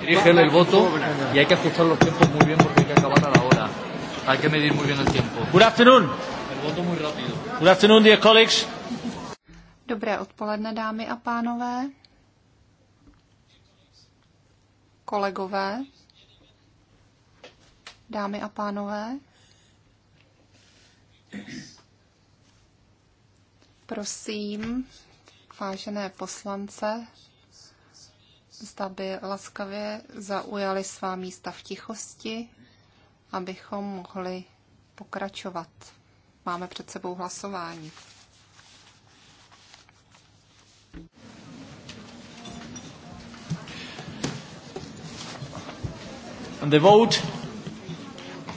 dirigen el voto y hay que ajustar los tiempos muy bien porque hay que acabar a la hora. Hay que medir muy bien el tiempo. Good afternoon. El voto muy rápido. Good afternoon, dear colleagues. Dobré odpoledne, dámy a pánové. Kolegové. Dámy a pánové. Prosím, vážené poslance, zda by laskavě zaujali svá místa v tichosti, abychom mohli pokračovat. Máme před sebou hlasování. And the vote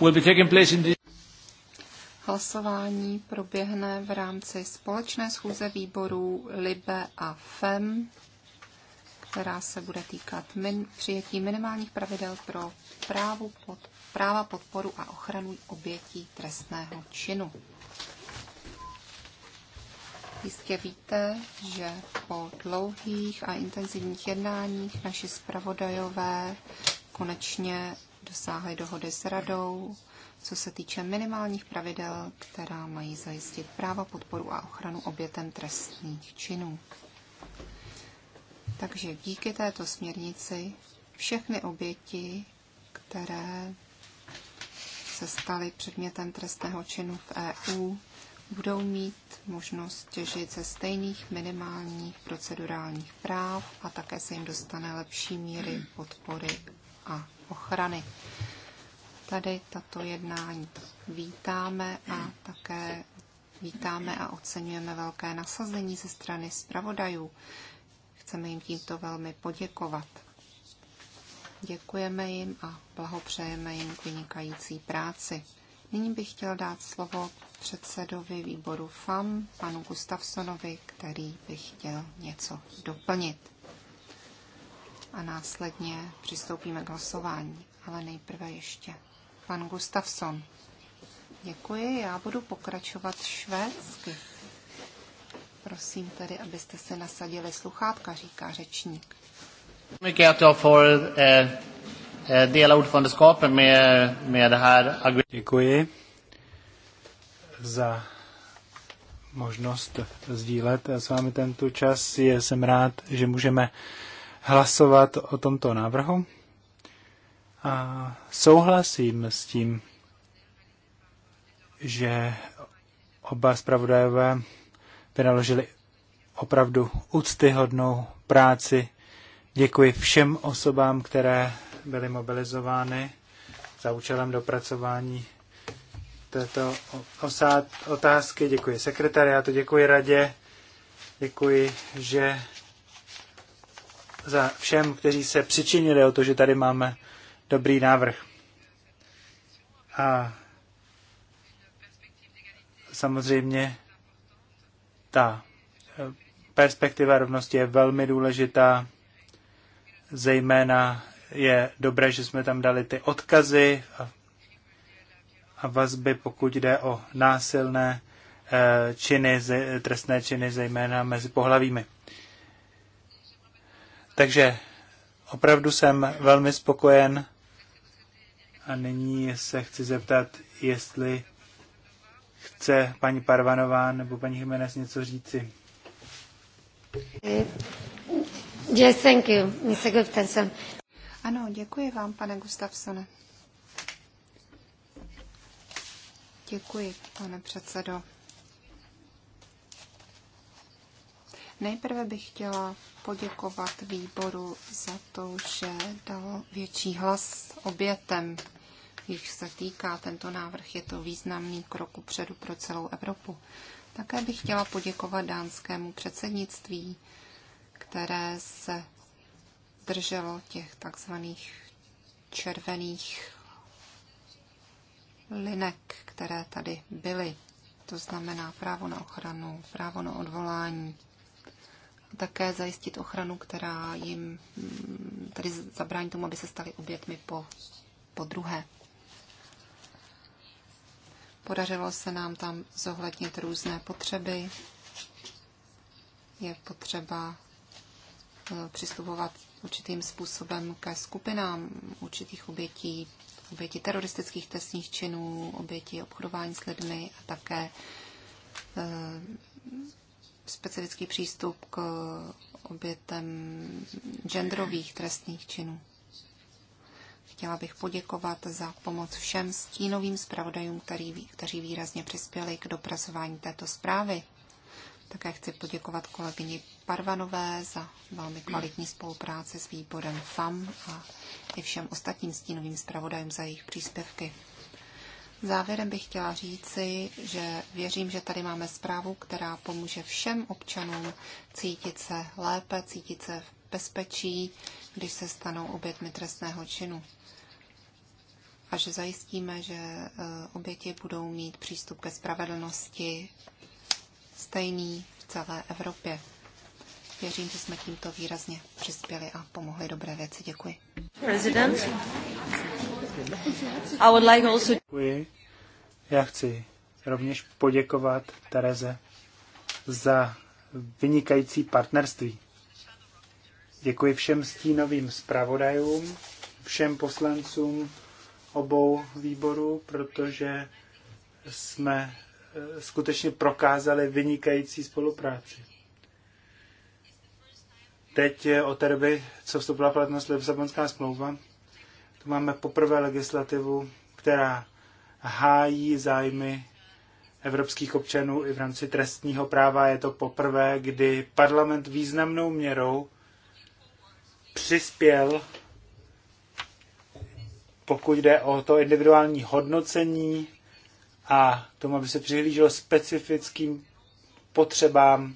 will be taking place in the... Hlasování proběhne v rámci společné schůze výborů LIBE a FEM která se bude týkat min, přijetí minimálních pravidel pro právu pod, práva podporu a ochranu obětí trestného činu. Jistě víte, že po dlouhých a intenzivních jednáních naši zpravodajové konečně dosáhli dohody s radou, co se týče minimálních pravidel, která mají zajistit práva podporu a ochranu obětem trestných činů. Takže díky této směrnici všechny oběti, které se staly předmětem trestného činu v EU, budou mít možnost těžit ze stejných minimálních procedurálních práv a také se jim dostane lepší míry podpory a ochrany. Tady tato jednání vítáme a také vítáme a oceňujeme velké nasazení ze strany zpravodajů chceme jim tímto velmi poděkovat. Děkujeme jim a blahopřejeme jim k vynikající práci. Nyní bych chtěl dát slovo předsedovi výboru FAM, panu Gustavsonovi, který by chtěl něco doplnit. A následně přistoupíme k hlasování, ale nejprve ještě pan Gustavson. Děkuji, já budu pokračovat švédsky. Prosím tedy, abyste se nasadili sluchátka, říká řečník. Eh, eh, Děkuji za možnost sdílet s vámi tento čas. Jsem rád, že můžeme hlasovat o tomto návrhu. A souhlasím s tím, že oba zpravodajové vynaložili opravdu úctyhodnou práci. Děkuji všem osobám, které byly mobilizovány za účelem dopracování této osád, otázky. Děkuji sekretariátu, děkuji radě, děkuji, že za všem, kteří se přičinili o to, že tady máme dobrý návrh. A samozřejmě ta eh, perspektiva rovnosti je velmi důležitá, zejména je dobré, že jsme tam dali ty odkazy a vazby, pokud jde o násilné eh, činy, trestné činy, zejména mezi pohlavími. Takže opravdu jsem velmi spokojen a nyní se chci zeptat, jestli chce paní Parvanová nebo paní Jiménez něco říci. Yes, thank you, Mr. Gustafsson. Ano, děkuji vám, pane Gustafsone. Děkuji, pane předsedo. Nejprve bych chtěla poděkovat výboru za to, že dal větší hlas obětem jich se týká tento návrh, je to významný krok upředu pro celou Evropu. Také bych chtěla poděkovat dánskému předsednictví, které se drželo těch takzvaných červených linek, které tady byly. To znamená právo na ochranu, právo na odvolání, také zajistit ochranu, která jim mm, tady zabrání tomu, aby se staly obětmi po, po druhé. Podařilo se nám tam zohlednit různé potřeby. Je potřeba eh, přistupovat určitým způsobem ke skupinám určitých obětí, oběti teroristických trestních činů, oběti obchodování s lidmi a také eh, specifický přístup k obětem genderových trestných činů. Chtěla bych poděkovat za pomoc všem stínovým zpravodajům, kteří výrazně přispěli k dopracování této zprávy. Také chci poděkovat kolegyni Parvanové za velmi kvalitní spolupráci s výborem FAM a i všem ostatním stínovým zpravodajům za jejich příspěvky. Závěrem bych chtěla říci, že věřím, že tady máme zprávu, která pomůže všem občanům cítit se lépe, cítit se v bezpečí, když se stanou obětmi trestného činu a že zajistíme, že e, oběti budou mít přístup ke spravedlnosti stejný v celé Evropě. Věřím, že jsme tímto výrazně přispěli a pomohli dobré věci. Děkuji. President. I would like also... Děkuji. Já chci rovněž poděkovat Tereze za vynikající partnerství. Děkuji všem stínovým zpravodajům, všem poslancům, obou výborů, protože jsme e, skutečně prokázali vynikající spolupráci. Teď o té doby, co vstoupila platnost Lisabonská smlouva, tu máme poprvé legislativu, která hájí zájmy evropských občanů i v rámci trestního práva. Je to poprvé, kdy parlament významnou měrou přispěl pokud jde o to individuální hodnocení a tomu, aby se přihlíželo specifickým potřebám,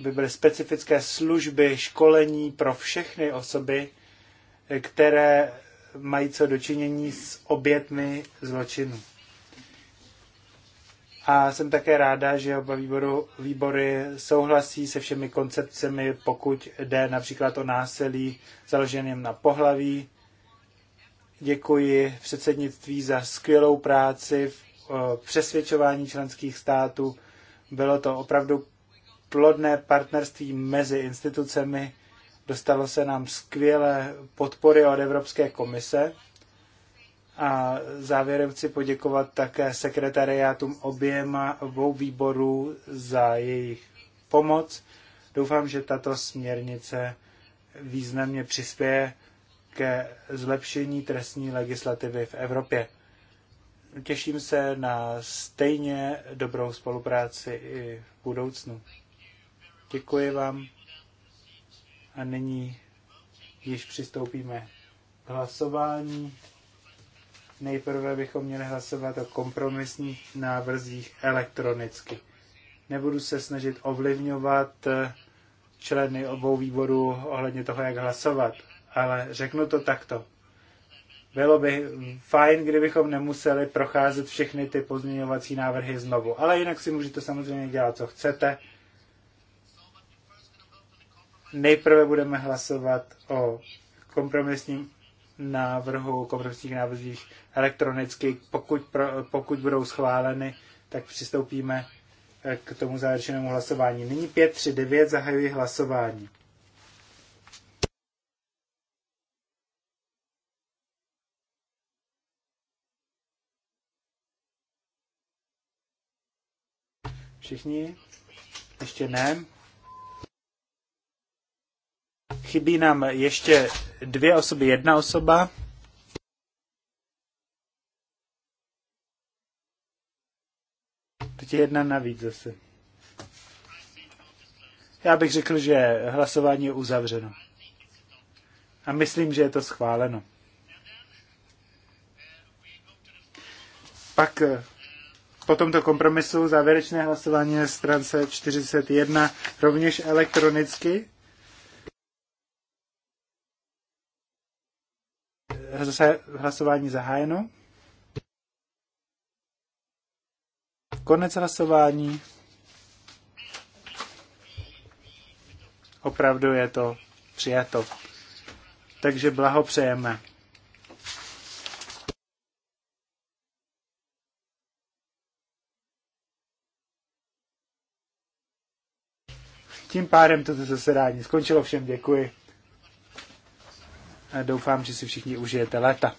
aby byly specifické služby, školení pro všechny osoby, které mají co dočinění s obětmi zločinu. A jsem také ráda, že oba výboru, výbory souhlasí se všemi koncepcemi, pokud jde například o násilí založeném na pohlaví, Děkuji předsednictví za skvělou práci v přesvědčování členských států. Bylo to opravdu plodné partnerství mezi institucemi. Dostalo se nám skvělé podpory od Evropské komise. A závěrem chci poděkovat také sekretariátům oběma obou výborů za jejich pomoc. Doufám, že tato směrnice významně přispěje ke zlepšení trestní legislativy v Evropě. Těším se na stejně dobrou spolupráci i v budoucnu. Děkuji vám a nyní již přistoupíme k hlasování. Nejprve bychom měli hlasovat o kompromisních návrzích elektronicky. Nebudu se snažit ovlivňovat členy obou výborů ohledně toho, jak hlasovat ale řeknu to takto. Bylo by fajn, kdybychom nemuseli procházet všechny ty pozměňovací návrhy znovu. Ale jinak si můžete samozřejmě dělat, co chcete. Nejprve budeme hlasovat o kompromisním návrhu, kompromisních návrzích elektronicky. Pokud, pro, pokud budou schváleny, tak přistoupíme eh, k tomu závěrečnému hlasování. Nyní 5.3.9 zahajuji hlasování. všichni? Ještě ne. Chybí nám ještě dvě osoby, jedna osoba. Teď je jedna navíc zase. Já bych řekl, že hlasování je uzavřeno. A myslím, že je to schváleno. Pak eh, po tomto kompromisu závěrečné hlasování na strance 41 rovněž elektronicky. Zase hlasování zahájeno. Konec hlasování. Opravdu je to přijato. Takže blahopřejeme. Tím pádem toto zasedání skončilo. Všem děkuji. A doufám, že si všichni užijete léta.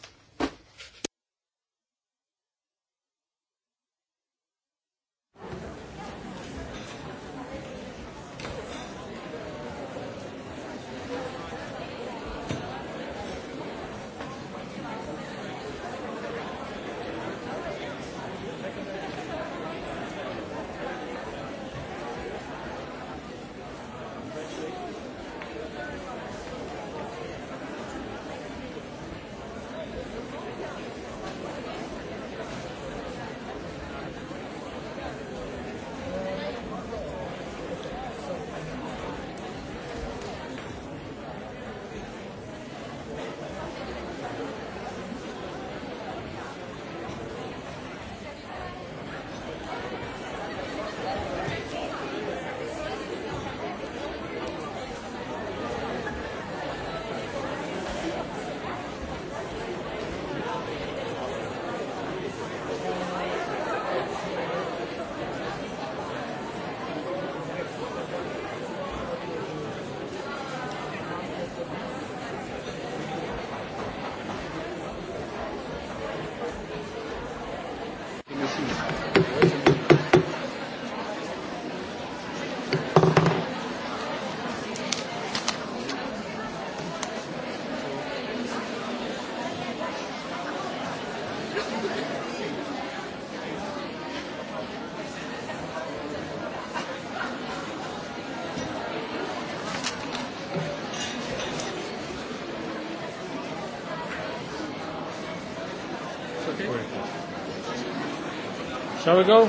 Shall we go?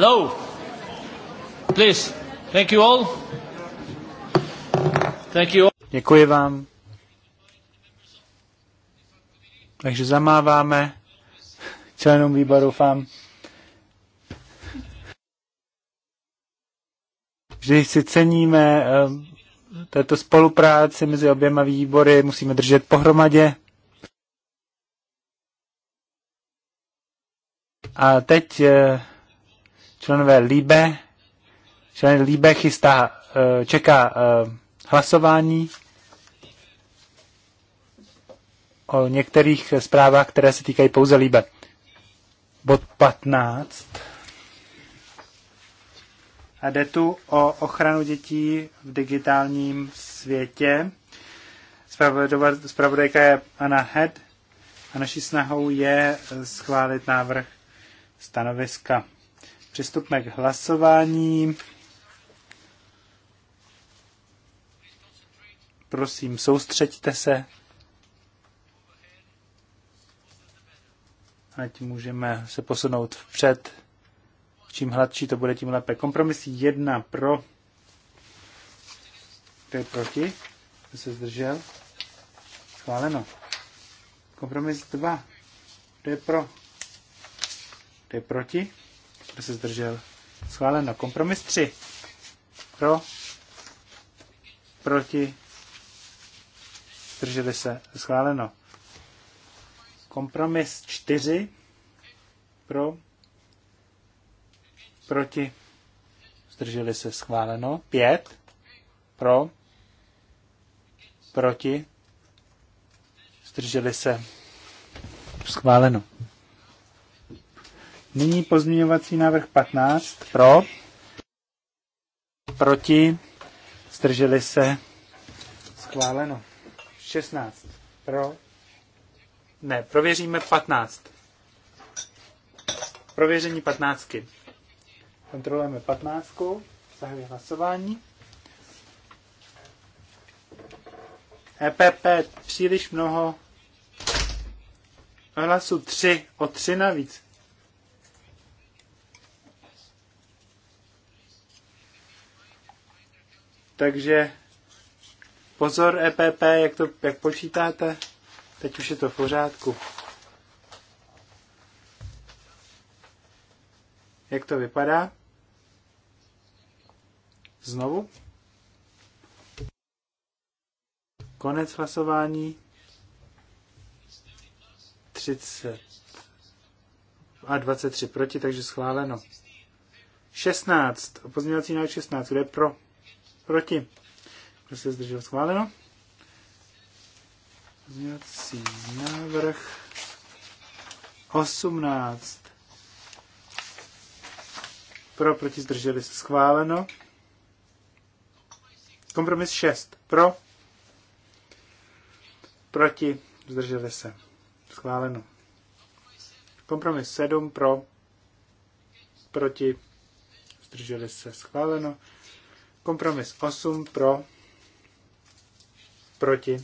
Hello. Please. Thank you all. Thank you all. Děkuji vám. Takže zamáváme členům výboru FAM. Vždy si ceníme ehm, této spolupráci mezi oběma výbory, musíme držet pohromadě. A teď eh, členové Líbe, člen Líbe chystá, eh, čeká eh, hlasování o některých zprávách, které se týkají pouze Líbe. Bod 15. A jde tu o ochranu dětí v digitálním světě. Spravodajka je Anna Head a naší snahou je schválit návrh stanoviska. Přistupme k hlasování. Prosím, soustřeďte se. Ať můžeme se posunout vpřed. Čím hladší to bude, tím lépe. Kompromis jedna pro. Kdo je proti? Kdo se zdržel? Schváleno. Kompromis dva. Kdo je pro? Kdo je proti? jsme se zdržel, schváleno. Kompromis 3. Pro, proti, zdrželi se, schváleno. Kompromis 4. Pro, proti, zdrželi se, schváleno. 5. Pro, proti, zdrželi se, schváleno. Nyní pozměňovací návrh 15 pro, proti, zdrželi se, schváleno. 16 pro, ne, prověříme 15. Prověření 15. Kontrolujeme 15. Zahajuji hlasování. EPP příliš mnoho hlasů 3 o 3 navíc. Takže pozor EPP, jak, to, jak počítáte? Teď už je to v pořádku. Jak to vypadá? Znovu? Konec hlasování. 30 a 23 proti, takže schváleno. 16. Pozměňovací návrh 16. Kdo je pro? Proti. Kdo se zdržel? Schváleno. Pozměňovací návrh 18. Pro, proti, zdrželi se. Schváleno. Kompromis 6. Pro. Proti, zdrželi se. Schváleno. Kompromis 7. Pro. Proti, zdrželi se. Schváleno. Kompromis 8 pro, proti,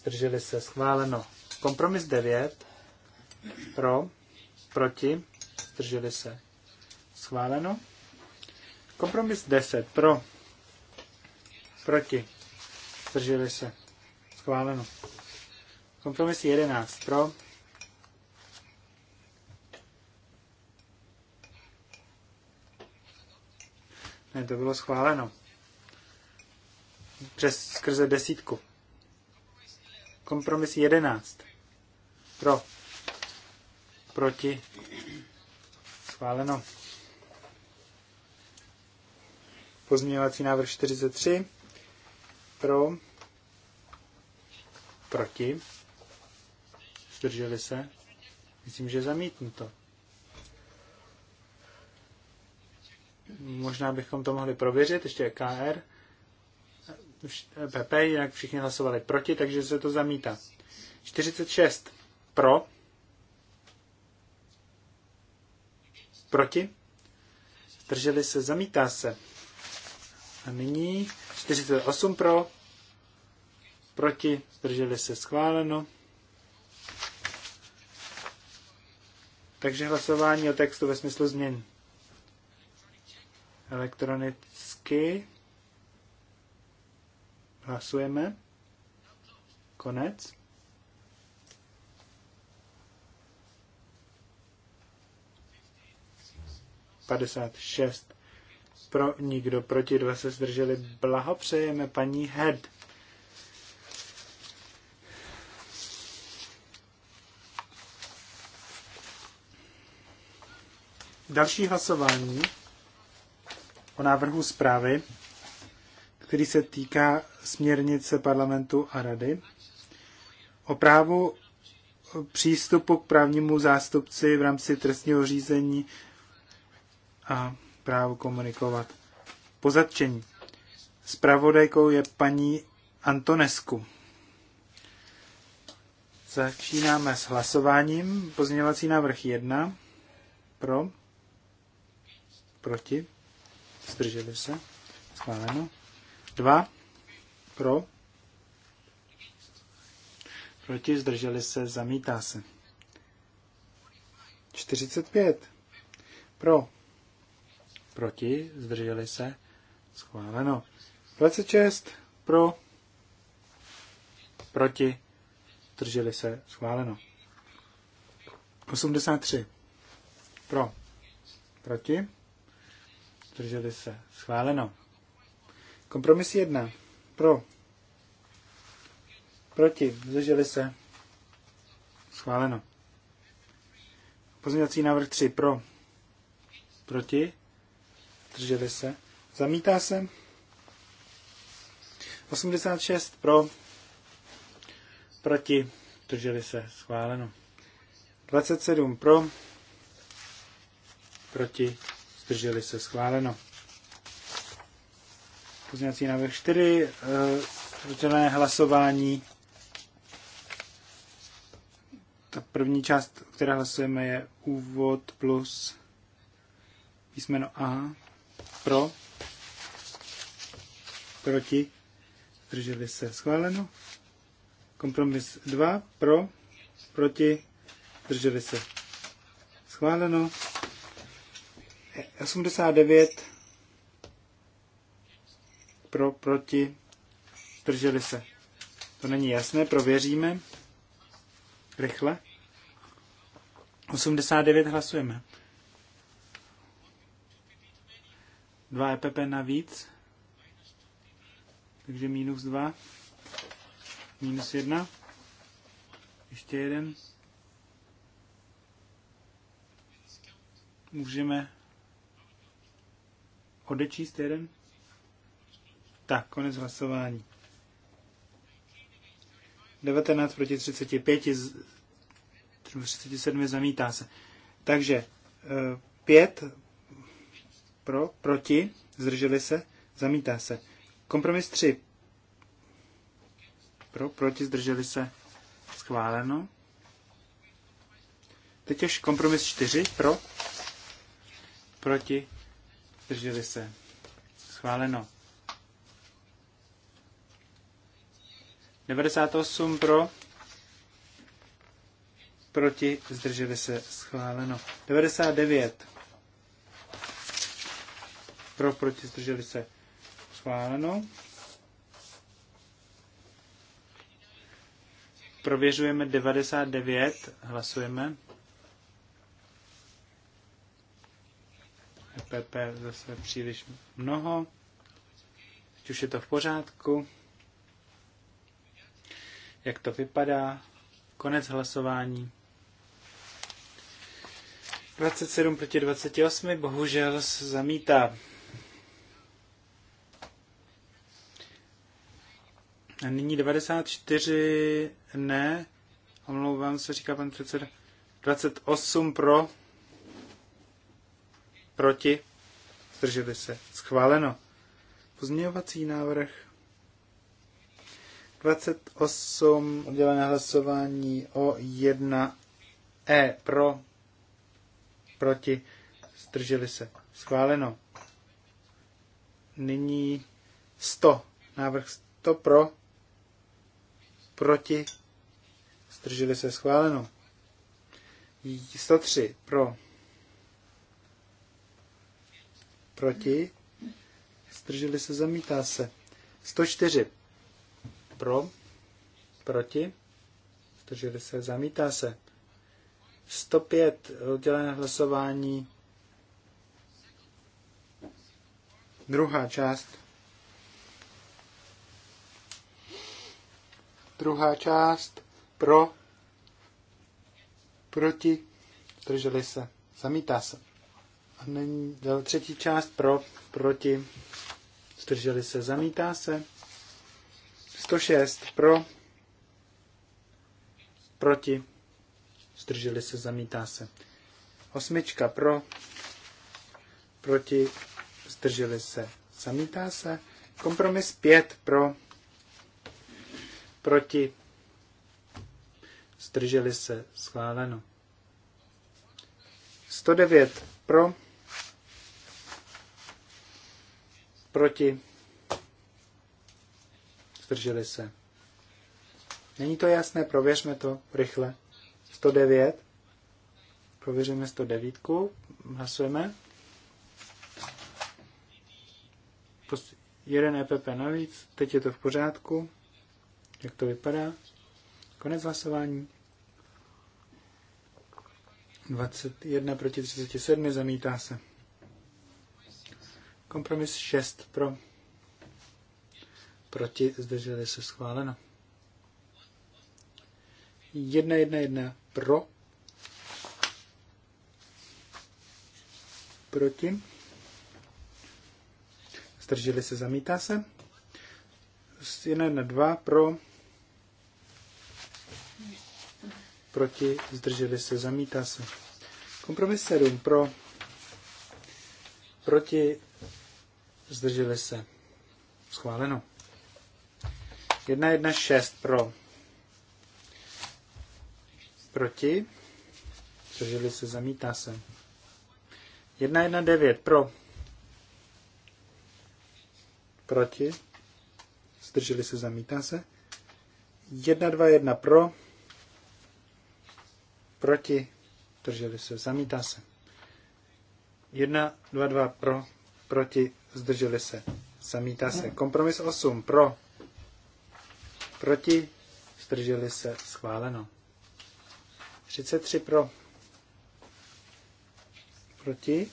zdrželi se, schváleno. Kompromis 9 pro, proti, zdrželi se, schváleno. Kompromis 10 pro, proti, zdrželi se, schváleno. Kompromis 11 pro, Ne, to bylo schváleno. Přes skrze desítku. Kompromis 11. Pro. Proti. Schváleno. Pozměňovací návrh 43. Pro. Proti. Zdrželi se. Myslím, že zamítnuto. možná bychom to mohli prověřit, ještě KR, PP, jak všichni hlasovali proti, takže se to zamítá. 46 pro, proti, zdrželi se, zamítá se. A nyní 48 pro, proti, zdrželi se, schváleno. Takže hlasování o textu ve smyslu změn. Elektronicky hlasujeme. Konec. Padesát šest. Pro nikdo, proti dva se zdrželi. Blahopřejeme paní Head. Další hlasování o návrhu zprávy, který se týká směrnice parlamentu a rady o právu přístupu k právnímu zástupci v rámci trestního řízení a právu komunikovat po zatčení. Spravodajkou je paní Antonesku. Začínáme s hlasováním. Pozměňovací návrh 1. Pro. Proti zdrželi se, schváleno. Dva, pro, proti, zdrželi se, zamítá se. 45 pro, proti, zdrželi se, schváleno. 26 pro, proti, zdrželi se, schváleno. 83 pro, proti, zdrželi se, schváleno. Kompromis 1, pro, proti, zdrželi se, schváleno. Pozměňovací návrh 3, pro, proti, zdrželi se, zamítá se. 86 pro, proti, zdrželi se, schváleno. 27 pro, proti, zdrželi se schváleno. Pozměňovací návrh 4, eh, rozdělené hlasování. Ta první část, o které hlasujeme, je úvod plus písmeno A. Pro. Proti. Zdrželi se schváleno. Kompromis 2. Pro. Proti. Zdrželi se schváleno. 89 pro, proti, drželi se. To není jasné, prověříme. Rychle. 89 hlasujeme. Dva EPP navíc. Takže minus dva. Minus jedna. Ještě jeden. Můžeme odečíst jeden? Tak, konec hlasování. 19 proti 35, 37 zamítá se. Takže 5 eh, pro, proti, zdrželi se, zamítá se. Kompromis 3 pro, proti, zdrželi se, schváleno. Teď už kompromis 4 pro, proti, Zdrželi se. Schváleno. 98 pro. Proti. Zdrželi se. Schváleno. 99. Pro. Proti. Zdrželi se. Schváleno. Prověřujeme 99. Hlasujeme. EPP zase příliš mnoho. Teď už je to v pořádku. Jak to vypadá? Konec hlasování. 27 proti 28 bohužel zamítá. A nyní 94 ne, omlouvám se, říká pan předseda. 28 pro, Proti? Zdrželi se. Schváleno. Pozměňovací návrh 28, oddělené hlasování o 1E pro, proti, zdrželi se. Schváleno. Nyní 100, návrh 100 pro, proti, zdrželi se. Schváleno. 103 pro, proti, zdrželi se, zamítá se. 104 pro, proti, zdrželi se, zamítá se. 105 oddělené hlasování, druhá část. Druhá část pro, proti, zdrželi se, zamítá se. A není e, třetí část pro, proti, zdrželi se, zamítá se. 106 pro, proti, zdrželi se, zamítá se. Osmička pro, proti, zdrželi se, zamítá se. Kompromis 5 pro, proti, zdrželi se, schváleno. 109 pro, Proti. Zdrželi se. Není to jasné, prověřme to rychle. 109. Prověříme 109. Hlasujeme. Prostě jeden EPP navíc. Teď je to v pořádku. Jak to vypadá? Konec hlasování. 21 proti 37 zamítá se. Kompromis 6 pro. Proti zdrželi se schváleno. 1, 1, 1 pro. Proti. Zdrželi se, zamítá se. 1, 1, 2 pro. Proti, zdrželi se, zamítá se. Kompromis 7 pro. Proti, zdrželi se. Schváleno. 1.1.6 pro. Proti. Zdrželi se, zamítá se. 1.1.9 pro. Proti. Zdrželi se, zamítá se. 1.2.1 pro. Proti. Zdrželi se, zamítá se. 1-2-2 pro proti, zdrželi se, zamítá se. Kompromis 8 pro, proti, zdrželi se, schváleno. 33 pro, proti,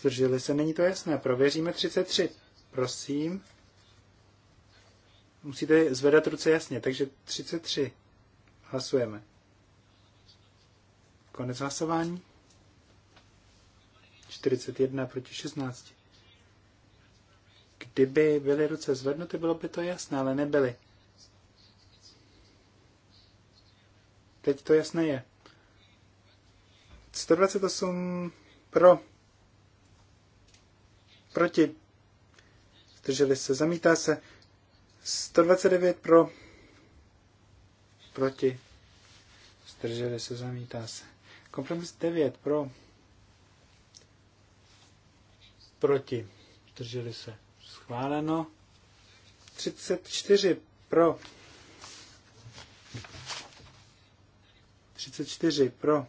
zdrželi se, není to jasné, prověříme 33. Prosím, musíte zvedat ruce jasně, takže 33 hlasujeme. Konec hlasování. 41 proti 16. Kdyby byly ruce zvednuty, bylo by to jasné, ale nebyly. Teď to jasné je. 128 pro. Proti. Zdrželi se. Zamítá se. 129 pro. Proti. Zdrželi se. Zamítá se. Kompromis 9 pro proti, drželi se, schváleno. 34 pro, 34 pro,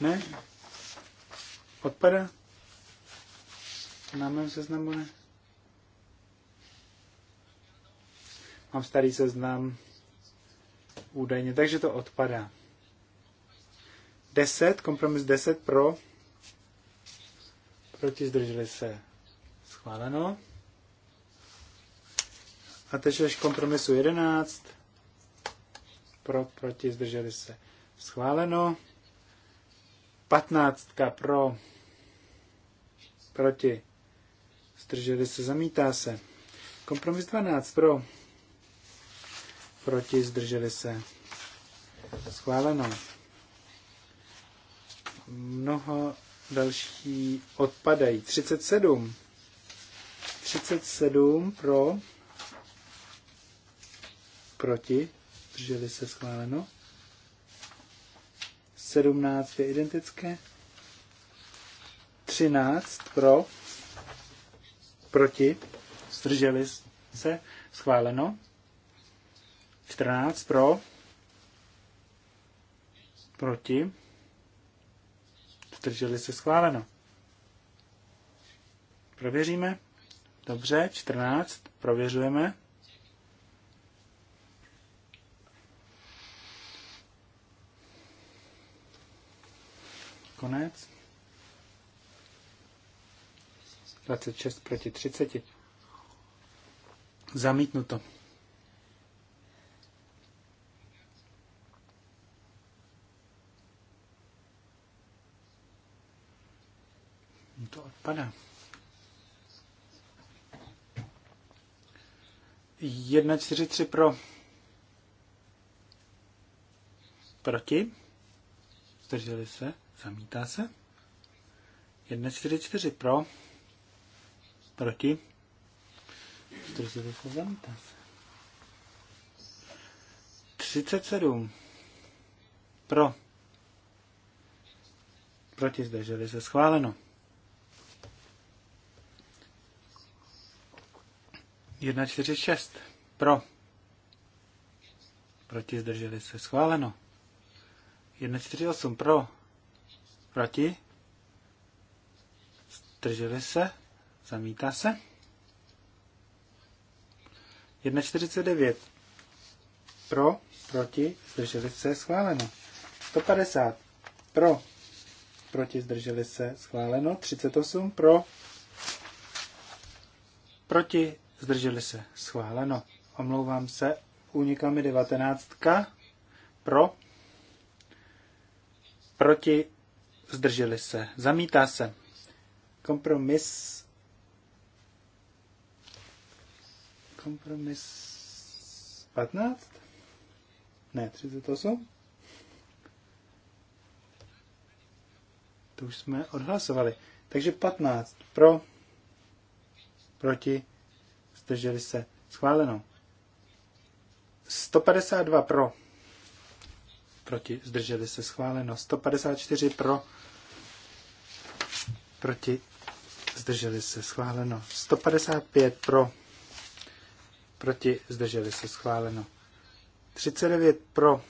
ne, odpada, na mém seznamu ne. Mám starý seznam údajně, takže to odpadá. 10, kompromis 10 pro, proti, zdrželi se, schváleno. A teď až kompromisu 11, pro, proti, zdrželi se, schváleno. 15 pro, proti, zdrželi se, zamítá se. Kompromis 12 pro, proti, zdrželi se, schváleno. Mnoho další odpadají. 37. 37 pro, proti, drželi se schváleno. 17 je identické. 13 pro, proti, zdrželi se, schváleno. 14 pro, proti, zdrželi se schváleno. Prověříme. Dobře, 14, prověřujeme. Konec. 26 proti 30. Zamítnuto. vypadá. Jedna čtyři tři pro. Proti. Zdrželi se. Zamítá se. čtyři čtyři pro. Proti. Zdrželi se. Zamítá se. 37 pro. Proti zdrželi se. Schváleno. 146 pro. Proti zdrželi se. Schváleno. 148 pro. Proti. Zdrželi se. Zamítá se. 149 pro. Proti. Zdrželi se. Schváleno. 150 pro. Proti zdrželi se. Schváleno. 38 pro. Proti zdrželi se, schváleno. Omlouvám se, unikla mi devatenáctka, pro, proti, zdrželi se, zamítá se. Kompromis, kompromis 15? Ne, 38? To už jsme odhlasovali. Takže 15 pro, proti, zdrželi se, schváleno. 152 pro, proti, zdrželi se, schváleno. 154 pro, proti, zdrželi se, schváleno. 155 pro, proti, zdrželi se, schváleno. 39 pro,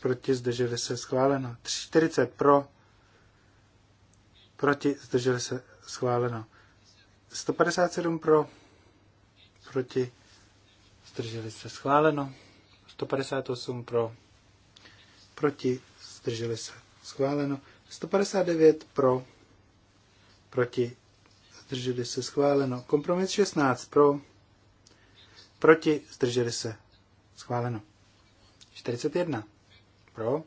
proti, zdrželi se, schváleno. 40 pro, proti, zdrželi se, schváleno. 157 pro, proti, zdrželi se schváleno. 158 pro, proti, zdrželi se schváleno. 159 pro, proti, zdrželi se schváleno. Kompromis 16 pro, proti, zdrželi se schváleno. 41 pro,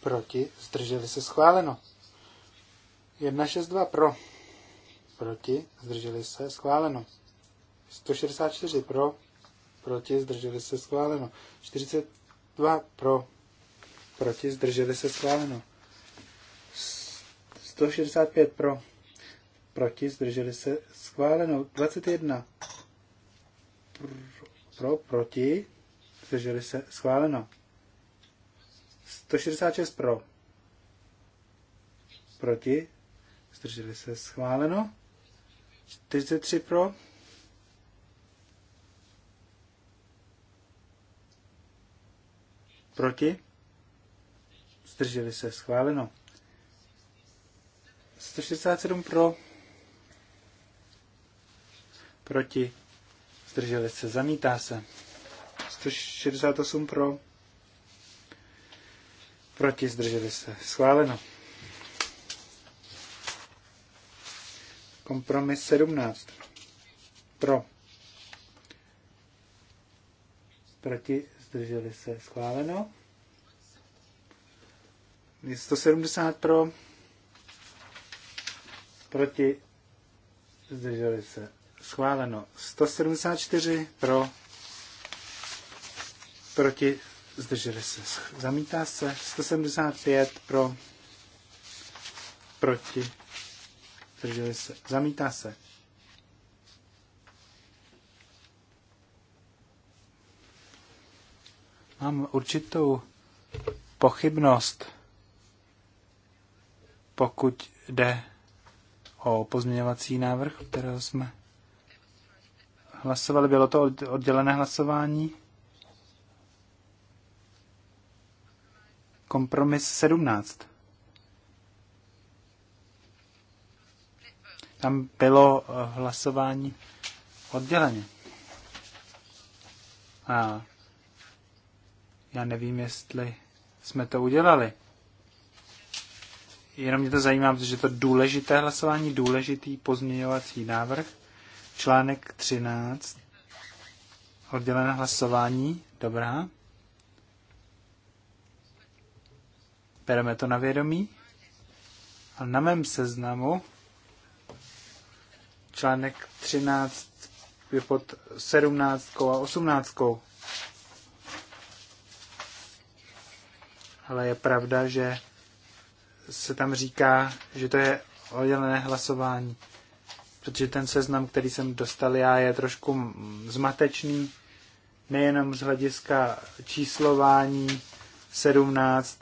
proti, zdrželi se schváleno. 162 pro proti, zdrželi se, schváleno. 164 pro, proti, zdrželi se, schváleno. 42 pro, proti, zdrželi se, schváleno. 165 pro, proti, zdrželi se, schváleno. 21 pro, proti, zdrželi se, schváleno. 166 pro, proti, zdrželi se, schváleno. 43 pro. Proti? Zdrželi se. Schváleno. 167 pro. Proti? Zdrželi se. Zamítá se. 168 pro. Proti? Zdrželi se. Schváleno. Kompromis 17. Pro. Proti zdrželi se schváleno. 170 pro. Proti zdrželi se schváleno. 174 pro. Proti zdrželi se. Zamítá se 175 pro proti zdrželi se, zamítá se. Mám určitou pochybnost, pokud jde o pozměňovací návrh, kterého jsme hlasovali. Bylo to oddělené hlasování? Kompromis 17. tam bylo eh, hlasování odděleně. A já nevím, jestli jsme to udělali. Jenom mě to zajímá, protože to důležité hlasování, důležitý pozměňovací návrh, článek 13, oddělené hlasování, dobrá. Bereme to na vědomí. A na mém seznamu Článek 13 je pod 17 a 18. Ale je pravda, že se tam říká, že to je oddělené hlasování. Protože ten seznam, který jsem dostal já, je trošku zmatečný, nejenom z hlediska číslování 17,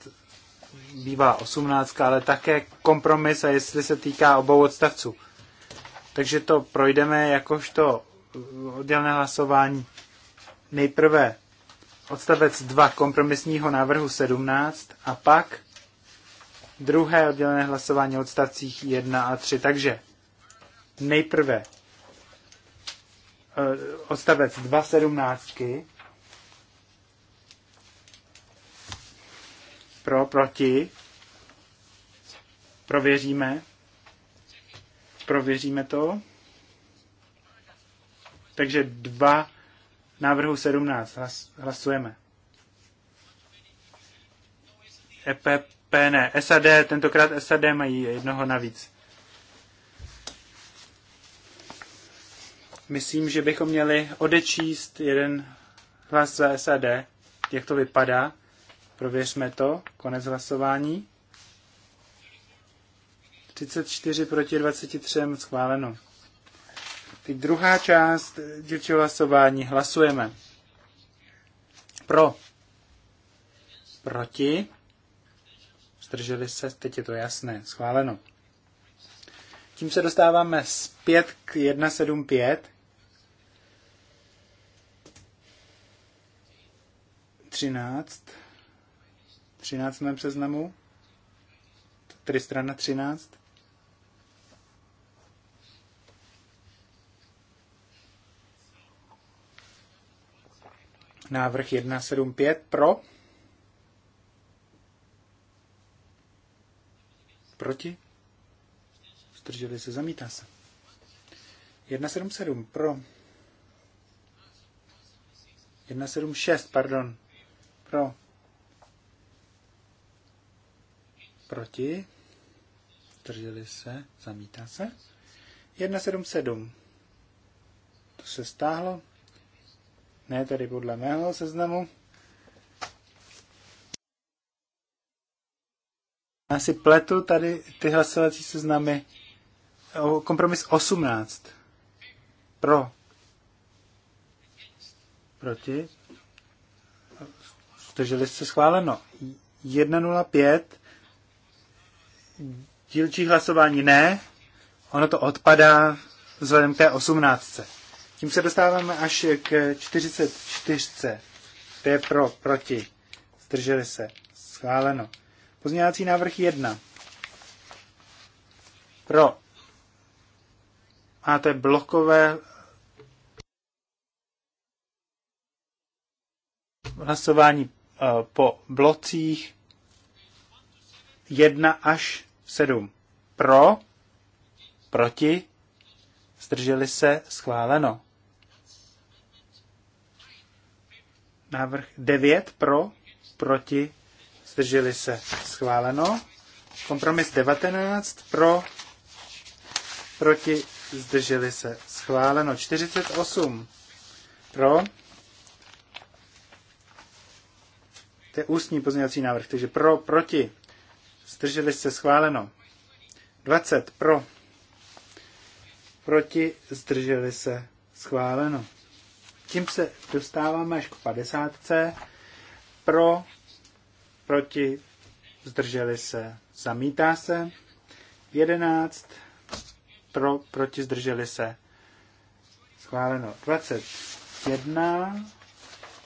bývá 18, ale také kompromis a jestli se týká obou odstavců. Takže to projdeme jakožto oddělené hlasování. Nejprve odstavec 2 kompromisního návrhu 17 a pak druhé oddělené hlasování odstavcích 1 a 3. Takže nejprve eh, odstavec 2 sedmnáctky pro, proti, prověříme. Prověříme to. Takže dva návrhu 17. Hlas, hlasujeme. EPP ne. SAD, tentokrát SAD mají jednoho navíc. Myslím, že bychom měli odečíst jeden hlas za SAD, jak to vypadá. Prověřme to, konec hlasování. 34 proti 23 schváleno. Teď druhá část dělčího hlasování. Hlasujeme. Pro. Proti. Zdrželi se, teď je to jasné. Schváleno. Tím se dostáváme zpět k 175. 13. 13 na přeznamu. Tady strana 13. Návrh 175 pro. Proti. Zdrželi se, zamítá se. 177 pro. 176, pardon. Pro. Proti. Zdrželi se, zamítá se. 177. To se stáhlo. Ne tedy podle mého seznamu. Já si pletu tady ty hlasovací seznamy. Kompromis 18. Pro. Proti. Zdrželi se schváleno. 105. Dílčí hlasování ne. Ono to odpadá vzhledem k té 18. Tím se dostáváme až k 44. To je pro, proti. Zdrželi se. Schváleno. Pozměňovací návrh 1. Pro. Máte blokové hlasování eh, po blocích 1 až 7. Pro, proti, zdrželi se, schváleno. Návrh 9 pro, proti, zdrželi se, schváleno. Kompromis 19 pro, proti, zdrželi se, schváleno. 48 pro. To je ústní pozměňovací návrh, takže pro, proti, zdrželi se, schváleno. 20 pro, proti, zdrželi se, schváleno. Tím se dostáváme až k 50. Pro, proti, zdrželi se, zamítá se. 11. Pro, proti, zdrželi se. Schváleno. 21.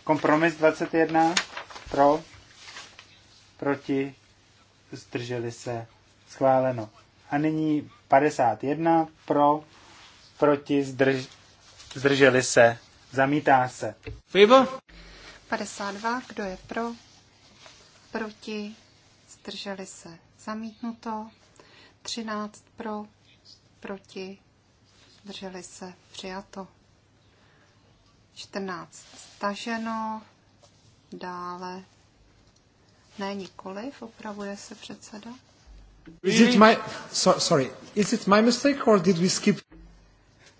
Kompromis 21. Pro, proti, zdrželi se. Schváleno. A nyní 51. Pro, proti, zdrž, zdrželi se. Zamítá se. Favor? 52. Kdo je pro? Proti? Zdrželi se. Zamítnuto. 13 pro, proti, zdrželi se, přijato. 14 staženo, dále, ne nikoliv, opravuje se předseda. Is it my, so, sorry, is it my mistake or did we skip?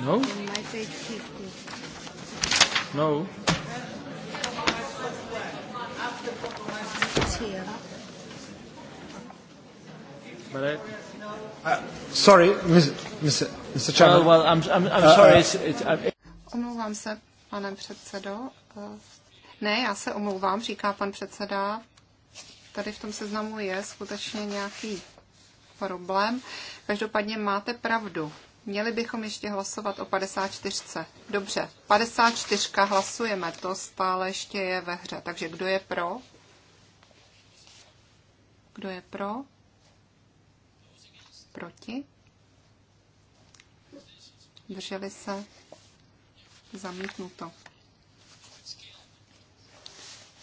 No? No. But I, uh, sorry, Mr. Mr. Chairman. Well, well, I'm, I'm, I'm uh, sorry. Uh, it's, it's, I'm, Omlouvám se, pane předsedo. Uh, ne, já se omlouvám, říká pan předseda. Tady v tom seznamu je skutečně nějaký problém. Každopádně máte pravdu. Měli bychom ještě hlasovat o 54. Dobře, 54 hlasujeme, to stále ještě je ve hře. Takže kdo je pro? Kdo je pro? Proti? Drželi se? Zamítnuto.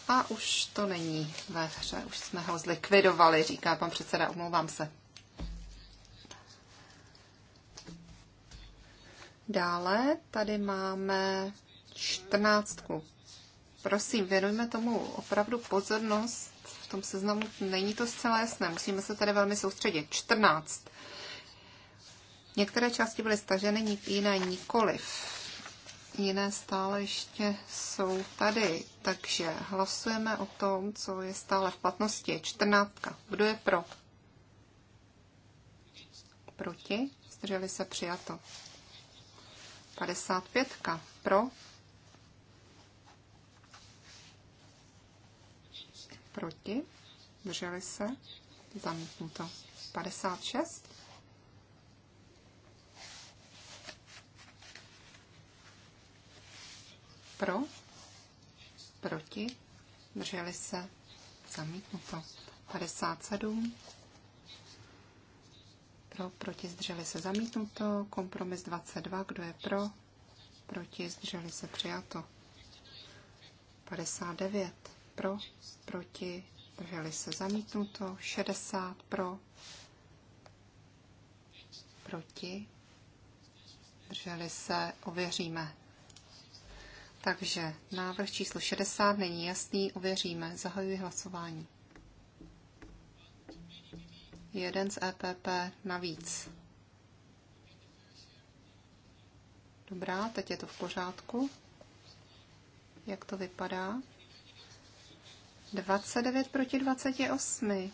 A už to není ve hře, už jsme ho zlikvidovali, říká pan předseda, omlouvám se. Dále tady máme čtrnáctku. Prosím, věnujme tomu opravdu pozornost. V tom seznamu není to zcela jasné. Musíme se tady velmi soustředit. Čtrnáct. Některé části byly staženy, jiné nikoliv. Jiné stále ještě jsou tady. Takže hlasujeme o tom, co je stále v platnosti. Čtrnáctka. Kdo je pro? Proti? Zdrželi se přijato. 55. Pro. Proti. Drželi se. Zamítnuto. 56. Pro. Proti. Drželi se. Zamítnuto. 57 pro, proti, zdrželi se zamítnuto. Kompromis 22, kdo je pro, proti, zdrželi se přijato. 59 pro, proti, zdrželi se zamítnuto. 60 pro, proti, zdrželi se, ověříme. Takže návrh číslo 60 není jasný, ověříme. Zahajuji hlasování jeden z EPP navíc. Dobrá, teď je to v pořádku. Jak to vypadá? 29 proti 28.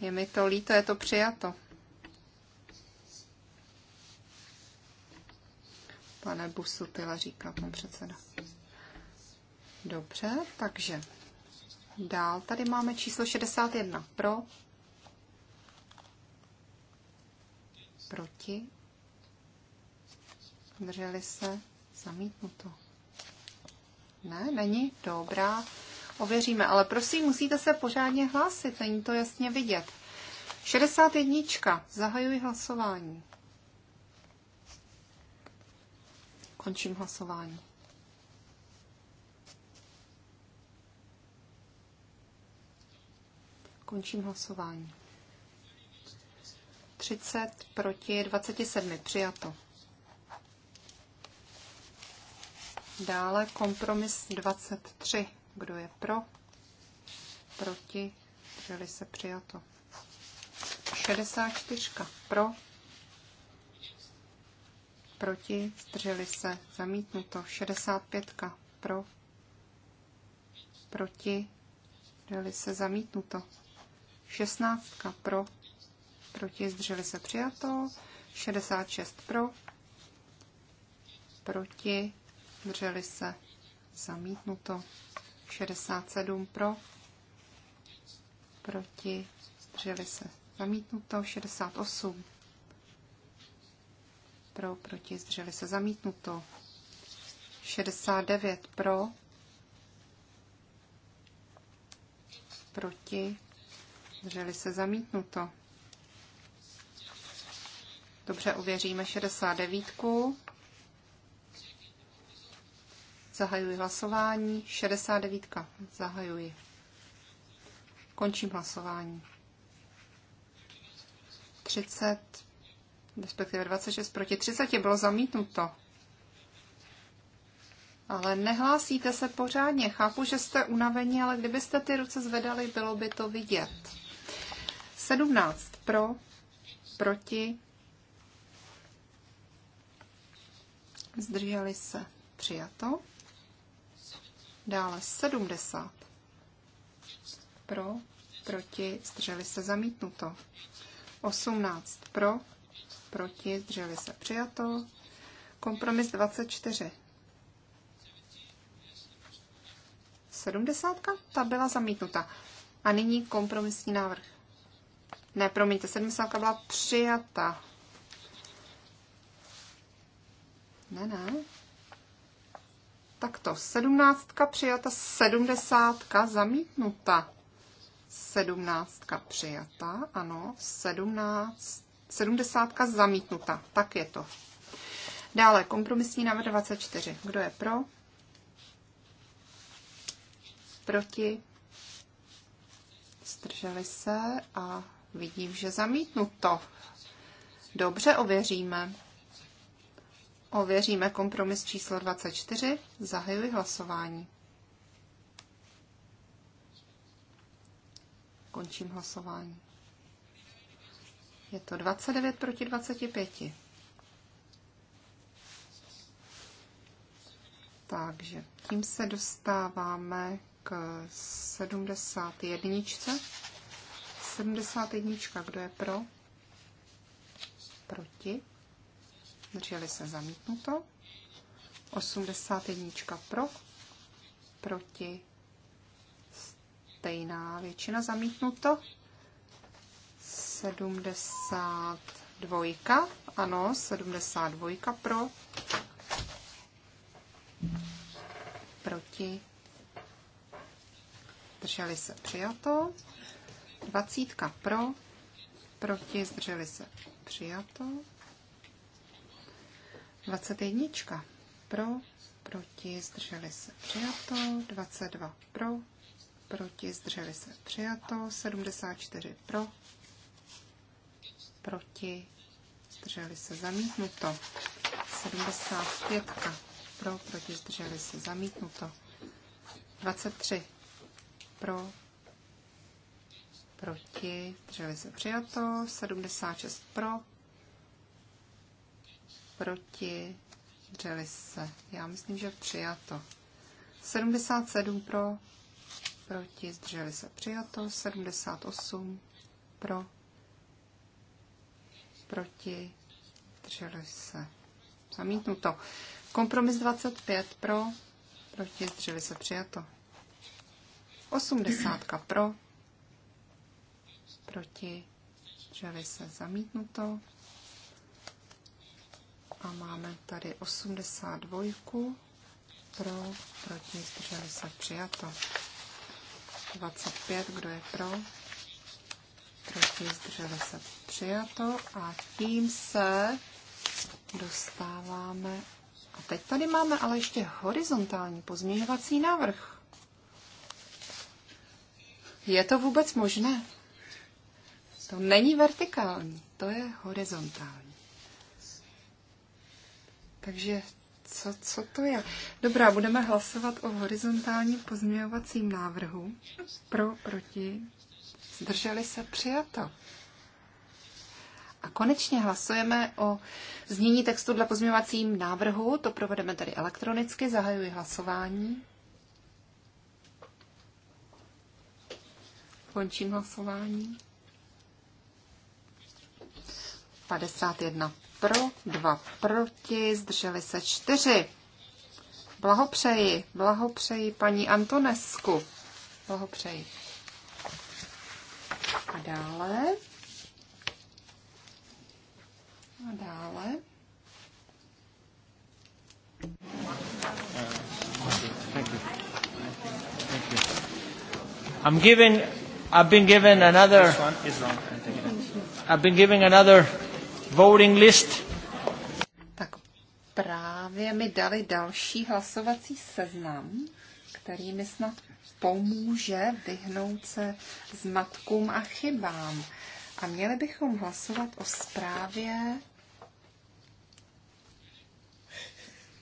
Je mi to líto, je to přijato. Pane Busutila, říká pan předseda. Dobře, takže dál. Tady máme číslo 61 pro, proti, drželi se, zamítnuto. Ne, není, dobrá, ověříme, ale prosím, musíte se pořádně hlásit, není to jasně vidět. 61. Zahajuji hlasování. Končím hlasování. Končím hlasování. 30 proti 27 přijato. Dále kompromis 23. Kdo je pro? Proti? Drželi se přijato. 64. Pro? Proti? Zdrželi se. Zamítnuto. 65. Pro? Proti? Zdrželi se. Zamítnuto. 16 pro, proti zdrželi se přijato, 66 pro, proti zdrželi se zamítnuto, 67 pro, proti zdrželi se zamítnuto, 68 pro, proti zdrželi se zamítnuto, 69 pro, proti Zdrželi se zamítnuto. Dobře, uvěříme 69. Zahajuji hlasování. 69. Zahajuji. Končím hlasování. 30, respektive 26 proti 30 bylo zamítnuto. Ale nehlásíte se pořádně. Chápu, že jste unavení, ale kdybyste ty ruce zvedali, bylo by to vidět. 17 pro, proti, zdrželi se, přijato. Dále 70 pro, proti, zdrželi se, zamítnuto. 18 pro, proti, zdrželi se, přijato. Kompromis 24. 70, ta byla zamítnuta. A nyní kompromisní návrh ne, promiňte, 70 byla přijata. Ne, ne. Takto, sedmnáctka přijata, sedmdesátka zamítnuta. Sedmnáctka přijata, ano, sedmnáct, sedmdesátka zamítnuta, tak je to. Dále, kompromisní návrh 24. Kdo je pro? Proti? Zdrželi se a Vidím, že zamítnu to. Dobře, ověříme. Ověříme kompromis číslo 24. Zahajuji hlasování. Končím hlasování. Je to 29 proti 25. Takže tím se dostáváme k 71. 71. Kdo je pro? Proti? Drželi se zamítnuto. 81. Pro? Proti? Stejná většina zamítnuto. 72. Ano, 72. Pro? Proti? Drželi se přijato. Dvacítka pro, proti, zdrželi se, přijato. 21 pro, proti, zdrželi se, přijato. 22 pro, proti, zdrželi se, přijato. 74 pro, proti, zdrželi se, zamítnuto. 75 pro, proti, zdrželi se, zamítnuto. 23 pro, proti, zdrželi se přijato, 76 pro, proti, zdrželi se, já myslím, že přijato. 77 pro, proti, zdrželi se přijato, 78 pro, proti, zdrželi se zamítnuto. Kompromis 25 pro, proti, zdrželi se přijato. 80 pro, proti, drželi se zamítnuto. A máme tady 82 pro, proti, zdrželi se přijato. 25, kdo je pro, proti, zdrželi se přijato. A tím se dostáváme. A teď tady máme ale ještě horizontální pozměňovací návrh. Je to vůbec možné? To není vertikální, to je horizontální. Takže co, co to je? Dobrá, budeme hlasovat o horizontálním pozměňovacím návrhu. Pro, proti, zdrželi se, přijato. A konečně hlasujeme o znění textu dle pozměňovacím návrhu. To provedeme tady elektronicky. Zahajuji hlasování. Končím hlasování. 51 pro, 2 proti, zdrželi se 4. Blahopřeji, blahopřeji paní Antonesku. Blahopřeji. A dále. A dále. I'm giving, I've been given another, I've been giving another voting list. Tak právě mi dali další hlasovací seznam, který mi snad pomůže vyhnout se zmatkům a chybám. A měli bychom hlasovat o zprávě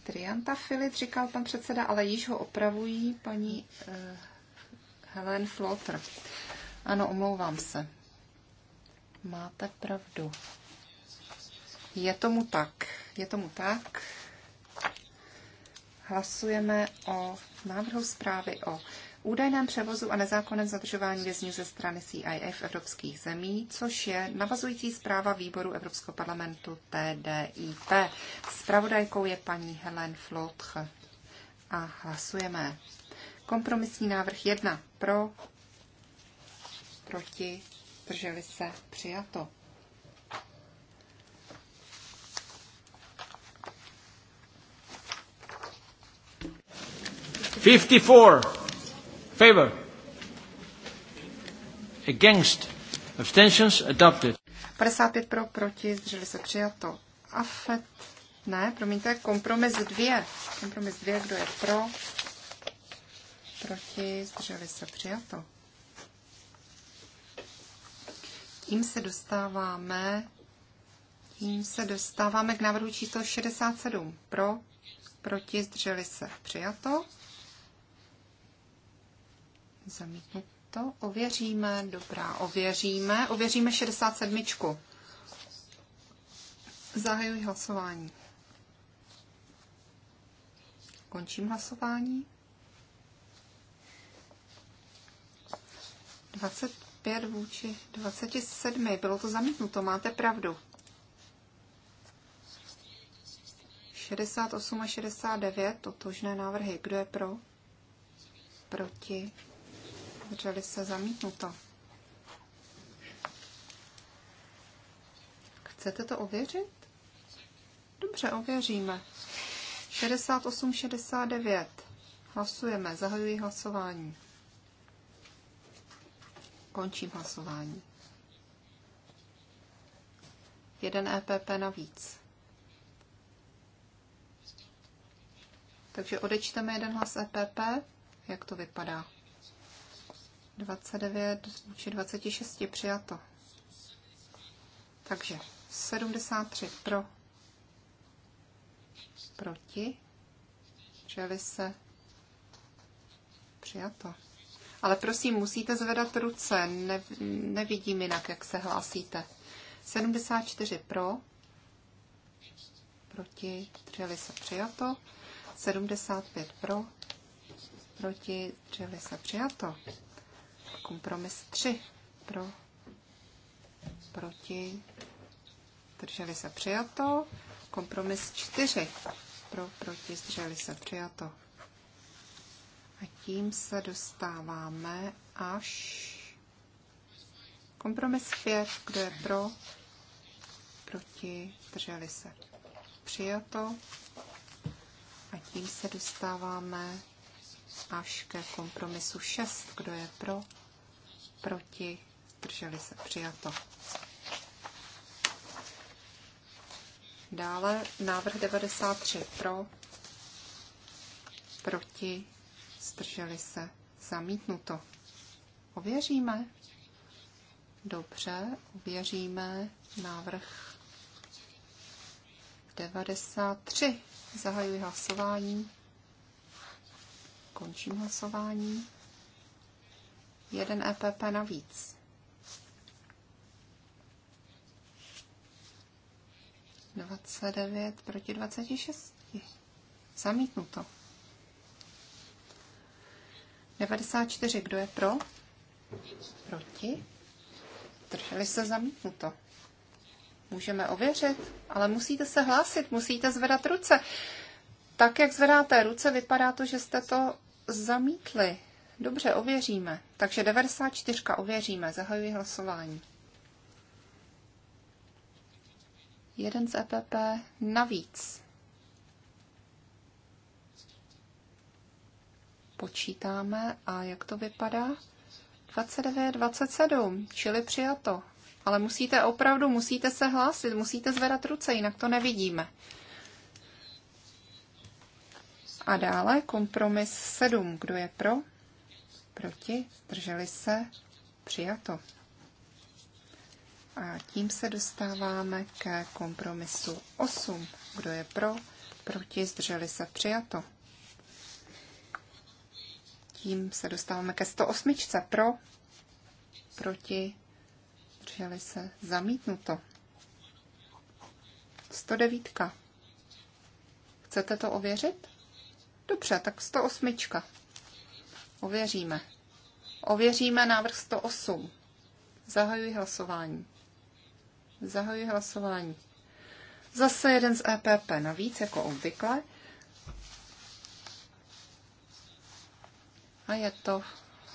Trianta Filip, říkal pan předseda, ale již ho opravují paní uh, Helen Flotter. Ano, omlouvám se. Máte pravdu. Je tomu tak. Je tomu tak. Hlasujeme o návrhu zprávy o údajném převozu a nezákonném zadržování vězňů ze strany CIA v evropských zemí, což je navazující zpráva výboru Evropského parlamentu TDIP. Spravodajkou je paní Helen Flotch. A hlasujeme. Kompromisní návrh 1. Pro, proti, drželi se, přijato. 54. Favor. Against. Abstentions adopted. 55 pro, proti, zdrželi se přijato. Afet. Ne, promiňte, kompromis 2. Kompromis 2, kdo je pro, proti, zdrželi se přijato. Tím se dostáváme tím se dostáváme k návrhu číslo 67. Pro, proti, zdrželi se přijato. Zamítně to. Ověříme, dobrá, ověříme. Ověříme 67. Zahajuji hlasování. Končím hlasování. 25 vůči 27. Bylo to zamítnuto, máte pravdu. 68 a 69, totožné návrhy. Kdo je pro? Proti? zdrželi se zamítnuto. Chcete to ověřit? Dobře, ověříme. 68-69. Hlasujeme, zahajuji hlasování. Končím hlasování. Jeden EPP navíc. Takže odečteme jeden hlas EPP. Jak to vypadá? 29 vůči 26 přijato. Takže 73 pro, proti, čeli se, přijato. Ale prosím, musíte zvedat ruce, ne, nevidím jinak, jak se hlásíte. 74 pro, proti, čeli se, přijato. 75 pro, proti, čili se, přijato. Kompromis 3 pro, proti, zdrželi se přijato. Kompromis 4 pro, proti, zdrželi se přijato. A tím se dostáváme až kompromis 5, kdo je pro, proti, zdrželi se přijato. A tím se dostáváme až ke kompromisu 6, kdo je pro, proti, zdrželi se přijato. Dále návrh 93 pro, proti, zdrželi se zamítnuto. Ověříme. Dobře, ověříme návrh 93. Zahajuji hlasování. Končím hlasování. Jeden EPP navíc. Dvacet devět proti dvaceti šesti. Zamítnuto. čtyři. Kdo je pro? Proti? Drželi se zamítnuto. Můžeme ověřit, ale musíte se hlásit, musíte zvedat ruce. Tak, jak zvedáte ruce, vypadá to, že jste to zamítli. Dobře, ověříme. Takže 94 ověříme. Zahajuji hlasování. Jeden z EPP navíc. Počítáme a jak to vypadá? 29, 27, čili přijato. Ale musíte opravdu, musíte se hlásit, musíte zvedat ruce, jinak to nevidíme. A dále kompromis 7. Kdo je pro? proti, zdrželi se, přijato. A tím se dostáváme ke kompromisu 8. Kdo je pro, proti, zdrželi se, přijato. Tím se dostáváme ke 108. Pro, proti, zdrželi se, zamítnuto. 109. Chcete to ověřit? Dobře, tak 108. Ověříme. Ověříme návrh 108. Zahajuji hlasování. Zahajuji hlasování. Zase jeden z EPP navíc, jako obvykle. A je to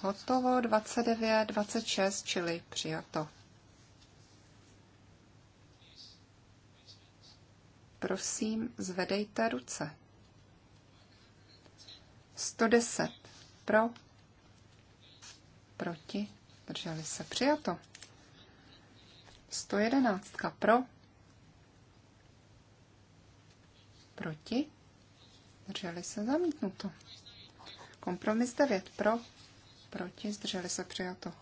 hotovo 29, 26, čili přijato. Prosím, zvedejte ruce. 110 pro, proti, zdrželi se přijato. 111 pro, proti, zdrželi se zamítnuto. Kompromis 9 pro, proti, zdrželi se přijato.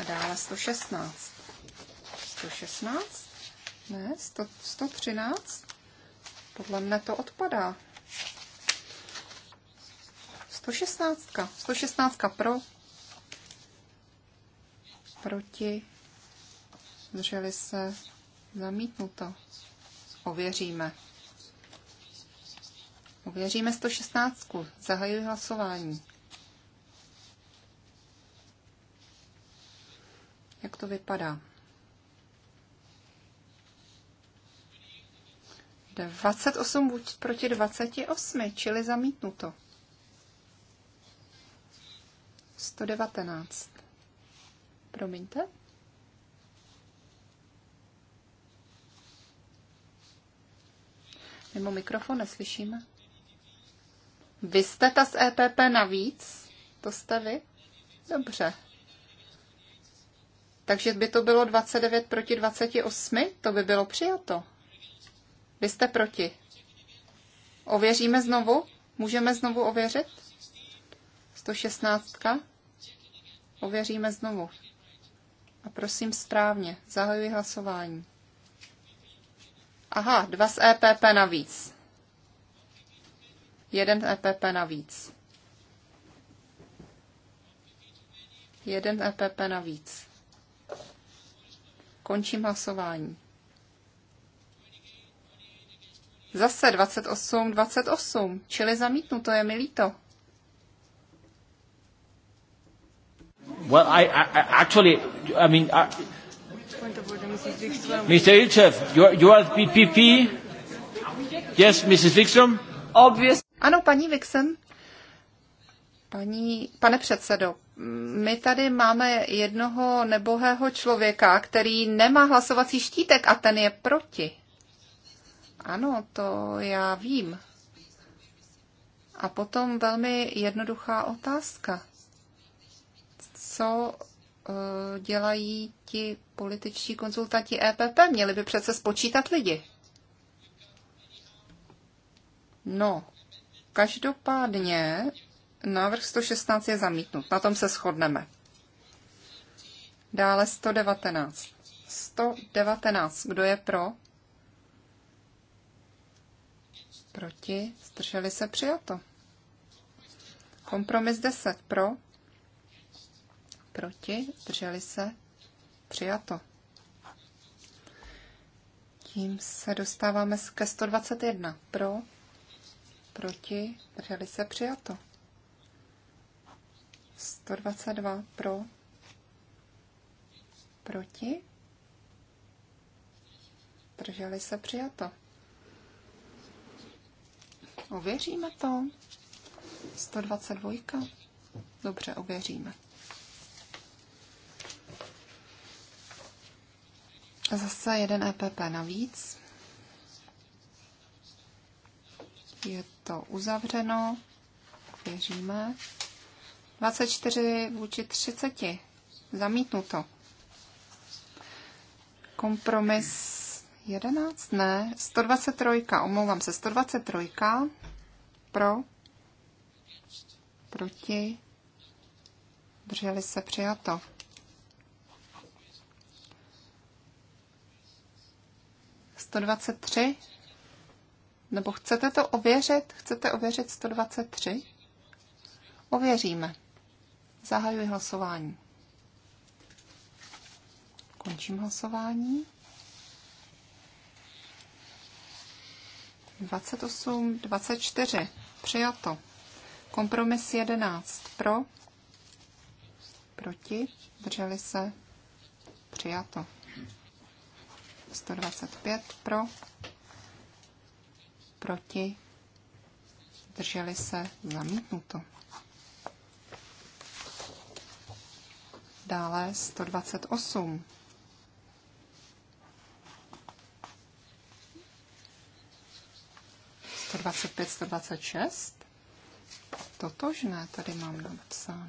A dále 116. 116? Ne, 100, 113? Podle mne to odpadá. 116. 116 pro. Proti. Zdrželi se. Zamítnuto. Ověříme. Ověříme 116. Zahajuji hlasování. Jak to vypadá? 28 buď proti 28, čili zamítnuto. 119. Promiňte. Mimo mikrofon neslyšíme. Vy jste ta z EPP navíc? To jste vy? Dobře. Takže by to bylo 29 proti 28? To by bylo přijato. Vy jste proti. Ověříme znovu? Můžeme znovu ověřit? 116. Ověříme znovu. A prosím správně. Zahajuji hlasování. Aha, dva z EPP navíc. Jeden EPP navíc. Jeden EPP navíc. Končím hlasování. Zase 28, 28, čili zamítnuto je mi líto. Well, I, I actually, I mean, I, Mr. Ilchev, you, you are PPP? Yes, Mrs. Wikström? Obvious. Ano, paní Vixen. Paní, pane předsedo, my tady máme jednoho nebohého člověka, který nemá hlasovací štítek a ten je proti. Ano, to já vím. A potom velmi jednoduchá otázka. Co eh, dělají ti političtí konzultanti EPP? Měli by přece spočítat lidi. No, každopádně návrh 116 je zamítnut. Na tom se shodneme. Dále 119. 119. Kdo je pro? proti, zdrželi se přijato. Kompromis 10 pro, proti, zdrželi se přijato. Tím se dostáváme ke 121 pro, proti, zdrželi se přijato. 122 pro, proti, drželi se přijato. Ověříme to. 122. Dobře, ověříme. Zase jeden EPP navíc. Je to uzavřeno. Věříme. 24 vůči 30. Zamítnuto. Kompromis 11? Ne. 123. Omlouvám se. 123. Pro. Proti. Drželi se přijato. tři? Nebo chcete to ověřit? Chcete ověřit 123? Ověříme. Zahajuji hlasování. Končím hlasování. 28, 24. Přijato. Kompromis 11. Pro. Proti. Drželi se. Přijato. 125. Pro. Proti. Drželi se. Zamítnuto. Dále 128. 125, 126. Totožné tady mám napsáno.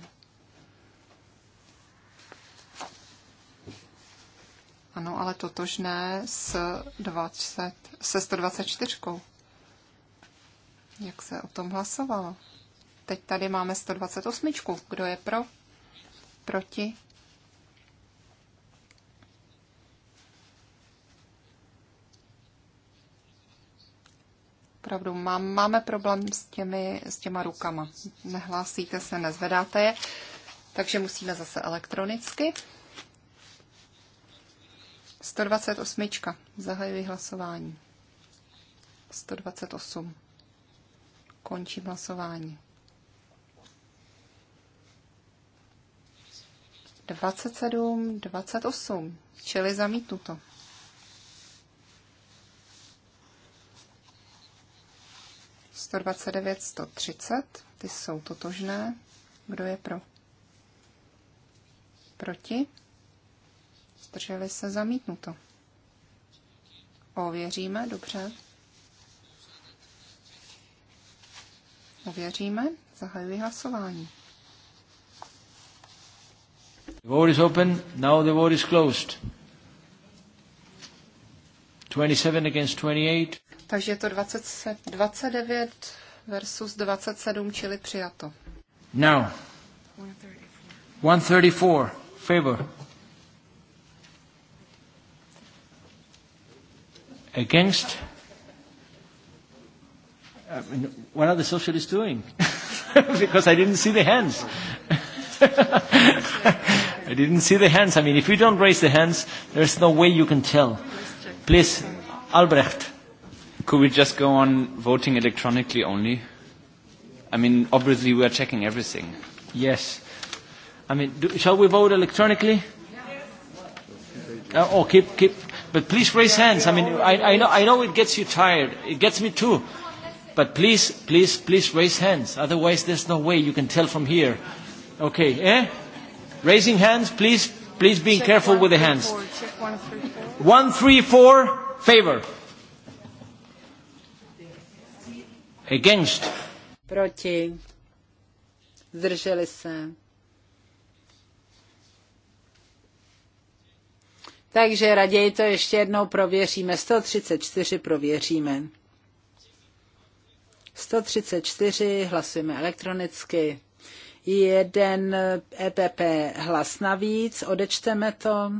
Ano, ale totožné s 20, se 124. Jak se o tom hlasovalo? Teď tady máme 128. Kdo je pro? Proti? opravdu mám, máme problém s, těmi, s těma rukama. Nehlásíte se, nezvedáte je, takže musíme zase elektronicky. 128. Zahajuji hlasování. 128. Končím hlasování. 27, 28, čili zamítnuto. 129, 130, ty jsou totožné. Kdo je pro? Proti? Zdrželi se zamítnuto. Ověříme, dobře. Ověříme, zahajuji hlasování. The vote is open, now the vote is closed. 27 against 28. Takže je to 20, 29 versus 27, čili přijato. Now. 134. Favor. Against. I uh, mean, what are the socialists doing? because I didn't see the hands. I didn't see the hands. I mean, if you don't raise the hands, there's no way you can tell. Please, Albrecht. Could we just go on voting electronically only? I mean, obviously we are checking everything. Yes. I mean, do, shall we vote electronically? Yes. Uh, oh, keep, keep. But please raise hands. I mean, I, I, know, I know it gets you tired. It gets me too. But please, please, please raise hands. Otherwise, there's no way you can tell from here. Okay, eh? Raising hands, please, please being careful one, with the hands. Four, check one, three, four. One, three, four, favor. Against. Proti. Zdrželi se. Takže raději to ještě jednou prověříme. 134 prověříme. 134 hlasujeme elektronicky. Jeden EPP hlas navíc, odečteme to.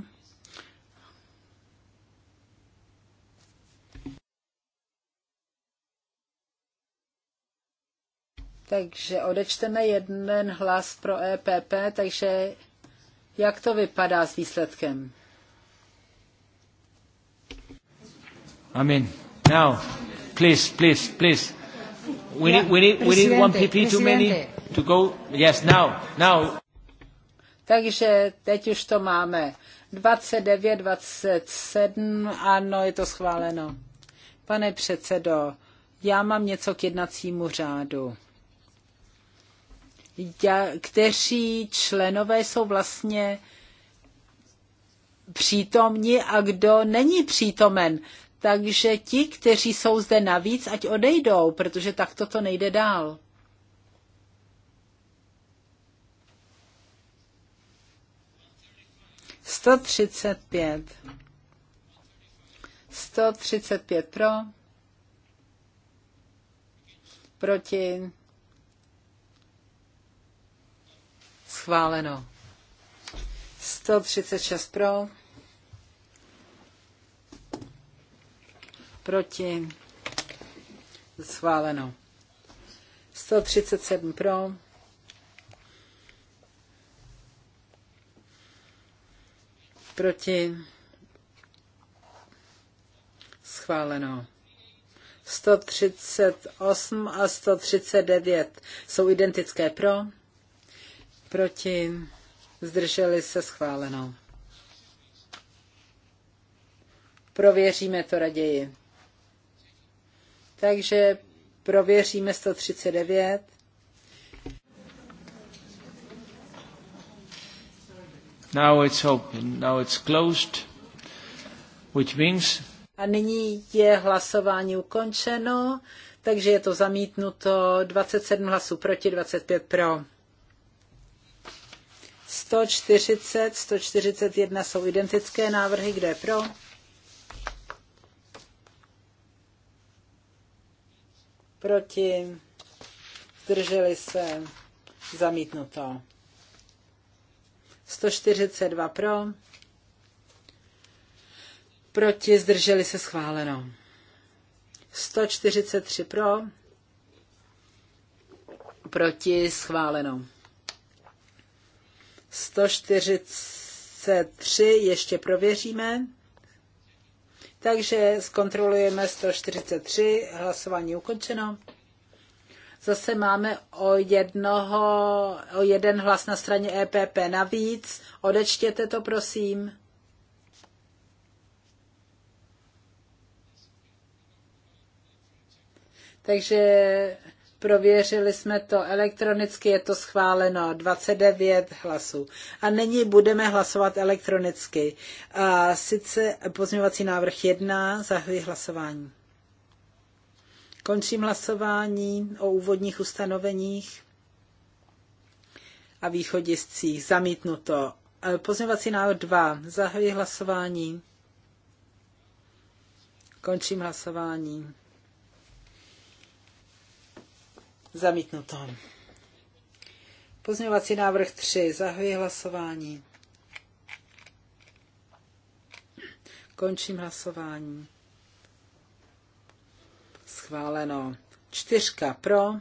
Takže odečteme jeden hlas pro EPP, takže jak to vypadá s výsledkem? Amen. Now, please, please, please. We need, we need, we need one PP too many to go. Yes, now, now. Takže teď už to máme. 29, 27, ano, je to schváleno. Pane předsedo, já mám něco k jednacímu řádu kteří členové jsou vlastně přítomní a kdo není přítomen. Takže ti, kteří jsou zde navíc, ať odejdou, protože takto to nejde dál. Sto třicet pět. Sto třicet pět pro. Proti. schváleno. 136 pro, proti, schváleno. 137 pro, proti, schváleno. 138 a 139 jsou identické pro, Proti? Zdrželi se schváleno. Prověříme to raději. Takže prověříme 139. Now it's open, now it's closed, which means... A nyní je hlasování ukončeno, takže je to zamítnuto 27 hlasů proti, 25 pro. 140, 141 jsou identické návrhy, kde je pro? Proti? Zdrželi se? Zamítnuto. 142 pro. Proti? Zdrželi se? Schváleno. 143 pro. Proti? Schváleno. 143 ještě prověříme. Takže zkontrolujeme 143, hlasování ukončeno. Zase máme o, jednoho, o jeden hlas na straně EPP navíc. Odečtěte to, prosím. Takže Prověřili jsme to elektronicky, je to schváleno 29 hlasů. A nyní budeme hlasovat elektronicky. A sice pozměňovací návrh 1, zahajuji hlasování. Končím hlasování o úvodních ustanoveních a východiscích. Zamítnuto. E, pozměňovací návrh 2. Zahajuji hlasování. Končím hlasování. Zamítnuto. Pozměňovací návrh 3. Zahajuji hlasování. Končím hlasování. Schváleno. Čtyřka pro,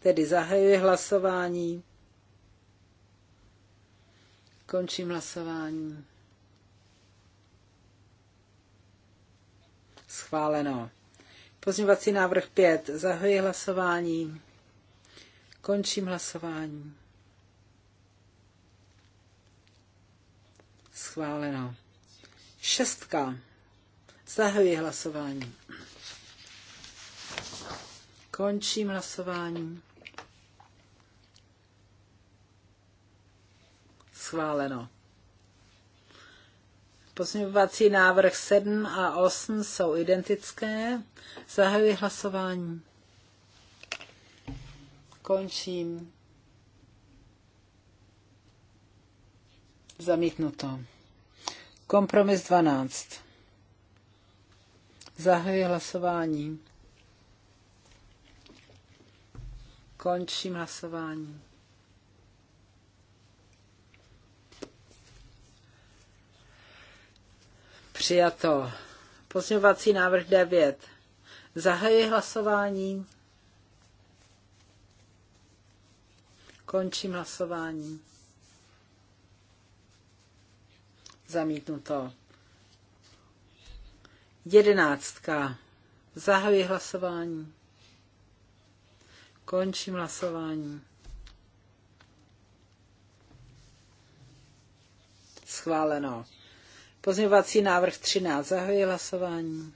tedy zahajuji hlasování. Končím hlasování. Schváleno. Pozměňovací návrh 5. Zahajuji hlasování. Končím hlasování. Schváleno. Šestka. Zahajuji hlasování. Končím hlasování. Schváleno. Pozměňovací návrh 7 a 8 jsou identické. Zahajuji hlasování. Končím. Zamítnuto. Kompromis 12. Zahajuji hlasování. Končím hlasování. Přijato. Pozměňovací návrh 9. Zahajuji hlasování. Končím hlasování. Zamítnuto. Jedenáctka. Zahajuji hlasování. Končím hlasování. Schváleno. Pozměňovací návrh 13. Zahajuji hlasování.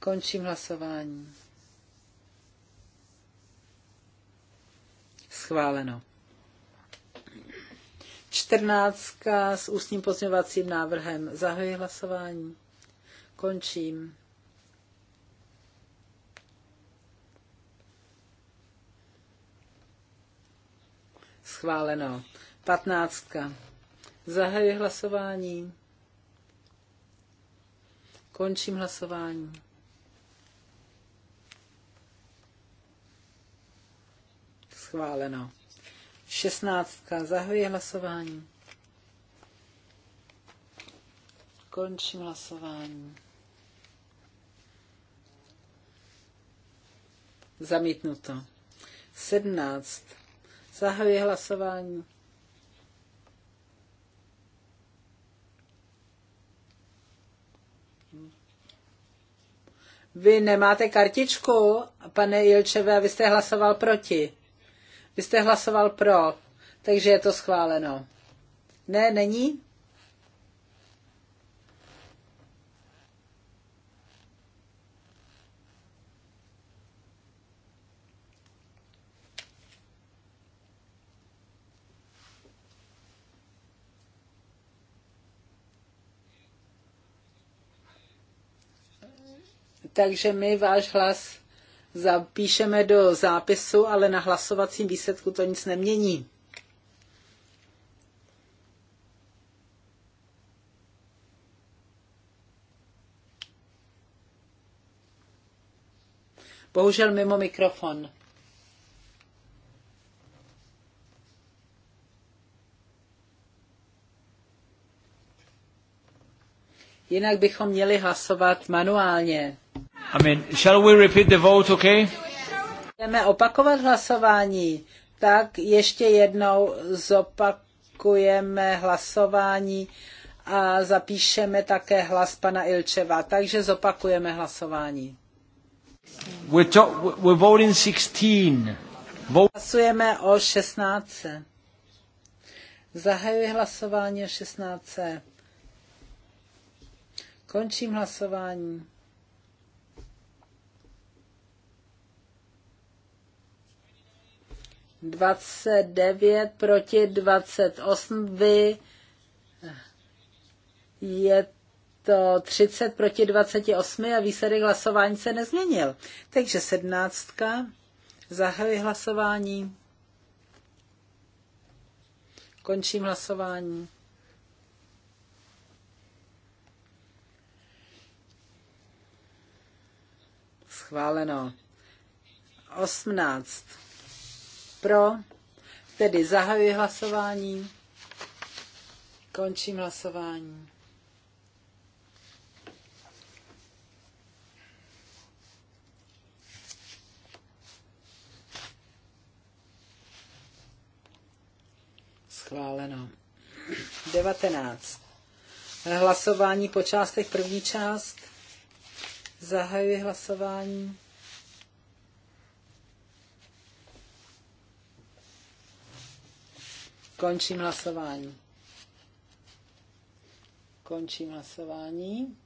Končím hlasování. Schváleno. 14. s ústním pozměňovacím návrhem. Zahajuji hlasování. Končím. Schváleno. 15. Zahajuji hlasování. Končím hlasování. Schváleno. Šestnáctka. Zahajuji hlasování. Končím hlasování. Zamítnuto. Sedmnáct. Zahajuji hlasování. Vy nemáte kartičku, pane Jilčeve, a vy jste hlasoval proti. Vy jste hlasoval pro, takže je to schváleno. Ne, není? takže my váš hlas zapíšeme do zápisu, ale na hlasovacím výsledku to nic nemění. Bohužel mimo mikrofon. Jinak bychom měli hlasovat manuálně. I mean, shall we repeat the vote, okay? Budeme opakovat hlasování. Tak ještě jednou zopakujeme hlasování a zapíšeme také hlas pana Ilčeva. Takže zopakujeme hlasování. We're, to, we're voting 16. Vote. Hlasujeme o 16. Zahajuji hlasování o 16. Končím hlasování. Dvacet devět proti dvacet osm vy. Je to 30 proti 28 a výsledek hlasování se nezměnil. Takže sedmnáctka. Zahajuji hlasování. Končím hlasování. schváleno. 18 pro, tedy zahajuji hlasování, končím hlasování. Schváleno. 19. Hlasování po částech první část. Zahajuji hlasování. Končím hlasování. Končím hlasování.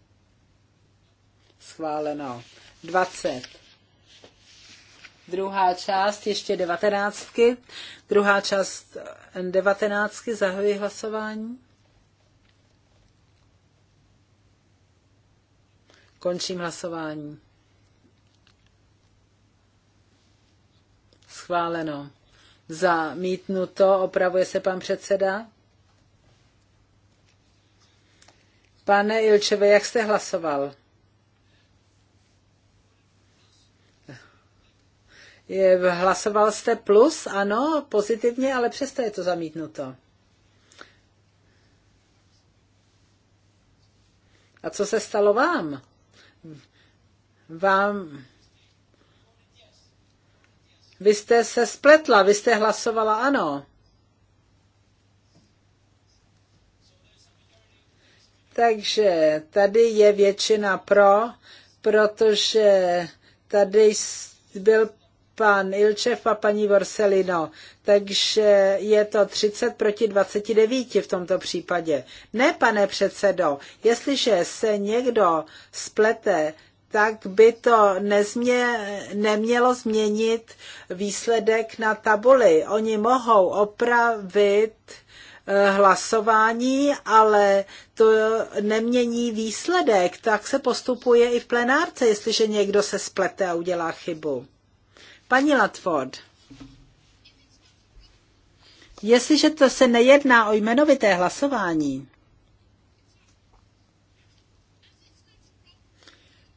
Schváleno. 20. Druhá část, ještě devatenáctky. Druhá část eh, devatenáctky, zahajuji hlasování. Končím hlasování. Schváleno. Zamítnuto, opravuje se pan předseda. Pane Ilčeve, jak jste hlasoval? Je, hlasoval jste plus, ano, pozitivně, ale přesto je to zamítnuto. A co se stalo vám? vám vy jste se spletla, vy jste hlasovala ano. Takže tady je většina pro, protože tady byl pan Ilčev a paní Vorselino. Takže je to 30 proti 29 v tomto případě. Ne, pane předsedo, jestliže se někdo splete, tak by to nezmě, nemělo změnit výsledek na tabuli. Oni mohou opravit eh, hlasování, ale to nemění výsledek. Tak se postupuje i v plenárce, jestliže někdo se splete a udělá chybu. Paní Latford, jestliže to se nejedná o jmenovité hlasování,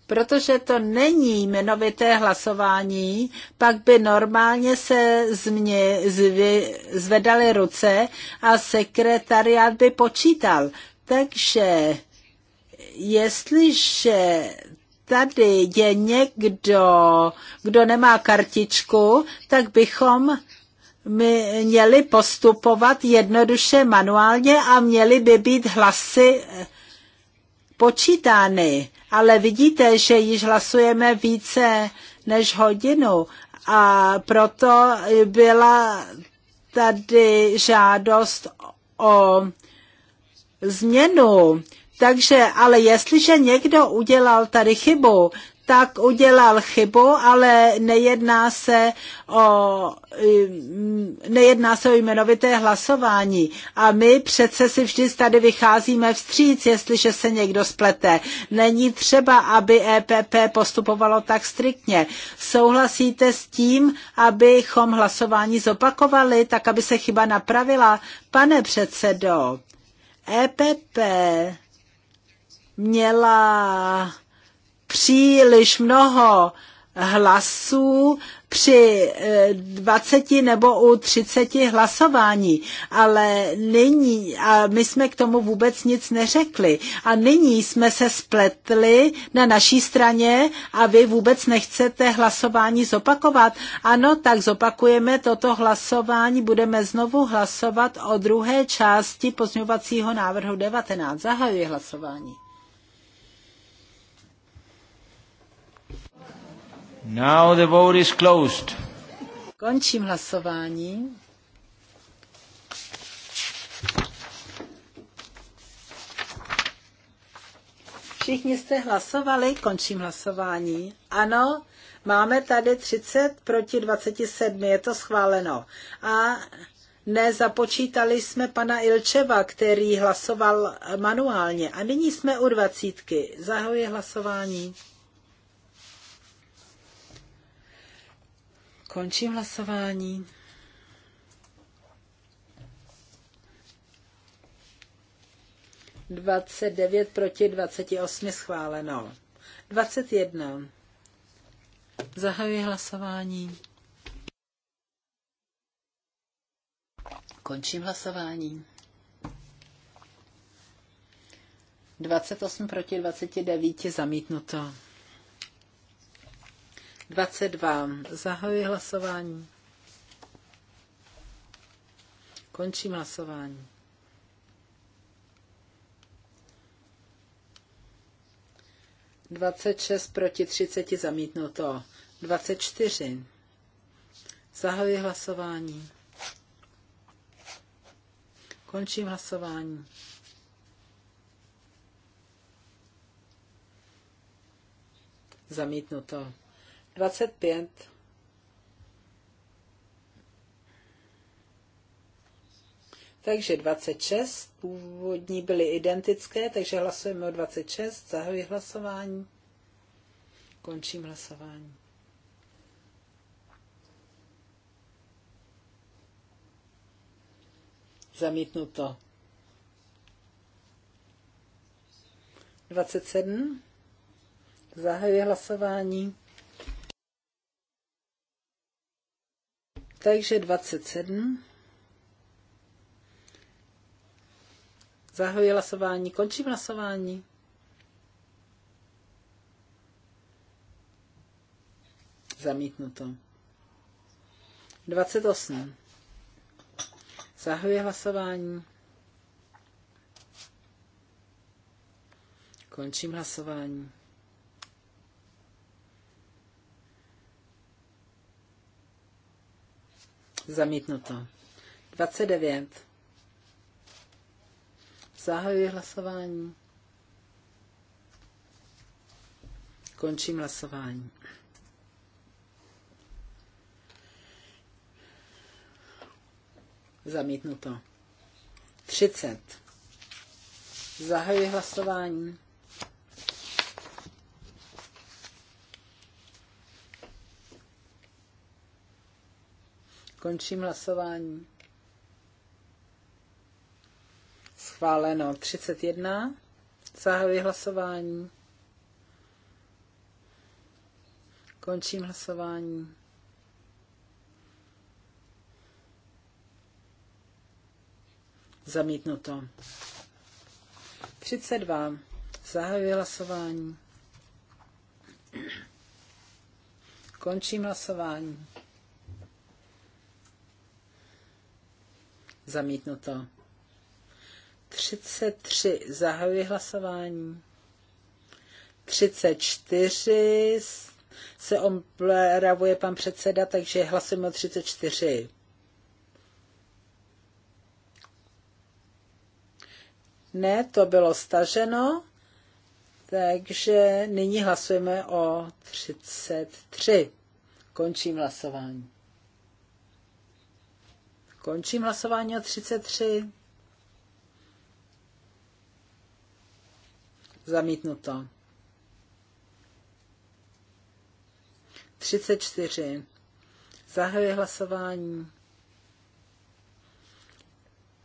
protože to není jmenovité hlasování, pak by normálně se změ, zvy, zvedaly ruce a sekretariat by počítal. Takže jestliže tady je někdo, kdo nemá kartičku, tak bychom my měli postupovat jednoduše manuálně a měly by být hlasy eh, počítány. Ale vidíte, že již hlasujeme více než hodinu a proto byla tady žádost o změnu. Takže, ale jestliže někdo udělal tady chybu, tak udělal chybu, ale nejedná se o, nejedná se o jmenovité hlasování. A my přece si vždy tady vycházíme vstříc, jestliže se někdo splete. Není třeba, aby EPP postupovalo tak striktně. Souhlasíte s tím, abychom hlasování zopakovali, tak aby se chyba napravila? Pane předsedo, EPP měla příliš mnoho hlasů při 20 eh, nebo u 30 hlasování, ale nyní, a my jsme k tomu vůbec nic neřekli. A nyní jsme se spletli na naší straně a vy vůbec nechcete hlasování zopakovat. Ano, tak zopakujeme toto hlasování, budeme znovu hlasovat o druhé části pozňovacího návrhu 19. Zahajuji hlasování. Now the vote is closed. Končím hlasování. Všichni jste hlasovali, končím hlasování. Ano, máme tady 30 proti 27, je to schváleno. A nezapočítali jsme pana Ilčeva, který hlasoval manuálně. A nyní jsme u dvacítky. Zahoje hlasování. Končím hlasování. Dvacet devět proti dvaceti osmi schváleno. Dvacet jedna. Zahajuji hlasování. Končím hlasování. 28 proti 29 zamítnuto. 22. Zahajuji hlasování. Končím hlasování. Dvacet šest proti třiceti zamítnuto. Dvacet čtyři. Zahajuji hlasování. Končím hlasování. Zamítnuto. 25. Takže 26, původní byly identické, takže hlasujeme o 26, zahajuji hlasování, končím hlasování. Zamítnuto. 27. Zahajuji hlasování. Takže 27. Zahajuji hlasování, končím hlasování. Zamítnuto. 28. Zahajuji hlasování. Končím hlasování. Zamítnuto. 29. Zahajuji hlasování. Končím hlasování. Zamítnuto. 30. Zahajuji hlasování. Končím hlasování. Schváleno 31. Zahajuji hlasování. Končím hlasování. Zamítnuto. 32. Zahajuji hlasování. Končím hlasování. Zamítnuto. 33. Zahajuji hlasování. 34 se omravuje pan předseda, takže hlasujeme o 34. Ne, to bylo staženo, takže nyní hlasujeme o 33. Končím hlasování. Končím hlasování o 33. Zamítnuto. 34. Zahajuji hlasování.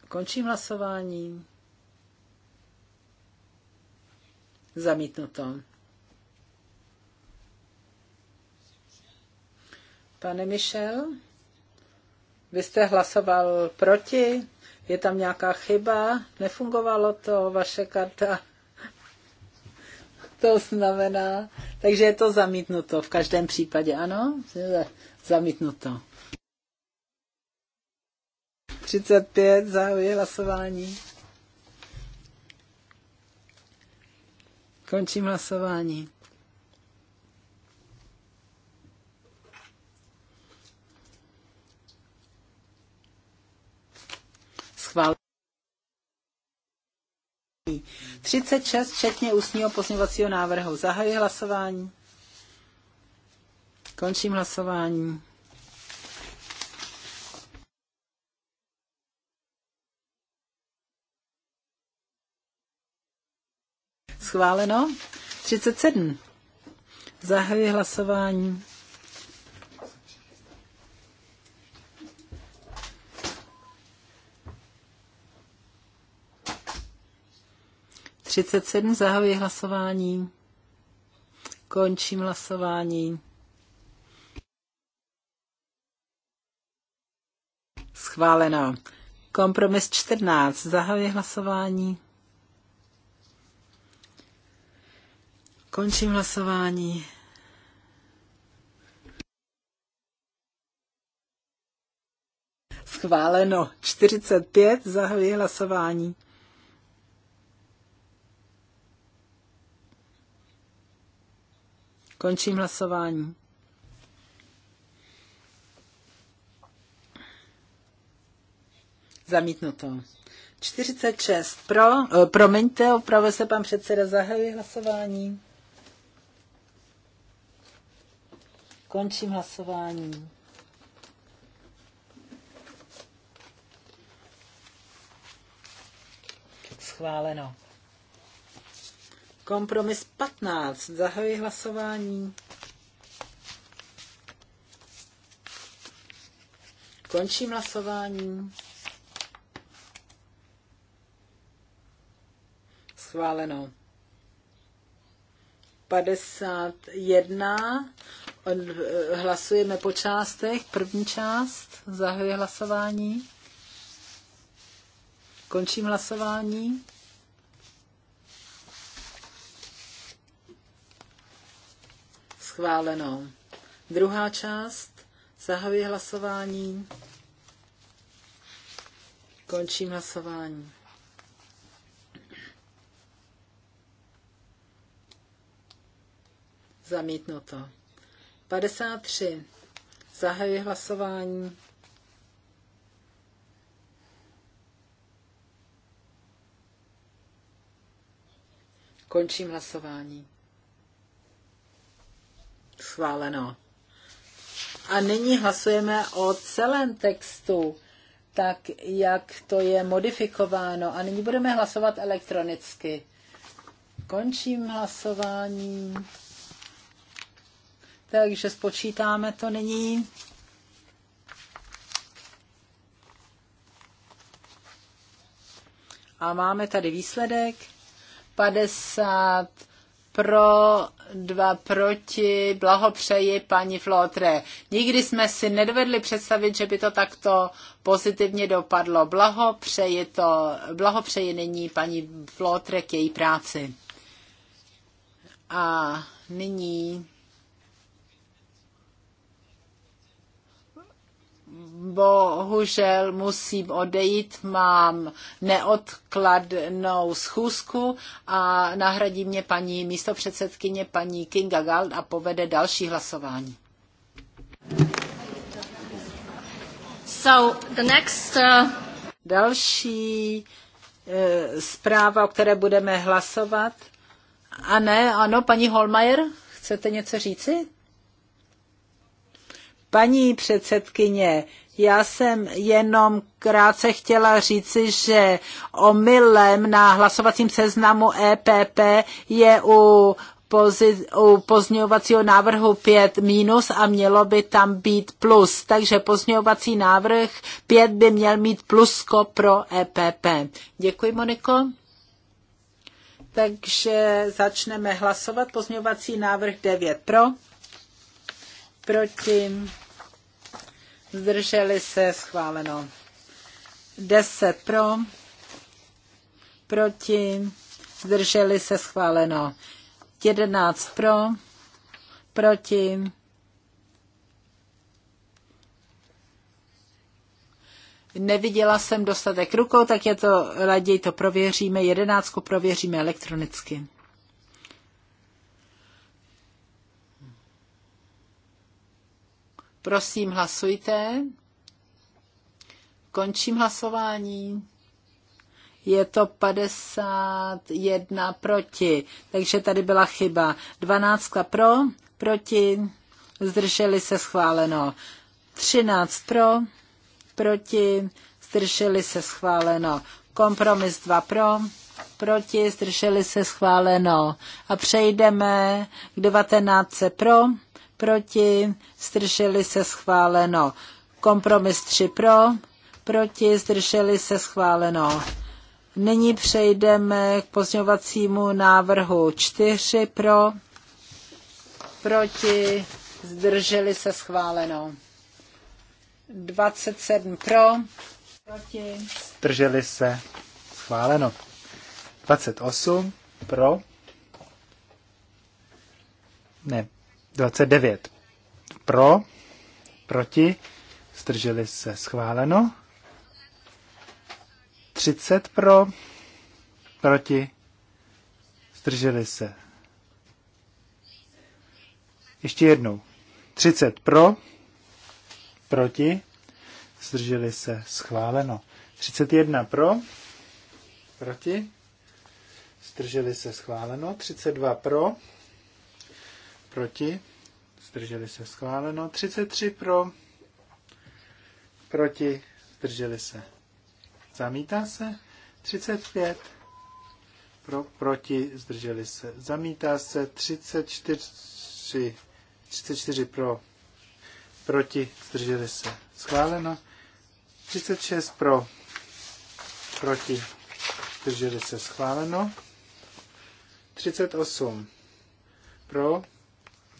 Končím hlasování. Zamítnuto. Pane Michel? Vy jste hlasoval proti? Je tam nějaká chyba? Nefungovalo to vaše karta? To znamená, takže je to zamítnuto. V každém případě, ano? Zamítnuto. 35, zahajuji hlasování. Končím hlasování. schválení. 36, včetně ústního pozměňovacího návrhu. Zahajuji hlasování. Končím hlasování. Schváleno. 37. Zahajuji hlasování. 37 zahajuji hlasování. Končím hlasování. Schváleno. Kompromis 14. Zahajuji hlasování. Končím hlasování. Schváleno. 45. Zahajuji hlasování. Končím hlasování. Zamítnuto. 46 pro, eh, promiňte, opravdu se pan předseda zahajuje hlasování. Končím hlasování. Schváleno. Kompromis 15. Zahajuji hlasování. Končím hlasování. Schváleno. 51. Hlasujeme po částech. První část. Zahajuji hlasování. Končím hlasování. schváleno. Druhá část. Zahajuji hlasování. Končím hlasování. Zamítnuto. 53. Zahajuji hlasování. Končím hlasování. Schváleno. A nyní hlasujeme o celém textu, tak jak to je modifikováno. A nyní budeme hlasovat elektronicky. Končím hlasování. Takže spočítáme to nyní. A máme tady výsledek. 50 pro, dva proti, blahopřeji paní Flotre. Nikdy jsme si nedovedli představit, že by to takto pozitivně dopadlo. Blahopřeji, to, blahopřeji nyní paní Flotre k její práci. A nyní bohužel musím odejít, mám neodkladnou schůzku a nahradí mě paní místopředsedkyně paní Kinga Gald a povede další hlasování. So the next, uh... Další uh, zpráva, o které budeme hlasovat. A ne, ano, paní Holmajer, chcete něco říci? Paní předsedkyně, já jsem jenom krátce chtěla říci, že omylem na hlasovacím seznamu EPP je u poziz, u pozměňovacího návrhu 5 minus a mělo by tam být plus. Takže pozměňovací návrh 5 by měl mít plusko pro EPP. Děkuji, Moniko. Takže začneme hlasovat. Pozměňovací návrh 9 pro proti, zdrželi se, schváleno. 10 pro, proti, zdrželi se, schváleno. 11 pro, proti, neviděla jsem dostatek rukou, tak je to raději to prověříme, jedenáctku prověříme elektronicky. Prosím, hlasujte. Končím hlasování. Je to 51 proti, takže tady byla chyba. 12 pro, proti, zdrželi se schváleno. 13 pro, proti, zdrželi se schváleno. Kompromis 2 pro, proti, zdrželi se schváleno. A přejdeme k 19 pro, proti, zdrželi se schváleno. Kompromis 3 pro, proti, zdrželi se schváleno. Nyní přejdeme k pozňovacímu návrhu 4 pro, proti, zdrželi se schváleno. 27 pro, proti, zdrželi se schváleno. 28 pro, ne, 29. Pro, proti, zdrželi se schváleno. 30 pro, proti, zdrželi se. Ještě jednou. 30 pro, proti, zdrželi se, schváleno. 31 pro, proti, zdrželi se, schváleno. 32 pro, proti, zdrželi se schváleno. 33 pro, proti, zdrželi se. Zamítá se. 35 pro, proti, zdrželi se. Zamítá se. 34, 34 pro, proti, zdrželi se. Schváleno. 36 pro, proti, zdrželi se. Schváleno. 38 pro,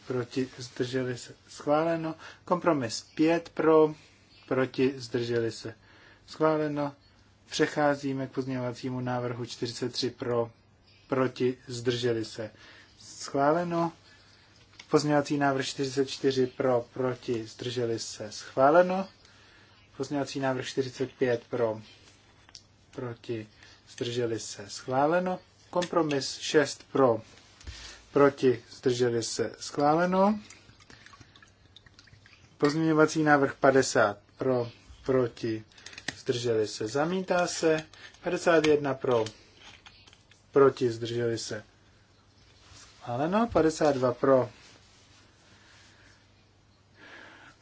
proti, zdrželi se, schváleno. Kompromis 5 pro, proti, zdrželi se, schváleno. Přecházíme k pozměňovacímu návrhu 43 pro, proti, zdrželi se, schváleno. Pozměňovací návrh 44 pro, proti, zdrželi se, schváleno. Pozměňovací návrh 45 pro, proti, zdrželi se, schváleno. Kompromis 6 pro, proti, zdrželi se, schváleno. Pozměňovací návrh 50 pro, proti, zdrželi se, zamítá se. 51 pro, proti, zdrželi se, schváleno. 52 pro,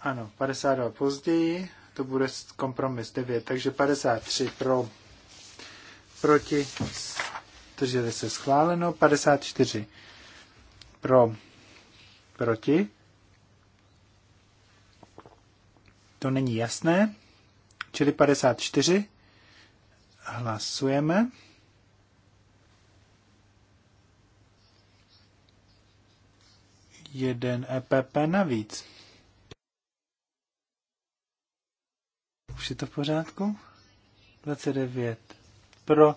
ano, 52 později, to bude kompromis 9, takže 53 pro, proti, zdrželi se, schváleno. 54 pro, proti. To není jasné. Čili 54. Hlasujeme. Jeden EPP navíc. Už je to v pořádku? 29 pro,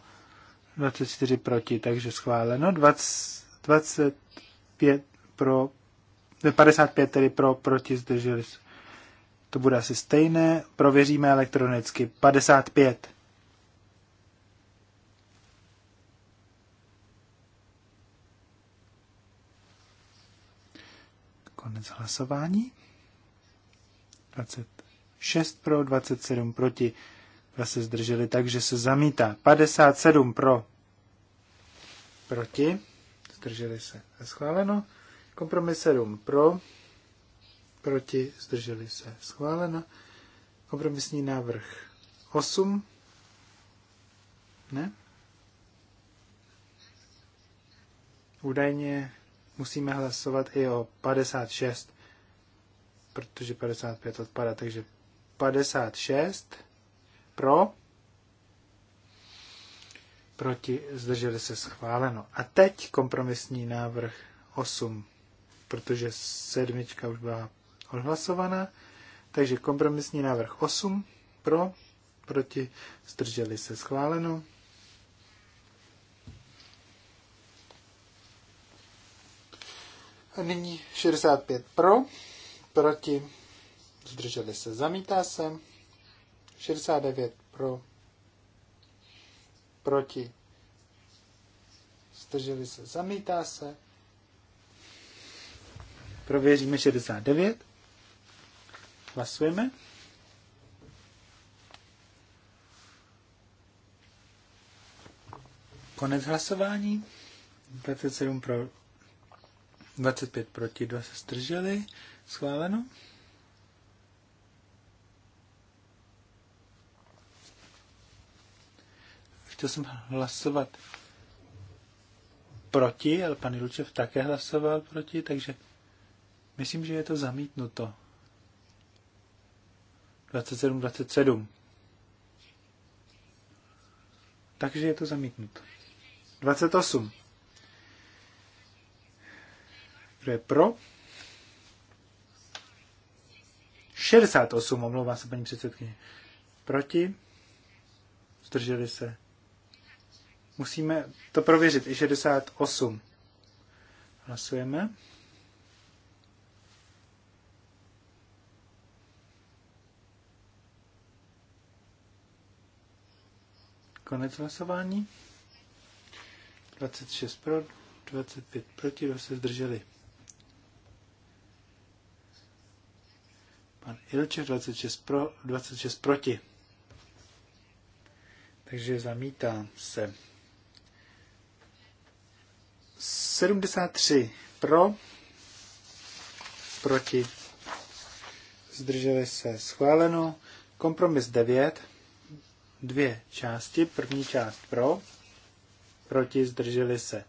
24 proti, takže schváleno. 20, 20 5 pro, 55 tedy pro, proti zdrželi se. To bude asi stejné, prověříme elektronicky. 55. Konec hlasování. 26 pro, 27 proti. Dva se zdrželi, takže se zamítá. 57 pro, proti zdrželi se. Schváleno. Kompromis 7 pro, proti, zdrželi se. Schváleno. Kompromisní návrh 8. Ne? Údajně musíme hlasovat i o 56, protože 55 odpada, takže 56 pro, proti, zdrželi se schváleno. A teď kompromisní návrh 8, protože sedmička už byla odhlasovaná, takže kompromisní návrh 8 pro, proti, zdrželi se schváleno. A nyní 65 pro, proti, zdrželi se, zamítá se. 69 pro, proti, zdrželi se, zamítá se. Prověříme 69. Hlasujeme. Konec hlasování. 27 pro, 25 proti, 2 se zdrželi. Schváleno. Chtěl jsem hlasovat proti, ale pan Jilčev také hlasoval proti, takže myslím, že je to zamítnuto. 27, 27. Takže je to zamítnuto. 28. Kdo je pro? 68, Omlouvám se paní předsedkyně. Proti? Zdrželi se. Musíme to prověřit. I 68. Hlasujeme. Konec hlasování. 26 pro, 25 proti, kdo se zdrželi. Pan Ilče 26 pro, 26 proti. Takže zamítám se. 73 pro, proti, zdrželi se schváleno. Kompromis 9, dvě části. První část pro, proti, zdrželi se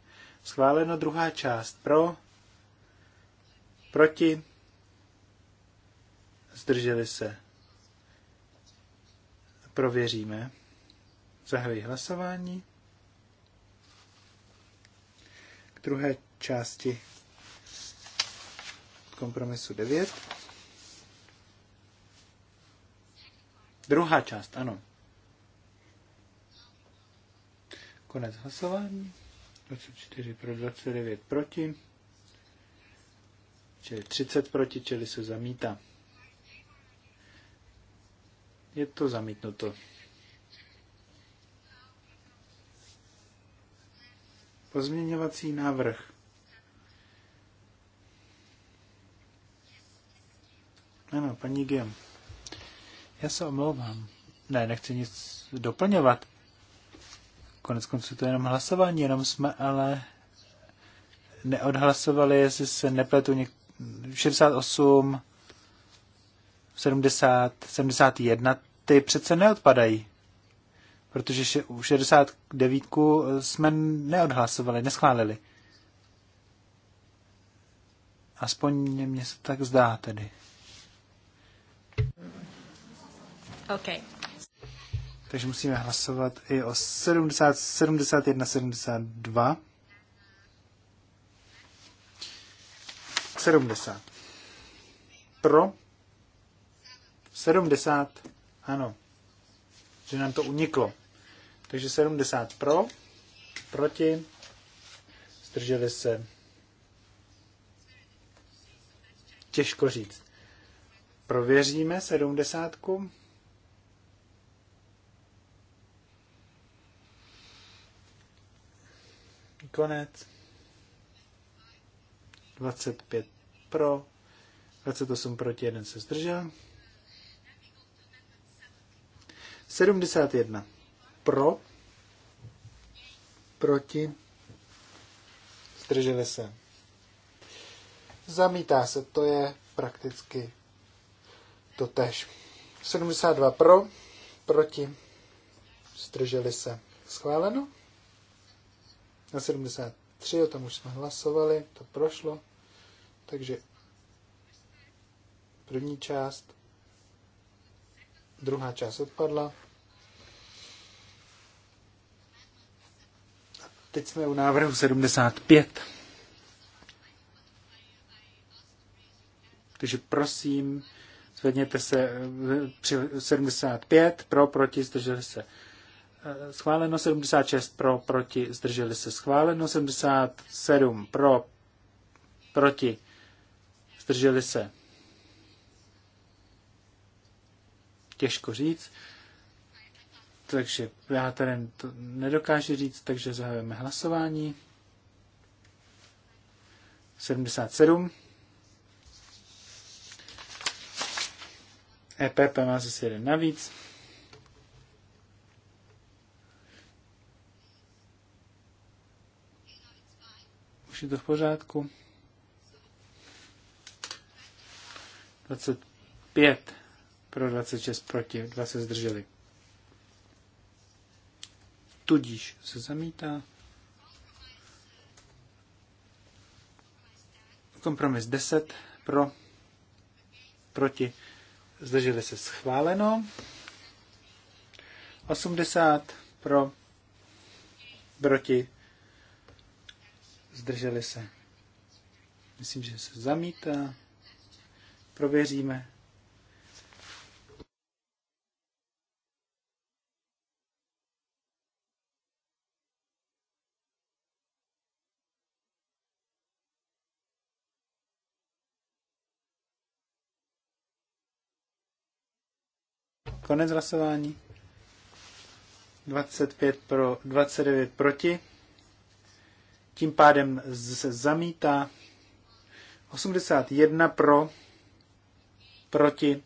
schváleno. Druhá část pro, proti, zdrželi se. Prověříme. Zahajuji hlasování. druhé části kompromisu 9. Druhá část, ano. Konec hlasování. 24 pro 29 proti. Čili 30 proti, čili se zamítá. Je to zamítnuto. Pozměňovací návrh. Ano, paní Gem. Já se omlouvám. Ne, nechci nic doplňovat. Konec konců to je jenom hlasování, jenom jsme ale neodhlasovali, jestli se nepletu něk... 68, 70, 71, ty přece neodpadají protože še, u 69 jsme neodhlasovali, neschválili. Aspoň mě se tak zdá tedy. Okay. Takže musíme hlasovat i o 70, 71, 72. 70. Pro? 70. Ano že nám to uniklo. Takže 70 pro, proti, zdrželi se. Těžko říct. Prověříme 70. Konec. 25 pro, 28 proti, Jeden se zdržel. 71. Pro, proti, zdrželi se. Zamítá se, to je prakticky to tež. 72 pro, proti, zdrželi se. Schváleno? Na 73, o tom už jsme hlasovali, to prošlo. Takže první část Druhá část odpadla. teď jsme u návrhu 75. Takže prosím, zvedněte se eh, při 75 eh, pro, proti, zdrželi se. Schváleno 76 pro, proti, zdrželi se. Schváleno 77 pro, proti, zdrželi se. těžko říct. Takže já tady to nedokážu říct, takže zahajujeme hlasování. 77. EPP má zase jeden navíc. Už je to v pořádku. 25 pro 26 proti, dva se zdrželi. Tudíž se zamítá. Kompromis 10 pro, proti, zdrželi se schváleno. 80 pro, proti, zdrželi se. Myslím, že se zamítá. Prověříme. Konec hlasování. 25 pro, 29 proti. Tím pádem se zamítá 81 pro, proti,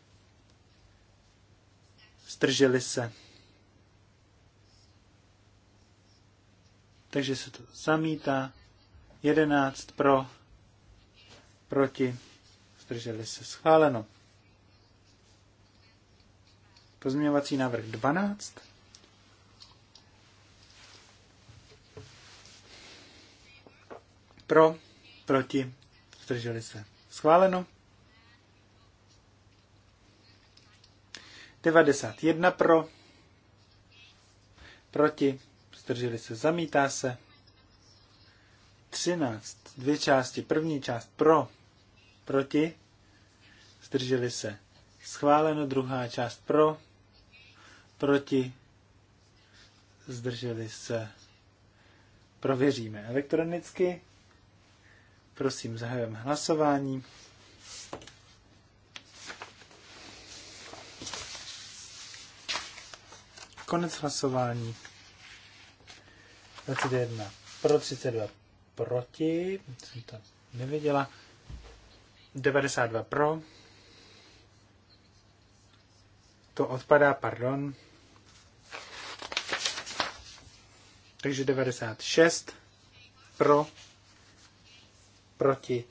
strželi se. Takže se to zamítá. 11 pro, proti, strželi se. Schváleno. Pozměňovací návrh 12. Pro, proti, zdrželi se. Schváleno. 91 pro, proti, zdrželi se, zamítá se. 13, dvě části, první část pro, proti, zdrželi se, schváleno, druhá část pro, proti, zdrželi se. Prověříme elektronicky. Prosím, zahajujeme hlasování. Konec hlasování. 21 pro, 32 proti. Jsem to neviděla. 92 pro, to odpadá, pardon. Takže 96 pro, proti,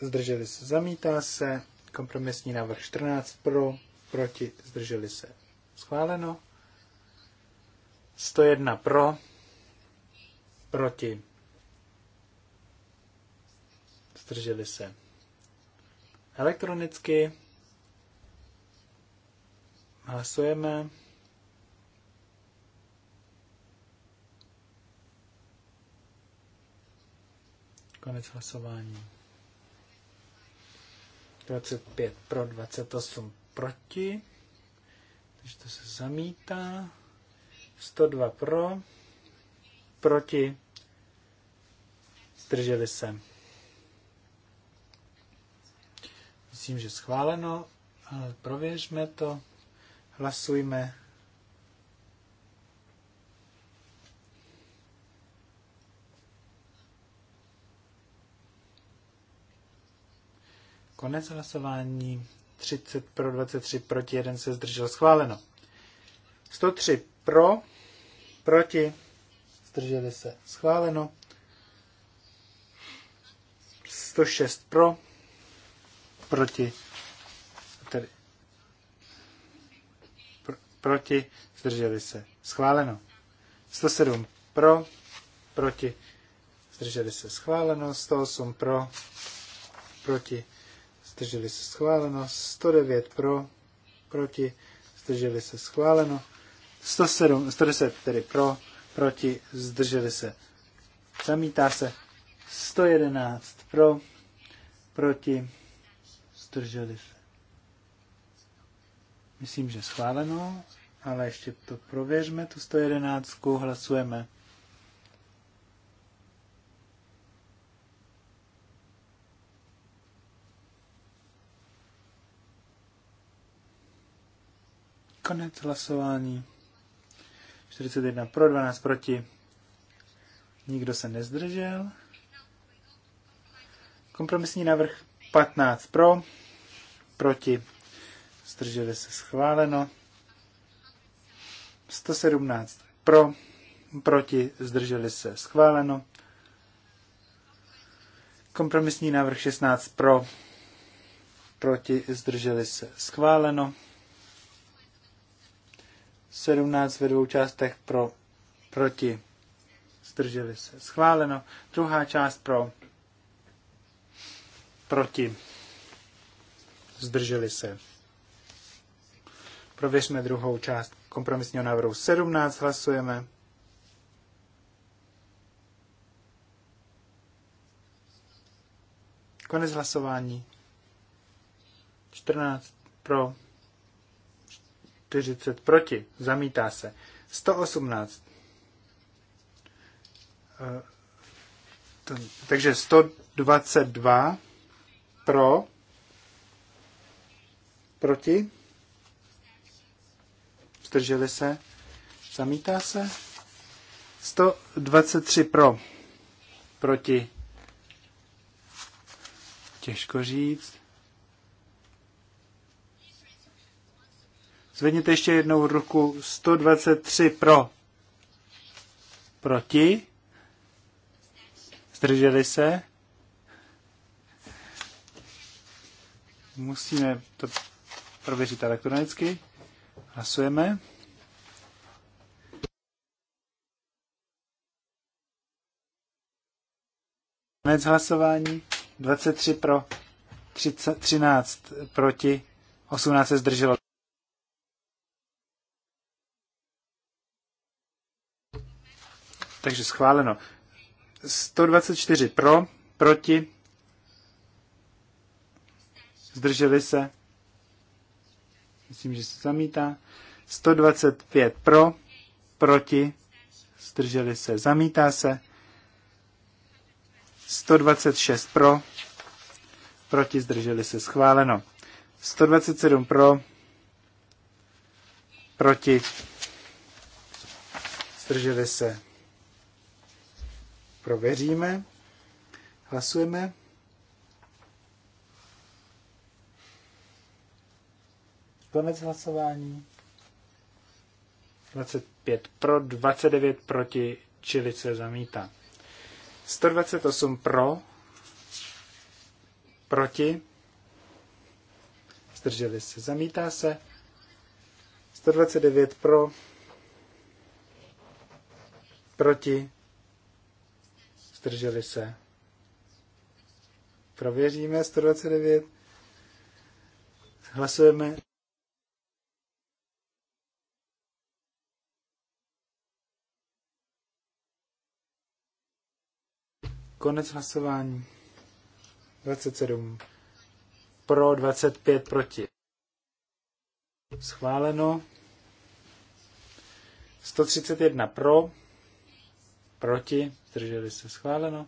zdrželi se, zamítá se. Kompromisní návrh 14 pro, proti, zdrželi se. Schváleno. 101 pro, proti, zdrželi se. Elektronicky Hlasujeme. Konec hlasování. 25 pro, 28 proti. Takže to se zamítá. 102 pro, proti. Zdrželi se. Myslím, že schváleno, ale prověřme to. Hlasujme. Konec hlasování. 30 pro, 23 proti, 1 se zdržel. Schváleno. 103 pro, proti, zdrželi se. Schváleno. 106 pro, proti, proti, zdrželi se. Schváleno. 107 pro, proti, zdrželi se. Schváleno. 108 pro, proti, zdrželi se. Schváleno. 109 pro, proti, zdrželi se. Schváleno. 107, 110 tedy pro, proti, zdrželi se. Zamítá se. 111 pro, proti, zdrželi se. Myslím, že schváleno ale ještě to prověřme, tu 111, hlasujeme. Konec hlasování. 41 pro, 12 proti. Nikdo se nezdržel. Kompromisní návrh 15 pro, proti. Zdrželi se schváleno. 117 pro, proti, zdrželi se, schváleno. Kompromisní návrh 16 pro, proti, zdrželi se, schváleno. 17 ve dvou částech pro, proti, zdrželi se, schváleno. Druhá část pro, proti, zdrželi se. Prověřme druhou část kompromisního návrhu 17 hlasujeme. Konec hlasování. 14 pro, 40 proti. Zamítá se. 118. Eh, takže 122 pro, proti, zdrželi se, zamítá se. 123 pro, proti, těžko říct. Zvedněte ještě jednou ruku 123 pro, proti, zdrželi se. Musíme to prověřit elektronicky. Hlasujeme. Konec hlasování. 23 pro, 30, 13 proti, 18 se zdrželo. Takže schváleno. 124 pro, proti, zdrželi se, Myslím, že se zamítá. 125 pro, proti, zdrželi se, zamítá se. 126 pro, proti, zdrželi se, schváleno. 127 pro, proti, zdrželi se. Prověříme, hlasujeme. Konec hlasování. 25 pro, 29 proti, čili se zamítá. 128 pro, proti, zdrželi se, zamítá se. 129 pro, proti, zdrželi se. Prověříme 129. Hlasujeme. Konec hlasování. 27 pro, 25 proti. Schváleno. 131 pro, proti, zdrželi se schváleno.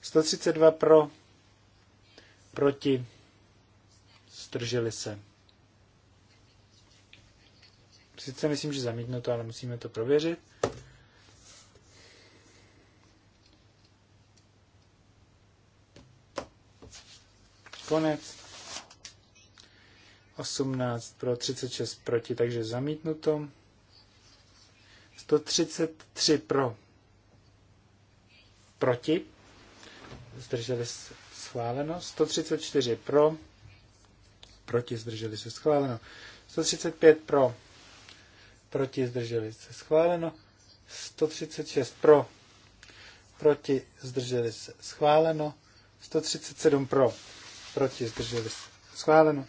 132 pro, proti, zdrželi se. Sice myslím, že zamítnu to, ale musíme to prověřit. Konec. 18 pro 36 proti, takže zamítnuto. 133 pro proti. Zdrželi se schváleno. 134 pro proti, zdrželi se schváleno. 135 pro proti, zdrželi se schváleno. 136 pro proti, zdrželi se schváleno. 137 pro proti, zdrželi se schváleno.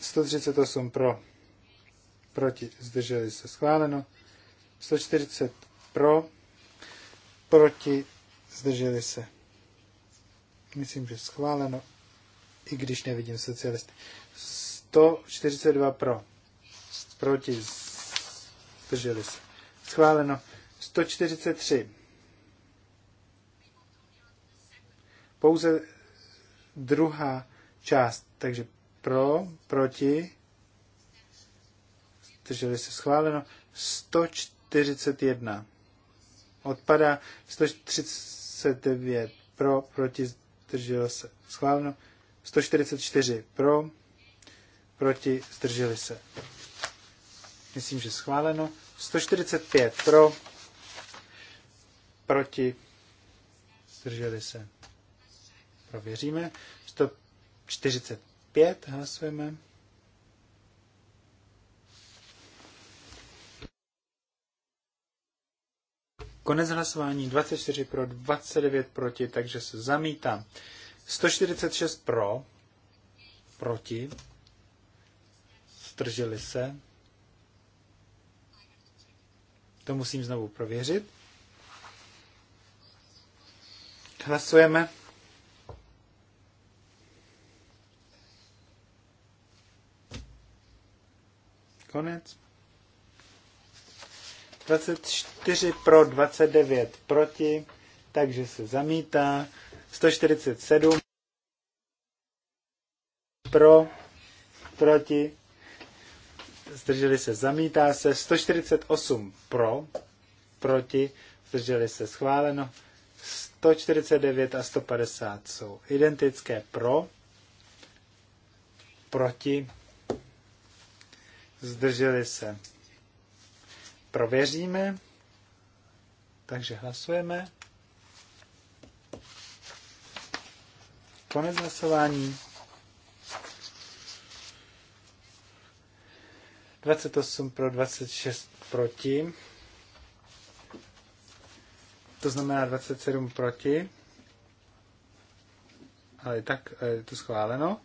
138 pro, proti, zdrželi se schváleno. 140 pro, proti, zdrželi se. Myslím, že schváleno, i když nevidím socialisty. 142 pro, proti, zdrželi se. Schváleno. 143. Pouze druhá část. Takže pro, proti, zdrželi se schváleno, 141. Odpadá 139 pro, proti, zdrželo se schváleno, 144 pro, proti, zdrželi se. Myslím, že schváleno. 145 pro, proti, zdrželi se prověříme. 145 hlasujeme. Konec hlasování 24 pro, 29 proti, takže se zamítá. 146 pro, proti, zdrželi se. To musím znovu prověřit. Hlasujeme. Konec. 24 pro, 29 proti, takže se zamítá. 147 pro, proti, zdrželi se, zamítá se. 148 pro, proti, zdrželi se, schváleno. 149 a 150 jsou identické pro, proti, zdrželi se. Prověříme, takže hlasujeme. Konec hlasování. 28 pro 26 proti. To znamená 27 proti. Ale tak eh, je to schváleno.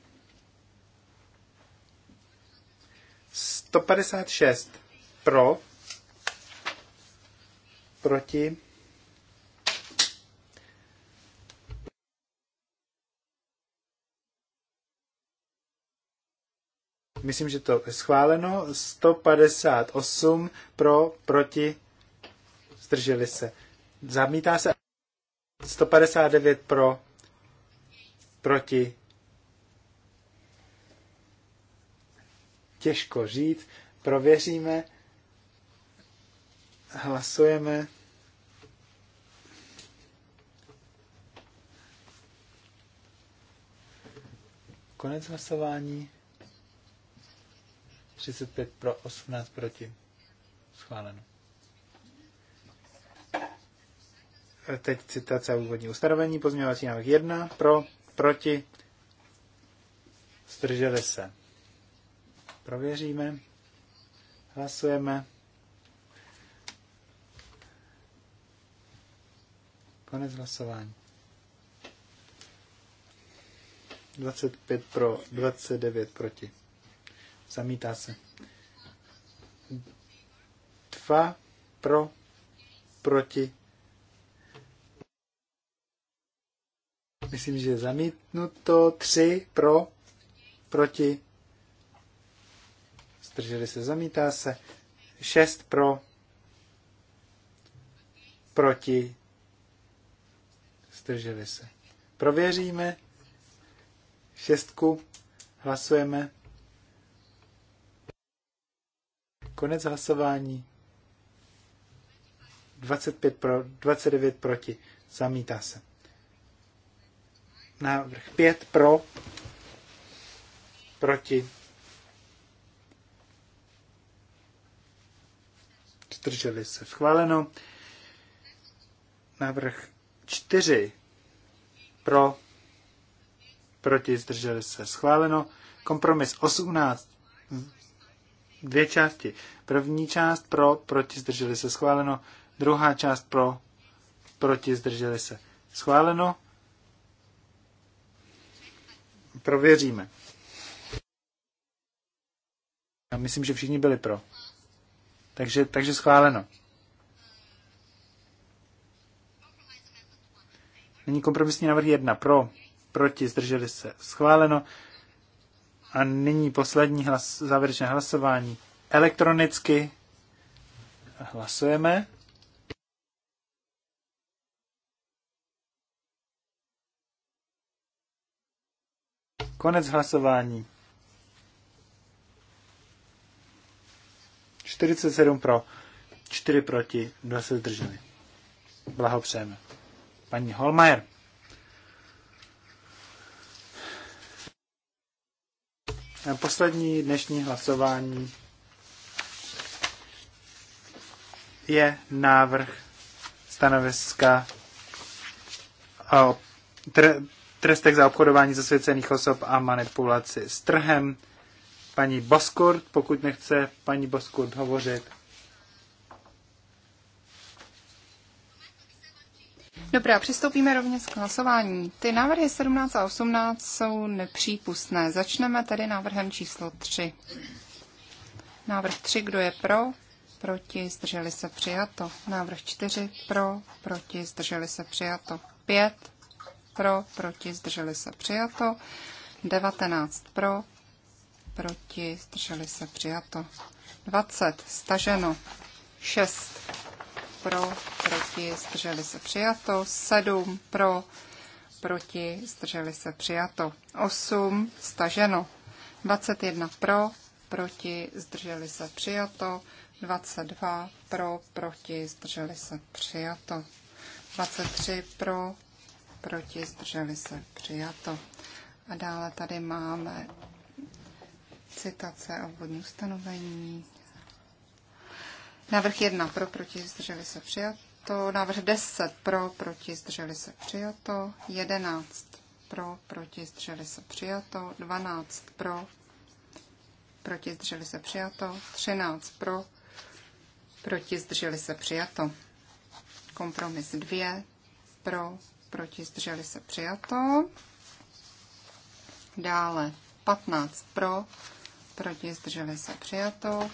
156 pro, proti, Myslím, že to je schváleno. 158 pro, proti, zdrželi se. Zamítá se 159 pro, proti, těžko žít. Prověříme, hlasujeme. Konec hlasování. 35 pro, 18 proti. Schváleno. Teď citace a úvodní ustanovení. Pozměňovací návrh 1 pro, proti. Strželi se. Prověříme. Hlasujeme. Konec hlasování. 25 pro, 29 proti. Zamítá se. 2 pro, proti. Myslím, že zamítnuto. 3 pro, proti zdrželi se, zamítá se. 6 pro, proti, zdrželi se. Prověříme. Šestku hlasujeme. Konec hlasování. 25 pro, 29 proti. Zamítá se. Návrh 5 pro, proti zdrželi se schváleno. Návrh 4 pro, proti, zdrželi se schváleno. Kompromis 18, dvě části. První část pro, proti, zdrželi se schváleno. Druhá část pro, proti, zdrželi se schváleno. Prověříme. Já myslím, že všichni byli pro. Takže, takže schváleno. Není kompromisní návrh jedna pro, proti, zdrželi se, schváleno. A nyní poslední hlas, závěrečné hlasování. Elektronicky hlasujeme. Konec hlasování. 47 pro, 4 proti, 2 se zdrželi. Blahopřejeme. Paní Holmajer. Poslední dnešní hlasování je návrh stanoviska o trestech za obchodování zasvěcených osob a manipulaci s trhem paní Boskurt, pokud nechce paní Boskurt hovořit. Dobrá, přistoupíme rovně k hlasování. Ty návrhy 17 a 18 jsou nepřípustné. Začneme tedy návrhem číslo 3. Návrh 3, kdo je pro? Proti, zdrželi se přijato. Návrh 4, pro, proti, zdrželi se přijato. 5, pro, proti, zdrželi se přijato. 19 pro, proti, zdrželi se přijato. 20, staženo. 6, pro, proti, zdrželi se přijato. 7, pro, proti, zdrželi se přijato. 8, staženo. 21 pro, proti, zdrželi se přijato. 22 pro, proti, zdrželi se přijato. 23 pro, proti, zdrželi se přijato. A dále tady máme citace a úvodní ustanovení. Návrh 1 pro, proti, zdrželi se přijato. Návrh 10 pro, proti, zdrželi se přijato. 11 pro, proti, zdrželi se přijato. 12 pro, proti, zdrželi se přijato. 13 pro, proti, zdrželi se přijato. Kompromis 2 pro, proti, zdrželi se přijato. Dále 15 pro, proti zdrželi se přijato.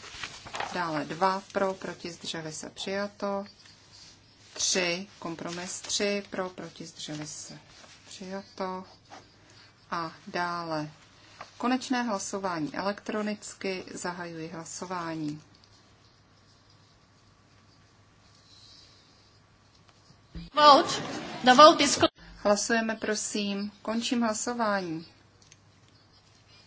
Dále dva pro, proti zdrželi se přijato. Tři kompromis tři pro, proti zdrželi se přijato. A dále konečné hlasování elektronicky, zahajuji hlasování. Vote. The vote is... Hlasujeme, prosím. Končím hlasování.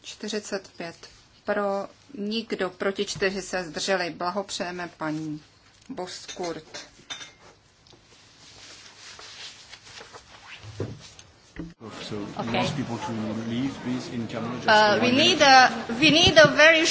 45 pro, nikdo proti čtyři se zdrželi. Blahopřejeme paní Boskurt. So okay. most people to leave, please, in Tamil. Uh, we need a we need a very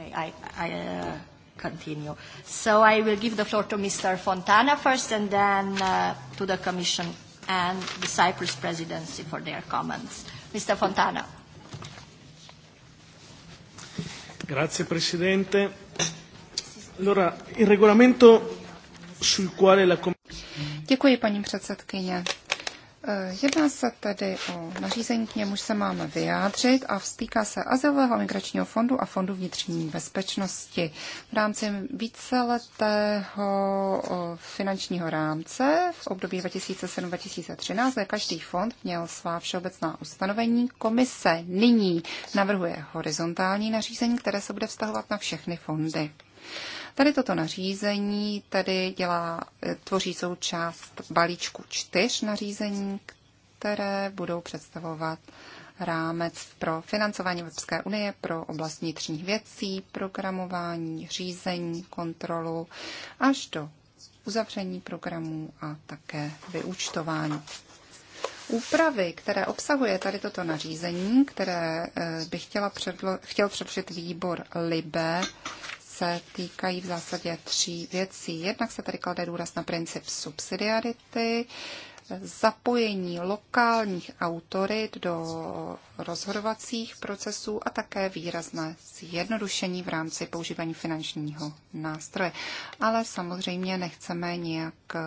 Okay, I, uh, continue. So I will give the floor to Mr. Fontana first and then uh, to the Commission and the Cyprus presidency for their comments. Mr. Fontana. Grazie Presidente. Allora, il regolamento sul quale la Commissione... Děkuji, paní předsedkyně. Eh, jedná se tedy o nařízení, k němuž se máme vyjádřit a vztýká se Azylového migračního fondu a Fondu vnitřní bezpečnosti. V rámci víceletého finančního rámce v období 2007-2013 každý fond měl svá všeobecná ustanovení. Komise nyní navrhuje horizontální nařízení, které se bude vztahovat na všechny fondy. Tady toto nařízení tady dělá, eh, tvoří součást balíčku čtyř nařízení, které budou představovat rámec pro financování Evropské unie pro oblast vnitřních věcí, programování, řízení, kontrolu až do uzavření programů a také vyúčtování. Úpravy, které obsahuje tady toto nařízení, které eh, bych chtěla předlo- chtěl předložit výbor LIBE, se týkají v zásadě tří věcí. Jednak se tady klade důraz na princip subsidiarity, zapojení lokálních autorit do rozhodovacích procesů a také výrazné zjednodušení v rámci používání finančního nástroje. Ale samozřejmě nechceme nějak eh,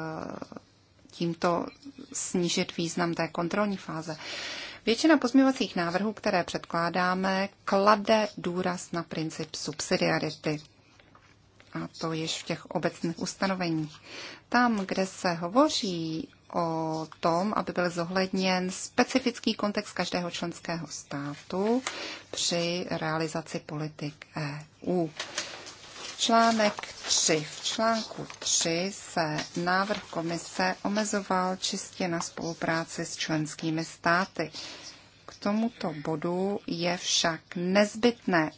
tímto snížit význam té kontrolní fáze. Většina pozměňovacích návrhů, které předkládáme, klade důraz na princip subsidiarity a to již v těch obecných ustanoveních. Tam, kde se hovoří o tom, aby byl zohledněn specifický kontext každého členského státu při realizaci politik EU. Článek 3. V článku 3 se návrh komise omezoval čistě na spolupráci s členskými státy. K tomuto bodu je však nezbytné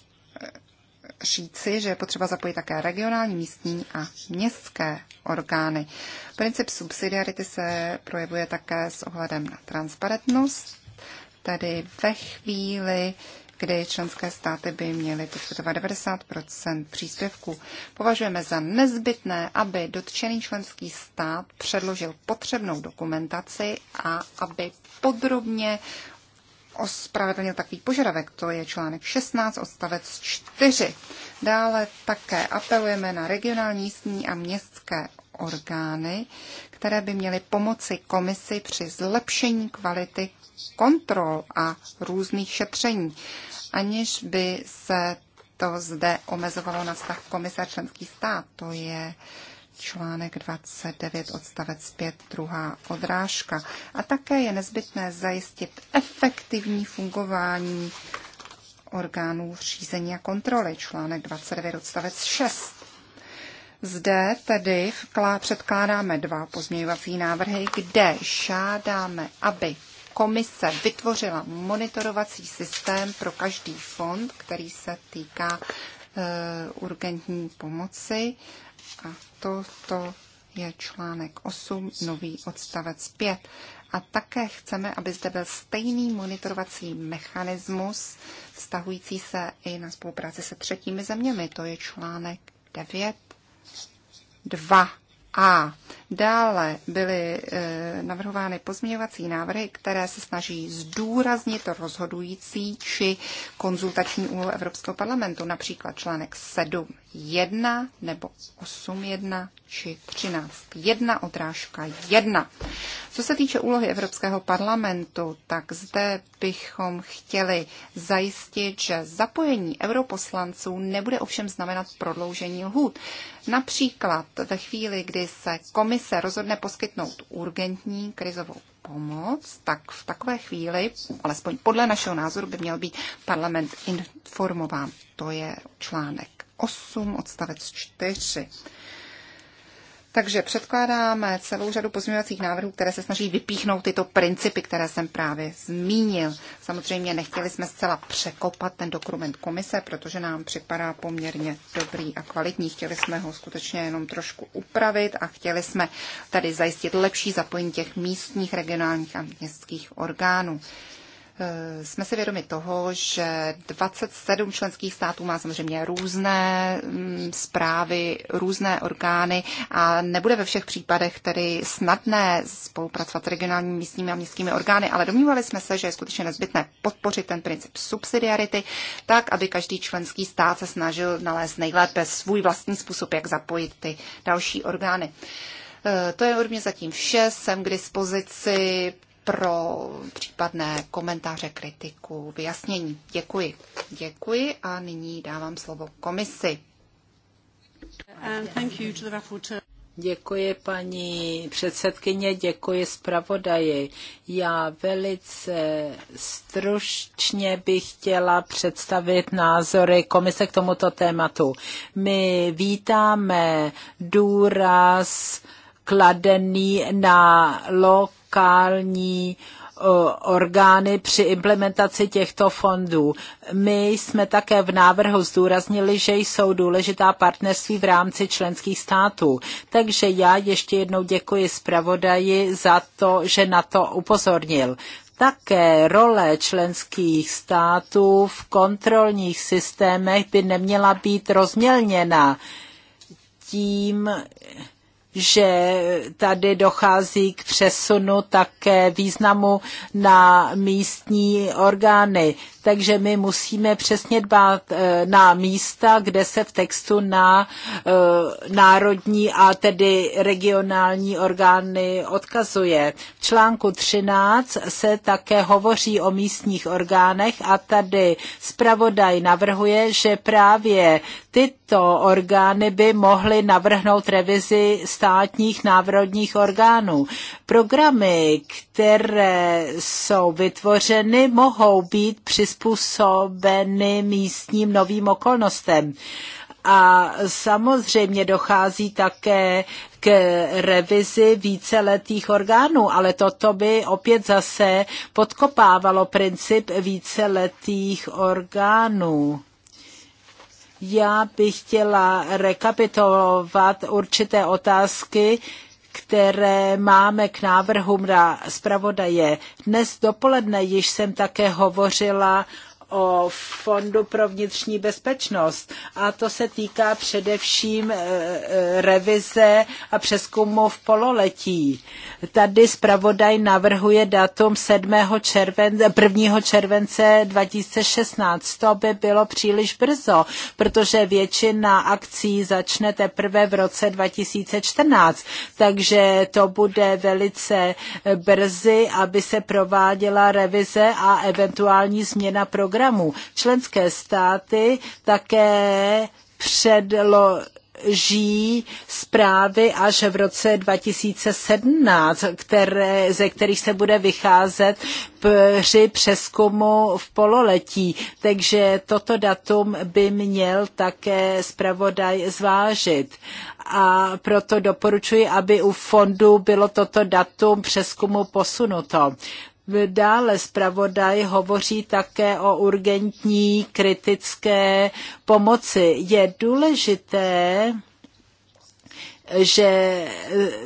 říci, že je potřeba zapojit také regionální, místní a městské orgány. Princip subsidiarity se projevuje také s ohledem na transparentnost, tedy ve chvíli, kdy členské státy by měly poskytovat 90 příspěvků. Považujeme za nezbytné, aby dotčený členský stát předložil potřebnou dokumentaci a aby podrobně ospravedlnil takový požadavek, to je článek 16 odstavec 4. Dále také apelujeme na regionální, místní a městské orgány, které by měly pomoci komisi při zlepšení kvality kontrol a různých šetření, aniž by se to zde omezovalo na vztah a členský stát. To je uh, článek 29 odstavec 5 druhá odrážka. A také je nezbytné zajistit efektivní fungování orgánů řízení a kontroly, článek 29 odstavec 6. Zde tedy předkládáme dva pozměňovací návrhy, kde žádáme, aby komise vytvořila monitorovací systém pro každý fond, který se týká e, urgentní pomoci a toto je článek 8, nový odstavec 5. A také chceme, aby zde byl stejný monitorovací mechanismus vztahující se i na spolupráci se třetími zeměmi. To je článek 9, 2 a dále byly e, navrhovány pozměňovací návrhy, které se snaží zdůraznit rozhodující či konzultační úlohu Evropského parlamentu, například článek 7 1 nebo 8, 1 či 13. Jedna odrážka, jedna. Co se týče úlohy Evropského parlamentu, tak zde bychom chtěli zajistit, že zapojení europoslanců nebude ovšem znamenat prodloužení lhůt. Například ve chvíli, kdy se komise rozhodne poskytnout urgentní krizovou pomoc, tak v takové chvíli, alespoň podle našeho názoru, by měl být parlament informován. To je článek 8 odstavec 4. Takže předkládáme celou řadu pozměňovacích návrhů, které se snaží vypíchnout tyto principy, které jsem právě zmínil. Samozřejmě nechtěli jsme zcela překopat ten dokument komise, protože nám připadá poměrně dobrý a kvalitní. Chtěli jsme ho skutečně jenom trošku upravit a chtěli jsme tady zajistit lepší zapojení těch místních, regionálních a městských orgánů. Eh, jsme si vědomi toho, že 27 členských států má samozřejmě různé mm, zprávy, různé orgány a nebude ve všech případech tedy snadné spolupracovat s regionálními místními a městskými orgány, ale domnívali jsme se, že je skutečně nezbytné podpořit ten princip subsidiarity, tak aby každý členský stát se snažil nalézt nejlépe svůj vlastní způsob, jak zapojit ty další orgány. Eh, to je od mě zatím vše. Jsem k dispozici pro případné komentáře, kritiku, vyjasnění. Děkuji. Děkuji a nyní dávám slovo komisi. Uh, děkuji paní předsedkyně, děkuji zpravodaji. Já velice stručně bych chtěla představit názory komise k tomuto tématu. My vítáme důraz kladený na lok lokální eh, orgány při implementaci těchto fondů. My jsme také v návrhu zdůraznili, že jsou důležitá partnerství v rámci členských států. Takže já ještě jednou děkuji zpravodaji za to, že na to upozornil také role členských států v kontrolních systémech by neměla být rozmělněna tím, že tady dochází k přesunu také významu na místní orgány. Takže my musíme přesně dbát eh, na místa, kde se v textu na eh, národní a tedy regionální orgány odkazuje. V článku 13 se také hovoří o místních orgánech a tady zpravodaj navrhuje, že právě tyto orgány by mohly navrhnout revizi státních národních orgánů. Programy, které jsou vytvořeny, mohou být přizpůsobeny místním novým okolnostem. A samozřejmě dochází také k revizi víceletých orgánů, ale toto by opět zase podkopávalo princip víceletých orgánů já bych chtěla rekapitulovat určité otázky, které máme k návrhům na zpravodaje. Dnes dopoledne již jsem také hovořila o Fondu pro vnitřní bezpečnost a to se týká především e, e, revize a přeskumu v pololetí. Tady zpravodaj navrhuje datum 7. července, 1. července 2016. To by bylo příliš brzo, protože většina akcí začne teprve v roce 2014, takže to bude velice brzy, aby se prováděla revize a eventuální změna programu programů. Členské státy také předlo, žijí zprávy až v roce 2017, které, ze kterých se bude vycházet při přeskumu v pololetí. Takže toto datum by měl také zpravodaj zvážit. A proto doporučuji, aby u fondu bylo toto datum přeskumu posunuto. Dále zpravodaj hovoří také o urgentní kritické pomoci. Je důležité, že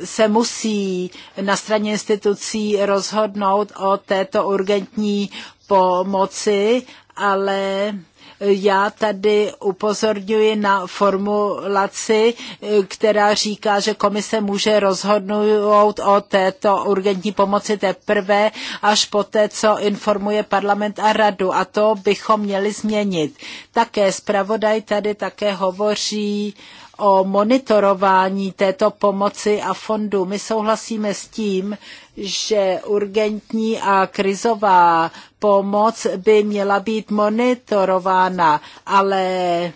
se musí na straně institucí rozhodnout o této urgentní pomoci, ale já tady upozorňuji na formulaci, která říká, že komise může rozhodnout o této urgentní pomoci teprve až poté, co informuje parlament a radu. A to bychom měli změnit. Také zpravodaj tady také hovoří, o monitorování této pomoci a fondu. My souhlasíme s tím, že urgentní a krizová pomoc by měla být monitorována, ale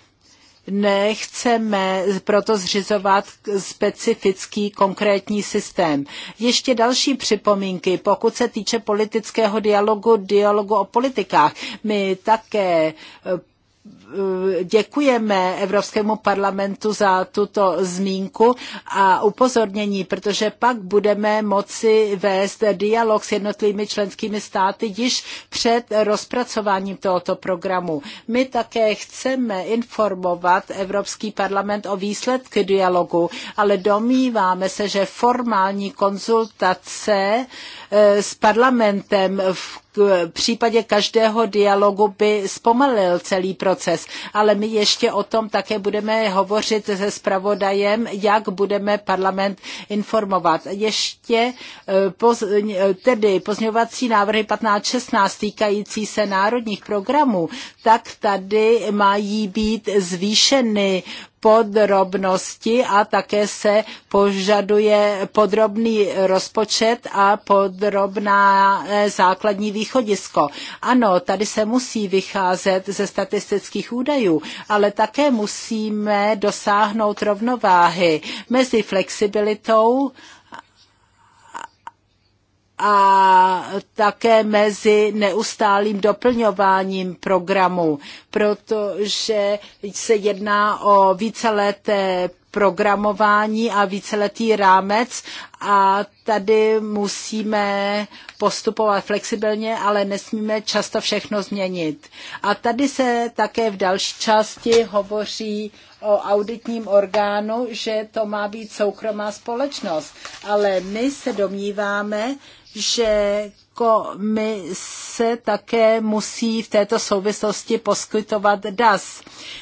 nechceme proto zřizovat specifický konkrétní systém. Ještě další připomínky, pokud se týče politického dialogu, dialogu o politikách. My také děkujeme Evropskému parlamentu za tuto zmínku a upozornění, protože pak budeme moci vést dialog s jednotlivými členskými státy již před rozpracováním tohoto programu. My také chceme informovat Evropský parlament o výsledky dialogu, ale domníváme se, že formální konzultace eh, s parlamentem v případě každého dialogu by zpomalil celý proces ale my ještě o tom také budeme hovořit se zpravodajem, jak budeme parlament informovat. Ještě eh, poz, tedy pozměňovací návrhy 1516 týkající se národních programů, tak tady mají být zvýšeny podrobnosti a také se požaduje podrobný rozpočet a podrobná eh, základní východisko. Ano, tady se musí vycházet ze statistických údajů, ale také musíme dosáhnout rovnováhy mezi flexibilitou a také mezi neustálým doplňováním programu, protože se jedná o víceleté programování a víceletý rámec a tady musíme postupovat flexibilně, ale nesmíme často všechno změnit. A tady se také v další části hovoří o auditním orgánu, že to má být soukromá společnost. Ale my se domníváme, že komise také musí v této souvislosti poskytovat DAS.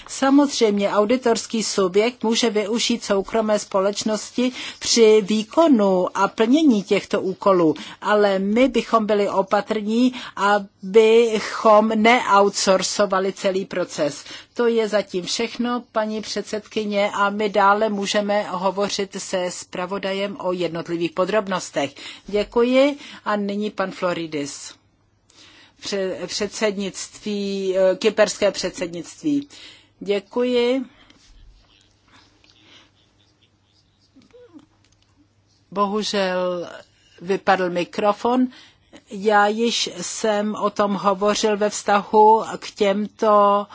Samozřejmě auditorský subjekt může využít soukromé společnosti při výkonu a plnění těchto úkolů, ale my bychom byli opatrní, abychom neoutsourcovali celý proces. To je zatím všechno, paní předsedkyně, a my dále můžeme hovořit se zpravodajem o jednotlivých podrobnostech. Děkuji a nyní pan Floridis, předsednictví, eh, kyperské předsednictví. Děkuji. Bohužel vypadl mikrofon. Já již jsem o tom hovořil ve vztahu k těmto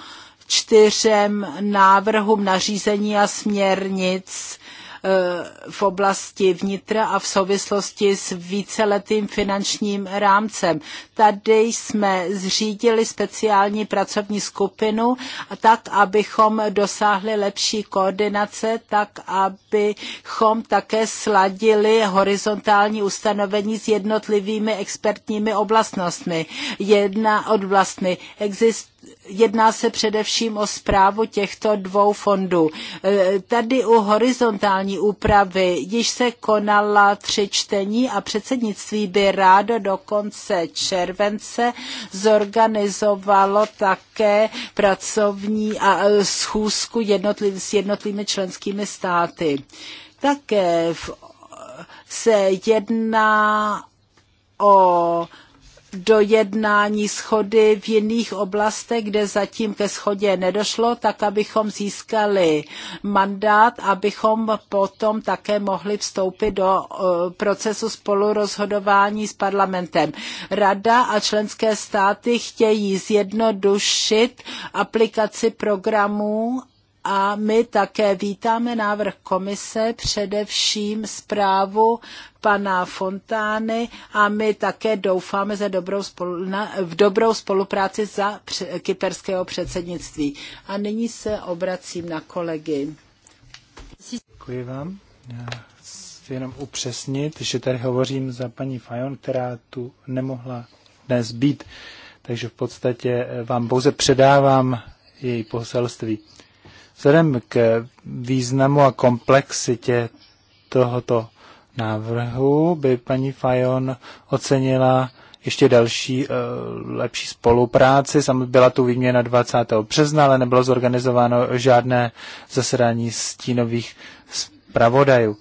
čtyřem návrhům nařízení a směrnic Eh, v oblasti vnitra a v souvislosti s víceletým finančním rámcem. Tady jsme zřídili speciální pracovní skupinu tak, abychom dosáhli lepší koordinace, tak, abychom také sladili horizontální ustanovení s jednotlivými expertními oblastnostmi. Jedna oblastmi. Existuje jedná se především o zprávu těchto dvou fondů. E, tady u horizontální úpravy již se konala tři čtení a předsednictví by rádo do konce července zorganizovalo také pracovní a e, schůzku jednotliv, s jednotlivými členskými státy. Také v, se jedná o do jednání schody v jiných oblastech, kde zatím ke schodě nedošlo, tak abychom získali mandát, abychom potom také mohli vstoupit do eh, procesu spolurozhodování s parlamentem. Rada a členské státy chtějí zjednodušit aplikaci programů a my také vítáme návrh komise, především zprávu pana Fontány a my také doufáme za dobrou spolu, na, v dobrou spolupráci za pře, kyperského předsednictví. A nyní se obracím na kolegy. Děkuji vám. Já chci jenom upřesnit, že tady hovořím za paní Fajon, která tu nemohla dnes být. Takže v podstatě vám pouze předávám její poselství. Vzhledem k významu a komplexitě tohoto návrhu by paní Fajon ocenila ještě další eh, lepší spolupráci. Sam byla tu výměna 20. března, ale nebylo zorganizováno žádné zasedání stínových zpravodajů.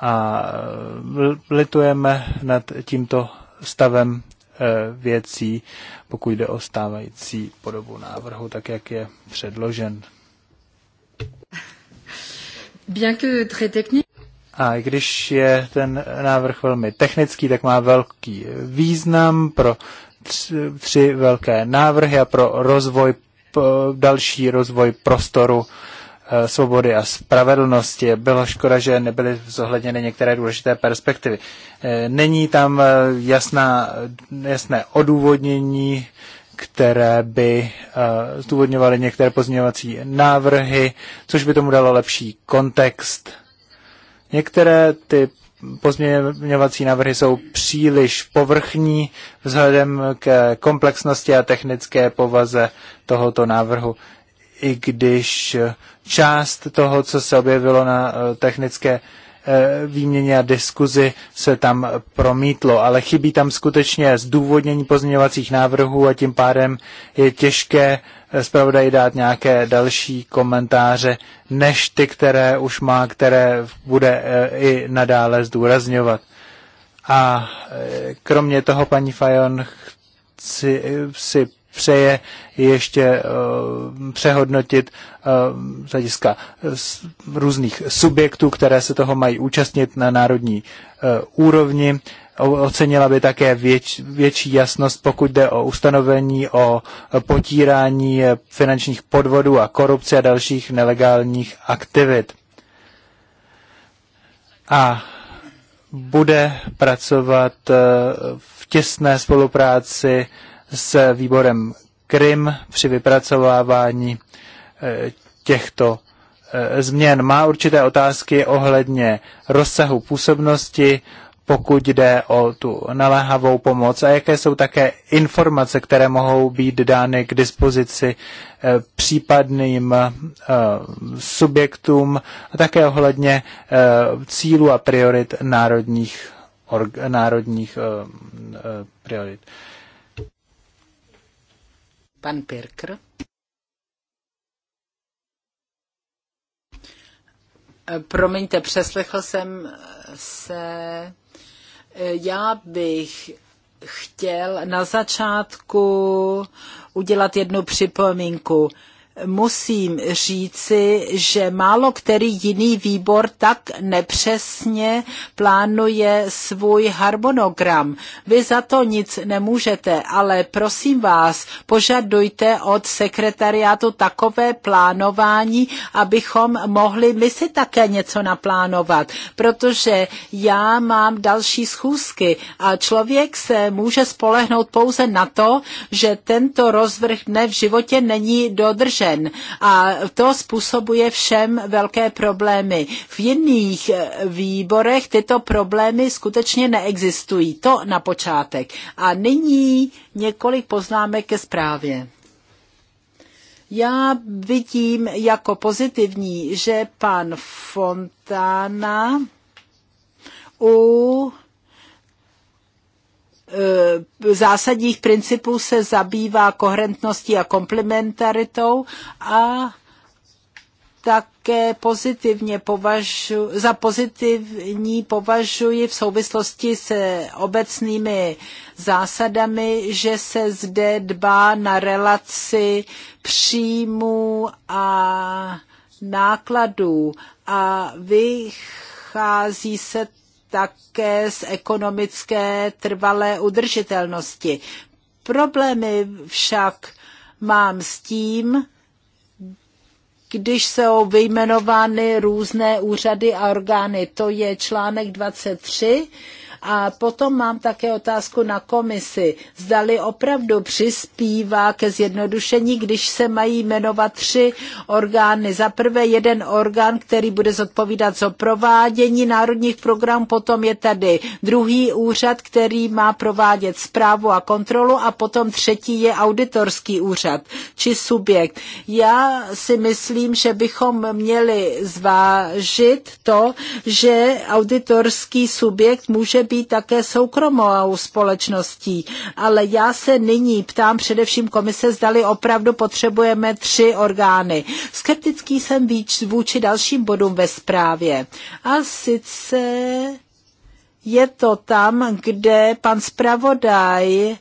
A eh, litujeme nad tímto stavem eh, věcí, pokud jde o stávající podobu návrhu, tak jak je předložen. A i když je ten návrh velmi technický, tak má velký význam pro tři velké návrhy a pro rozvoj, další rozvoj prostoru e, svobody a spravedlnosti. Bylo škoda, že nebyly zohledněny některé důležité perspektivy. E, není tam e, jasná, jasné odůvodnění které by eh, zdůvodňovaly některé pozměňovací návrhy, což by tomu dalo lepší kontext. Některé ty pozměňovací návrhy jsou příliš povrchní vzhledem k komplexnosti a technické povaze tohoto návrhu. I když část toho, co se objevilo na eh, technické Eh, výměně a diskuzi se tam promítlo, ale chybí tam skutečně zdůvodnění pozměňovacích návrhů a tím pádem je těžké eh, zpravodaji dát nějaké další komentáře, než ty, které už má, které bude eh, i nadále zdůrazňovat. A kromě toho, paní Fajon, chci si přeje ještě eh, přehodnotit eh, z hlediska různých subjektů, které se toho mají účastnit na národní eh, úrovni. Ocenila by také věč, větší jasnost, pokud jde o ustanovení o potírání finančních podvodů a korupce a dalších nelegálních aktivit. A bude pracovat v těsné spolupráci s výborem Krym při vypracovávání eh, těchto eh, změn. Má určité otázky ohledně rozsahu působnosti, pokud jde o tu naléhavou pomoc a jaké jsou také informace, které mohou být dány k dispozici eh, případným subjektům a také ohledně cílu a priorit národních, národních priorit. Pan Pirkr. Promiňte, přeslechl jsem se. Já bych chtěl na začátku udělat jednu připomínku musím říci, že málo který jiný výbor tak nepřesně plánuje svůj harmonogram. Vy za to nic nemůžete, ale prosím vás, požadujte od sekretariátu takové plánování, abychom mohli my si také něco naplánovat, protože já mám další schůzky a člověk se může spolehnout pouze na to, že tento rozvrh dne v životě není dodržen zničen a to způsobuje všem velké problémy. V jiných eh, výborech tyto problémy skutečně neexistují. To na počátek. A nyní několik poznámek ke zprávě. Já vidím jako pozitivní, že pan Fontana u Eh, zásadních principů se zabývá koherentností a komplementaritou a také pozitivně považu, za pozitivní považuji v souvislosti se obecnými zásadami, že se zde dbá na relaci příjmů a nákladů a vychází se také z ekonomické trvalé udržitelnosti. Problémy však mám s tím, když jsou vyjmenovány různé úřady a orgány. To je článek 23 a potom mám také otázku na komisi. Zdali opravdu přispívá ke zjednodušení, když se mají jmenovat tři orgány. Za prvé jeden orgán, který bude zodpovídat za provádění národních programů, potom je tady druhý úřad, který má provádět zprávu a kontrolu a potom třetí je auditorský úřad či subjekt. Já si myslím, že bychom měli zvážit to, že auditorský subjekt může být být také soukromou společností. Ale já se nyní ptám především komise, zdali opravdu potřebujeme tři orgány. Skeptický jsem víc vůči dalším bodům ve zprávě. A sice je to tam, kde pan zpravodaj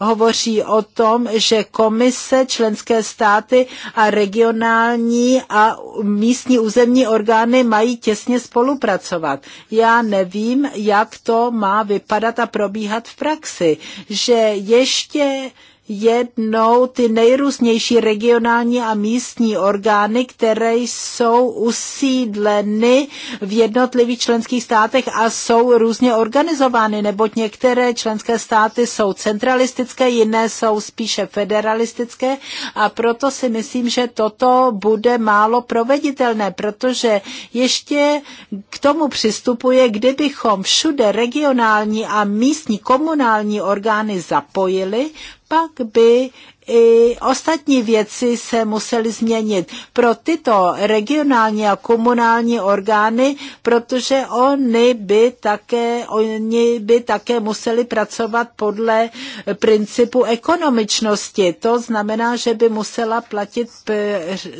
hovoří o tom, že komise, členské státy a regionální a místní územní orgány mají těsně spolupracovat. Já nevím, jak to má vypadat a probíhat v praxi, že ještě jednou ty nejrůznější regionální a místní orgány, které jsou usídleny v jednotlivých členských státech a jsou různě organizovány, neboť některé členské státy jsou centralistické, jiné jsou spíše federalistické a proto si myslím, že toto bude málo proveditelné, protože ještě k tomu přistupuje, kdybychom všude regionální a místní komunální orgány zapojili, pak by i ostatní věci se musely změnit pro tyto regionální a komunální orgány, protože oni by také, oni by také museli pracovat podle principu ekonomičnosti. To znamená, že by musela platit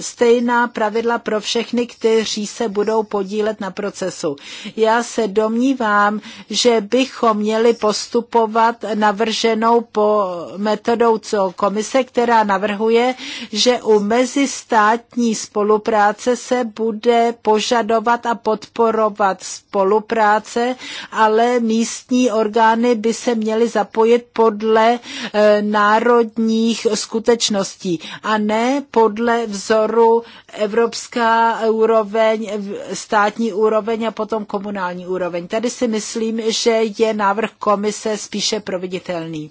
stejná pravidla pro všechny, kteří se budou podílet na procesu. Já se domnívám, že bychom měli postupovat navrženou po metodou co komise směrnice, která navrhuje, že u mezistátní spolupráce se bude požadovat a podporovat spolupráce, ale místní orgány by se měly zapojit podle eh, národních skutečností a ne podle vzoru evropská úroveň, státní úroveň a potom komunální úroveň. Tady si myslím, že je návrh komise spíše proveditelný.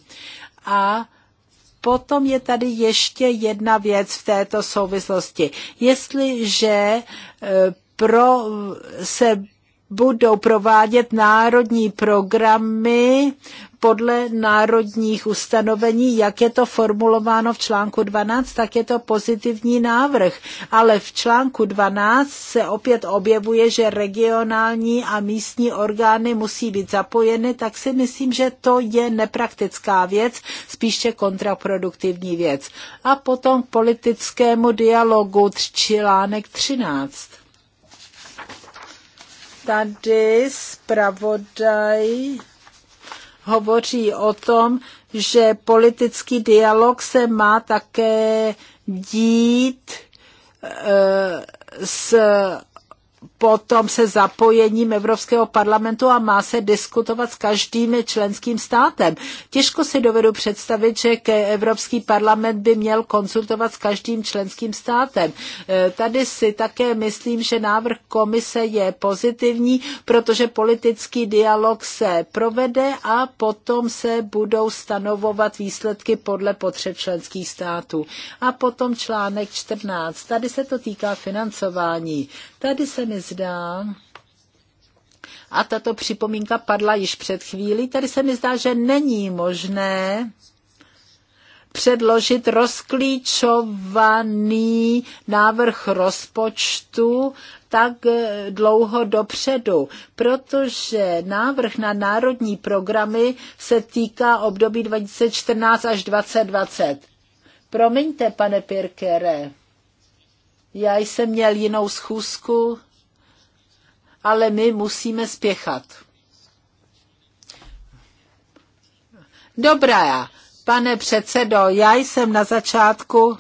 A Potom je tady ještě jedna věc v této souvislosti. Jestliže eh, pro se budou provádět národní programy podle národních ustanovení, jak je to formulováno v článku 12, tak je to pozitivní návrh. Ale v článku 12 se opět objevuje, že regionální a místní orgány musí být zapojeny, tak si myslím, že to je nepraktická věc, spíše kontraproduktivní věc. A potom k politickému dialogu článek 13. Tady zpravodaj hovoří o tom, že politický dialog se má také dít eh, s potom se zapojením Evropského parlamentu a má se diskutovat s každým členským státem. Těžko si dovedu představit, že Evropský parlament by měl konsultovat s každým členským státem. E, tady si také myslím, že návrh komise je pozitivní, protože politický dialog se provede a potom se budou stanovovat výsledky podle potřeb členských států. A potom článek 14. Tady se to týká financování. Tady se mi zdá, a tato připomínka padla již před chvílí, tady se mi zdá, že není možné předložit rozklíčovaný návrh rozpočtu tak dlouho dopředu, protože návrh na národní programy se týká období 2014 až 2020. Promiňte, pane Pirkere. Já jsem měl jinou schůzku, ale my musíme spěchat. Dobrá, pane předsedo, já jsem na začátku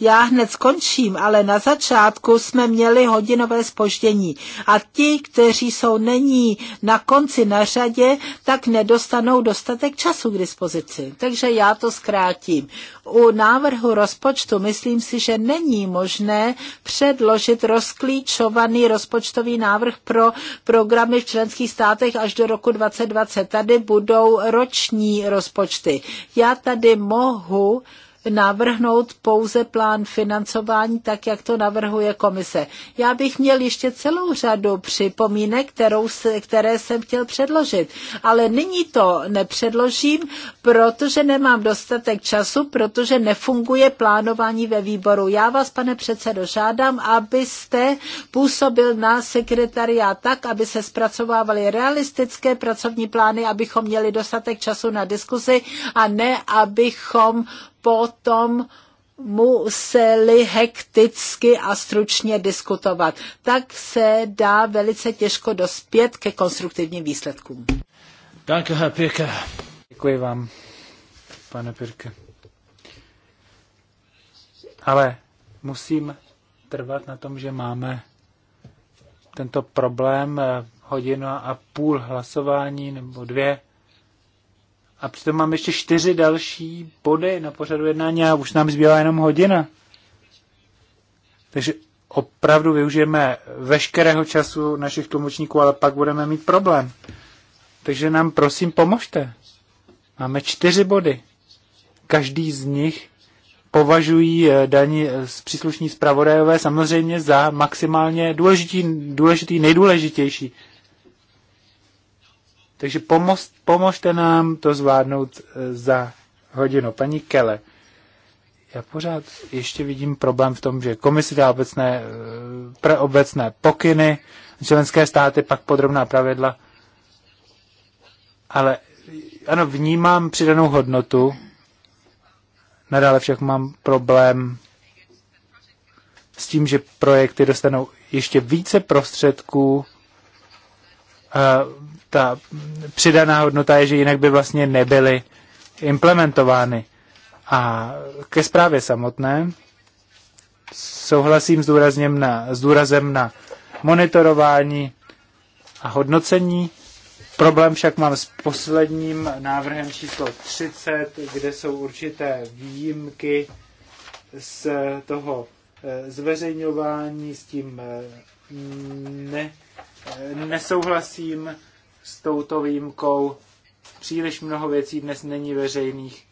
já hned skončím, ale na začátku jsme měli hodinové spoždění a ti, kteří jsou není na konci na řadě, tak nedostanou dostatek času k dispozici. Takže já to zkrátím. U návrhu rozpočtu myslím si, že není možné předložit rozklíčovaný rozpočtový návrh pro programy v členských státech až do roku 2020. Tady budou roční rozpočty. Já tady mohu navrhnout pouze plán financování, tak jak to navrhuje komise. Já bych měl ještě celou řadu připomínek, kterou se, které jsem chtěl předložit, ale nyní to nepředložím, protože nemám dostatek času, protože nefunguje plánování ve výboru. Já vás, pane předsedo, žádám, abyste působil na sekretariát tak, aby se zpracovávaly realistické pracovní plány, abychom měli dostatek času na diskuzi a ne, abychom potom museli hekticky a stručně diskutovat. Tak se dá velice těžko dospět ke konstruktivním výsledkům. Danke, Herr Pirke. Děkuji vám, pane Pirke. Ale musím trvat na tom, že máme tento problém eh, hodinu a půl hlasování nebo dvě a přitom mám ještě čtyři další body na pořadu jednání a už nám zbývá jenom hodina. Takže opravdu využijeme veškerého času našich tlumočníků, ale pak budeme mít problém. Takže nám prosím pomožte. Máme čtyři body. Každý z nich považují eh, daní z eh, příslušní zpravodajové samozřejmě za maximálně důležitý, důležitý nejdůležitější. Takže pomoz, pomožte nám to zvládnout eh, za hodinu. Paní Kele, já pořád ještě vidím problém v tom, že komise dá obecné, eh, preobecné pokyny, členské státy pak podrobná pravidla, ale eh, ano, vnímám přidanou hodnotu, nadále však mám problém s tím, že projekty dostanou ještě více prostředků, ta přidaná hodnota je, že jinak by vlastně nebyly implementovány. A ke zprávě samotné souhlasím s, na, s důrazem na monitorování a hodnocení. Problém však mám s posledním návrhem číslo 30, kde jsou určité výjimky z toho eh, zveřejňování, s tím eh, ne, eh, nesouhlasím s touto výjimkou. Příliš mnoho věcí dnes není veřejných.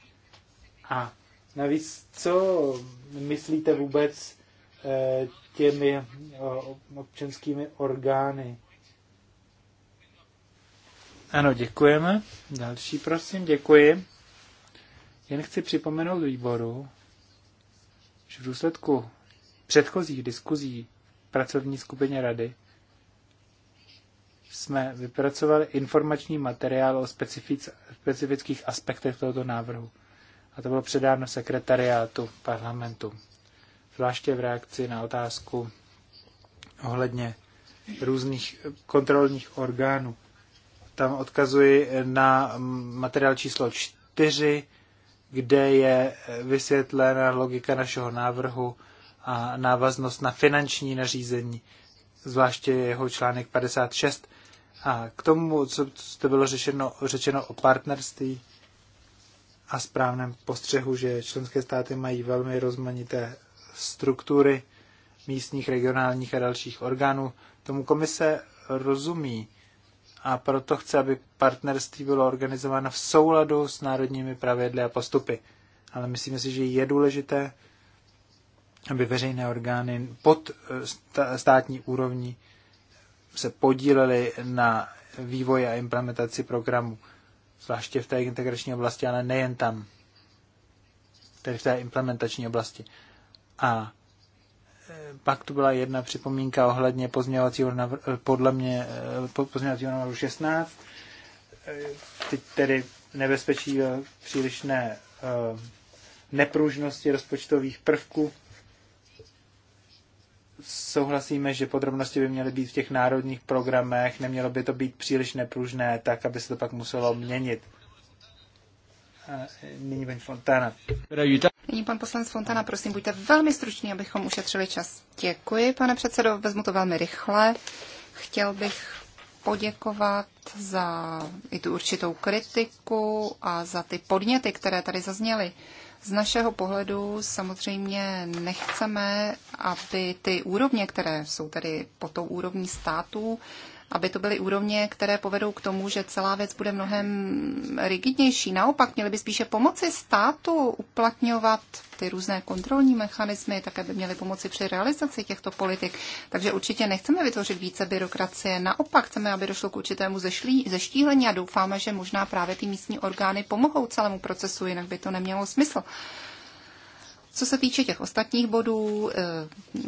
A navíc, co myslíte vůbec eh, těmi občanskými orgány? Ano, děkujeme. Další, prosím, děkuji. Jen chci připomenout výboru, že v důsledku předchozích diskuzí v pracovní skupině rady jsme vypracovali informační materiál o specific, specifických aspektech tohoto návrhu. A to bylo předáno sekretariátu parlamentu. Zvláště v reakci na otázku ohledně různých kontrolních orgánů. Tam odkazuji na materiál číslo 4, kde je vysvětlena logika našeho návrhu a návaznost na finanční nařízení, zvláště jeho článek 56, a k tomu, co to bylo řešeno, řečeno o partnerství a správném postřehu, že členské státy mají velmi rozmanité struktury místních, regionálních a dalších orgánů, tomu komise rozumí a proto chce, aby partnerství bylo organizováno v souladu s národními pravidly a postupy. Ale myslíme si, že je důležité, aby veřejné orgány pod eh, státní úrovní se podíleli na vývoji a implementaci programu, zvláště v té integrační oblasti, ale nejen tam, tedy v té implementační oblasti. A e, pak tu byla jedna připomínka ohledně pozměňovacího návrhu, e, podle mě e, pozměňovacího návrhu 16, tedy nebezpečí přílišné nepružnosti rozpočtových prvků souhlasíme, že podrobnosti by měly být v těch národních programech, nemělo by to být příliš nepružné, tak aby se to pak muselo měnit. nyní paní Fontana. Nyní pan poslanec Fontana, prosím, buďte velmi struční, abychom ušetřili čas. Děkuji, pane předsedo, vezmu to velmi rychle. Chtěl bych poděkovat za i tu určitou kritiku a za ty podněty, které tady zazněly. Z našeho pohledu samozřejmě nechceme, aby ty úrovně, které jsou tedy po tou úrovní států, aby to byly úrovně, které povedou k tomu, že celá věc bude mnohem rigidnější. Naopak, měly by spíše pomoci státu uplatňovat ty různé kontrolní mechanismy, také by měly pomoci při realizaci těchto politik. Takže určitě nechceme vytvořit více byrokracie, naopak chceme, aby došlo k určitému zešlí, zeštíhlení a doufáme, že možná právě ty místní orgány pomohou celému procesu, jinak by to nemělo smysl. Co se týče těch ostatních bodů eh,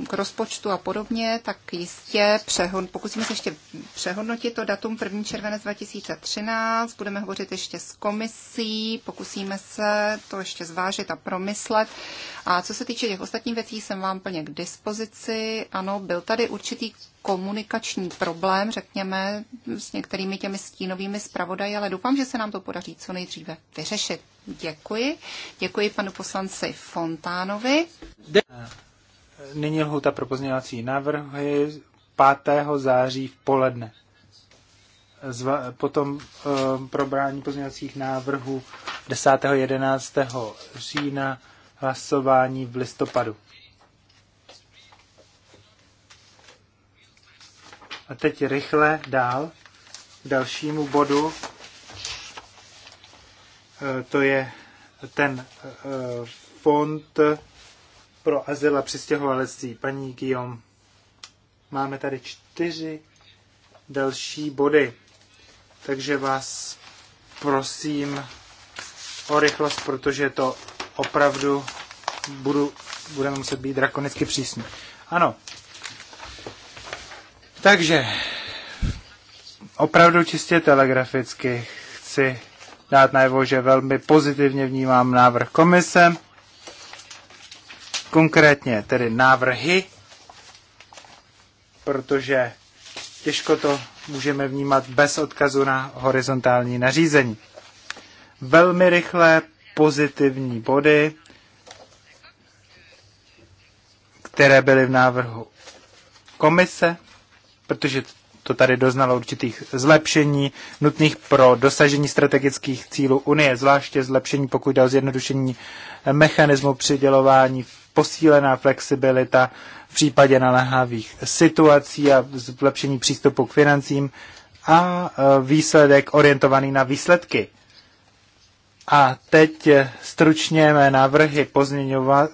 k rozpočtu a podobně, tak jistě přehod, pokusíme se ještě přehodnotit to datum 1. červenec 2013, budeme hovořit ještě s komisí, pokusíme se to ještě zvážit a promyslet. A co se týče těch ostatních věcí, jsem vám plně k dispozici. Ano, byl tady určitý komunikační problém, řekněme, s některými těmi stínovými zpravodaji, ale doufám, že se nám to podaří co nejdříve vyřešit. Děkuji. Děkuji panu poslanci Fontánovi. Nyní lhuta pro pozměňovací návrhy 5. září v poledne. Zva, potom e, probrání pozměňovacích návrhů 10. 11. října hlasování v listopadu. A teď rychle dál k dalšímu bodu. E, to je ten e, fond pro azyl a přistěhovalectví. Paní Guillaume, máme tady čtyři další body, takže vás prosím o rychlost, protože to opravdu budu, budeme muset být drakonicky přísní. Ano, takže opravdu čistě telegraficky chci dát najevo, že velmi pozitivně vnímám návrh komise, konkrétně tedy návrhy, protože těžko to můžeme vnímat bez odkazu na horizontální nařízení. Velmi rychlé pozitivní body, které byly v návrhu komise, protože to tady doznalo určitých zlepšení nutných pro dosažení strategických cílů Unie, zvláště zlepšení, pokud jde o zjednodušení mechanismu přidělování, posílená flexibilita v případě naléhavých situací a zlepšení přístupu k financím a e, výsledek orientovaný na výsledky. A teď e, stručně mé návrhy,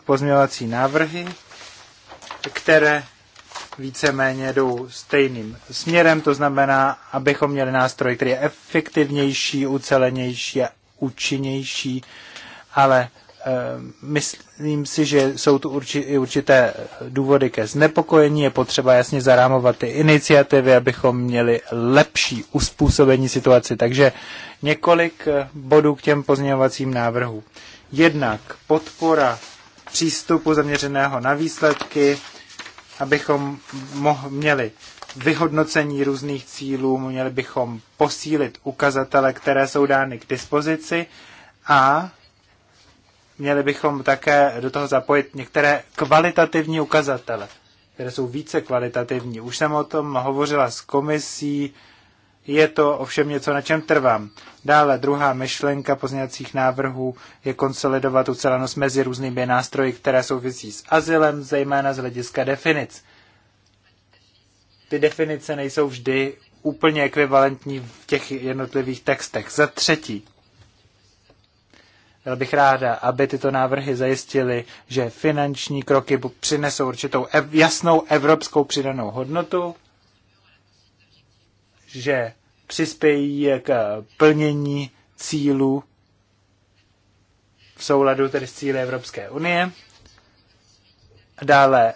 pozměňovací návrhy, které víceméně jdou stejným směrem, to znamená, abychom měli nástroj, který je efektivnější, ucelenější a účinnější, ale eh, myslím si, že jsou tu urči, určité důvody ke znepokojení. Je potřeba jasně zarámovat ty iniciativy, abychom měli lepší uspůsobení situaci. Takže několik eh, bodů k těm pozměňovacím návrhům. Jednak podpora přístupu zaměřeného na výsledky, abychom měli vyhodnocení různých cílů, měli bychom posílit ukazatele, které jsou dány k dispozici a měli bychom také do toho zapojit některé kvalitativní ukazatele, které jsou více kvalitativní. Už jsem o tom hovořila s komisí, je to ovšem něco, na čem trvám. Dále druhá myšlenka pozněcích návrhů je konsolidovat ucelenost mezi různými nástroji, které souvisí s azylem, zejména z hlediska definic. Ty definice nejsou vždy úplně ekvivalentní v těch jednotlivých textech. Za třetí, byl bych ráda, aby tyto návrhy zajistily, že finanční kroky přinesou určitou jasnou evropskou přidanou hodnotu že přispějí k plnění cílů v souladu tedy s cíly Evropské unie. Dále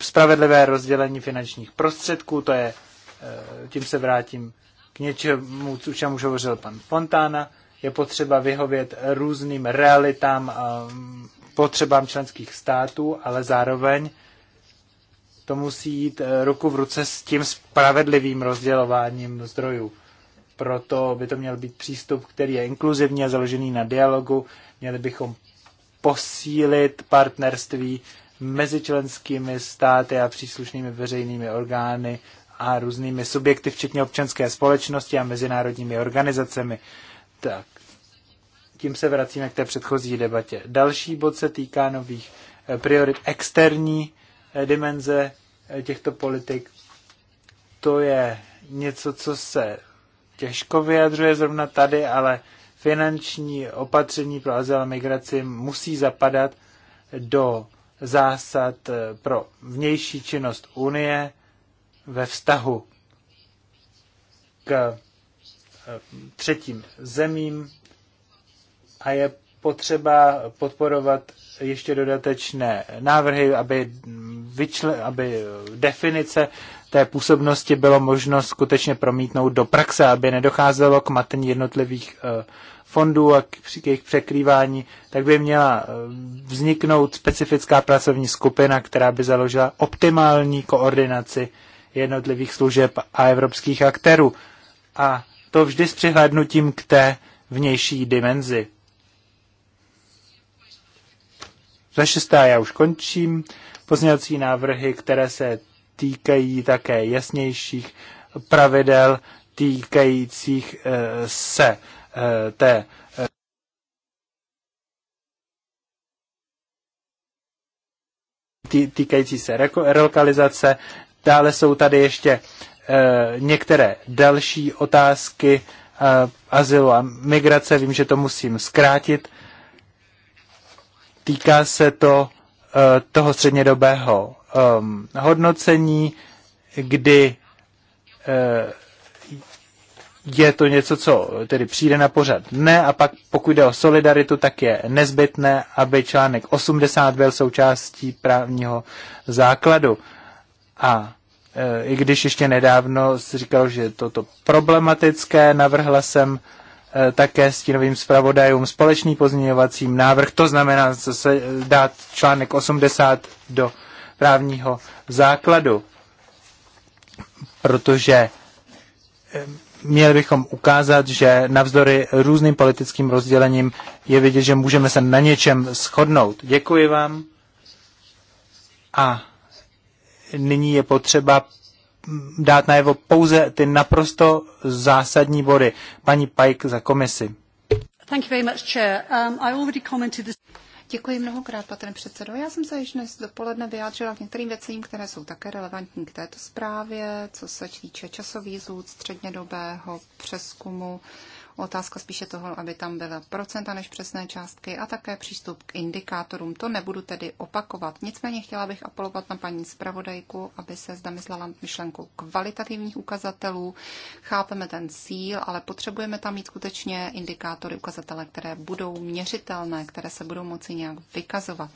spravedlivé rozdělení finančních prostředků, to je, eh, tím se vrátím k něčemu, o čem už hovořil pan Fontána, je potřeba vyhovět různým realitám a potřebám členských států, ale zároveň to musí jít eh, ruku v ruce s tím spravedlivým rozdělováním zdrojů. Proto by to měl být přístup, který je inkluzivní a založený na dialogu. Měli bychom posílit partnerství mezi členskými státy a příslušnými veřejnými orgány a různými subjekty, včetně občanské společnosti a mezinárodními organizacemi. Tak, tím se vracíme k té předchozí debatě. Další bod se týká nových eh, priorit externí Eh, dimenze eh, těchto politik. To je něco, co se těžko vyjadřuje zrovna tady, ale finanční opatření pro azyl a migraci musí zapadat do zásad eh, pro vnější činnost Unie ve vztahu k třetím zemím a je potřeba podporovat ještě dodatečné návrhy, aby, vyčle, aby definice té působnosti bylo možno skutečně promítnout do praxe, aby nedocházelo k matení jednotlivých eh, fondů a k jejich překrývání, tak by měla eh, vzniknout specifická pracovní skupina, která by založila optimální koordinaci jednotlivých služeb a evropských aktérů. A to vždy s přihlédnutím k té vnější dimenzi. Za šestá já už končím. Pozměňovací návrhy, které se týkají také jasnějších pravidel týkajících eh, se eh, té eh, týkající se relokalizace. Dále jsou tady ještě některé další otázky azylu a migrace. Vím, že to musím zkrátit. Týká se to eh, toho střednědobého um, hodnocení, kdy eh, je to něco, co tedy přijde na pořad dne a pak pokud jde o solidaritu, tak je nezbytné, aby článek 80 byl součástí právního základu. A eh, i když ještě nedávno říkal, že je toto problematické, navrhla jsem E, také stínovým zpravodajům společný pozměňovacím návrh, to znamená zase e, dát článek 80 do právního základu, protože e, měli bychom ukázat, že navzdory různým politickým rozdělením je vidět, že můžeme se na něčem shodnout. Děkuji vám a nyní je potřeba dát najevo pouze ty naprosto zásadní body. Paní Pike za komisi. Thank you very much, Chair. Um, I already commented this... Děkuji mnohokrát, pane předsedo. Já jsem se již dnes dopoledne vyjádřila k některým věcím, které jsou také relevantní k této zprávě, co se týče časových zůd, střednědobého přeskumu Otázka spíše toho, aby tam byla procenta než přesné částky a také přístup k indikátorům. To nebudu tedy opakovat. Nicméně chtěla bych apelovat na paní zpravodajku, aby se zdamyslela myšlenku kvalitativních ukazatelů. Chápeme ten cíl, ale potřebujeme tam mít skutečně indikátory, ukazatele, které budou měřitelné, které se budou moci nějak vykazovat.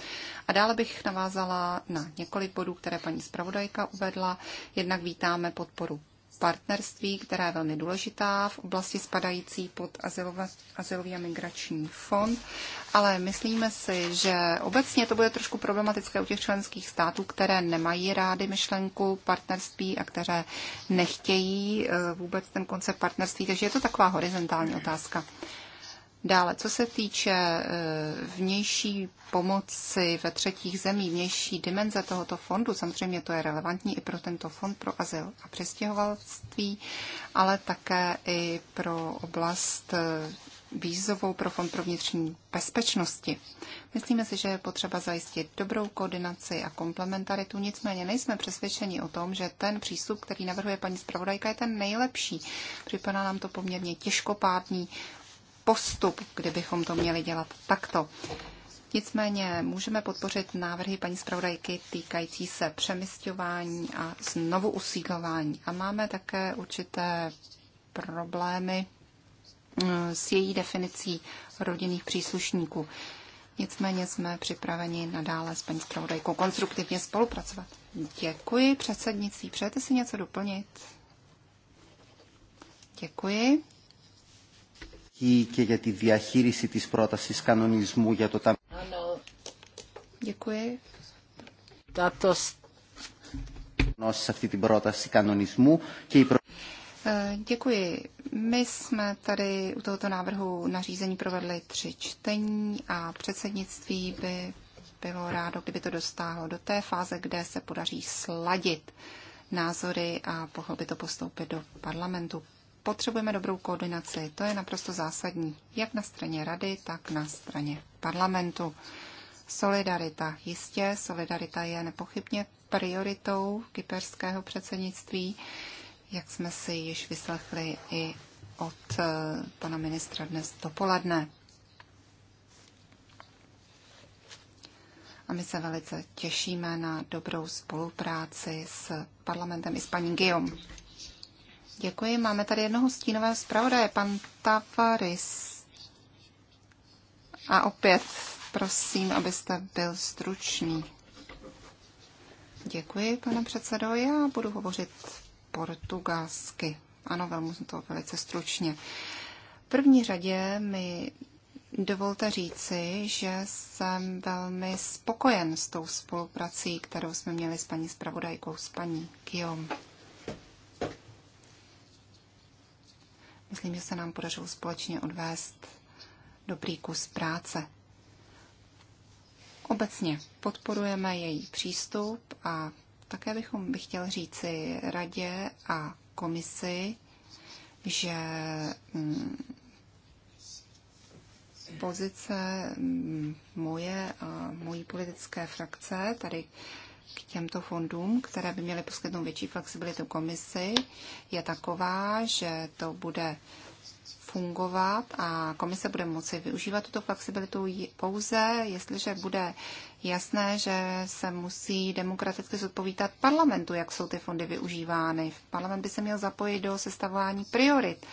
A dále bych navázala na několik bodů, které paní zpravodajka uvedla. Jednak vítáme podporu partnerství, která je velmi důležitá v oblasti spadající pod azylový a migrační fond, ale myslíme si, že obecně to bude trošku problematické u těch členských států, které nemají rády myšlenku partnerství a které nechtějí eh, vůbec ten koncept partnerství, takže je to taková horizontální otázka. Dále, co se týče eh, vnější pomoci ve třetích zemí, vnější dimenze tohoto fondu, samozřejmě to je relevantní i pro tento fond pro azyl a přestěhovalství, ale také i pro oblast eh, výzovou pro Fond pro vnitřní bezpečnosti. Myslíme si, že je potřeba zajistit dobrou koordinaci a komplementaritu, nicméně nejsme přesvědčeni o tom, že ten přístup, který navrhuje paní zpravodajka, je ten nejlepší. Připadá nám to poměrně těžkopádný postup, kdybychom to měli dělat takto. Nicméně můžeme podpořit návrhy paní zpravodajky týkající se přemysťování a znovu usídlování. A máme také určité problémy mm, s její definicí rodinných příslušníků. Nicméně jsme připraveni nadále s paní zpravodajkou konstruktivně spolupracovat. Děkuji předsednicí. Přejete si něco doplnit? Děkuji στρατηγική και για τη διαχείριση της πρότασης κανονισμού για το Ταμείο. Děkuji. Tato... ...σε αυτή kanonismu... πρόταση Děkuji. My jsme tady u tohoto návrhu nařízení provedli tři čtení a předsednictví by bylo rádo, kdyby to dostáhlo do té fáze, kde se podaří sladit názory a pohlo by to postoupit do parlamentu potřebujeme dobrou koordinaci. To je naprosto zásadní, jak na straně rady, tak na straně parlamentu. Solidarita. Jistě, solidarita je nepochybně prioritou kyperského předsednictví, jak jsme si již vyslechli i od eh, pana ministra dnes dopoledne. A my se velice těšíme na dobrou spolupráci s parlamentem i s paní Guillaume. Děkuji. Máme tady jednoho stínového zpravodaje, pan Tavaris. A opět prosím, abyste byl stručný. Děkuji, pane předsedo. Já budu hovořit portugalsky. Ano, velmi to velice stručně. V první řadě mi dovolte říci, že jsem velmi spokojen s tou spoluprací, kterou jsme měli s paní zpravodajkou, s paní Kiom. Myslím, že se nám podařilo společně odvést dobrý kus práce. Obecně podporujeme její přístup a také bychom bych chtěl říci radě a komisi, že mm, pozice mm, moje a mojí politické frakce tady k těmto fondům, které by měly poskytnout větší flexibilitu komisi, je taková, že to bude fungovat a komise bude moci využívat tuto flexibilitu pouze, jestliže bude jasné, že se musí demokraticky zodpovídat parlamentu, jak jsou ty fondy využívány. Parlament by se měl zapojit do sestavování priorit,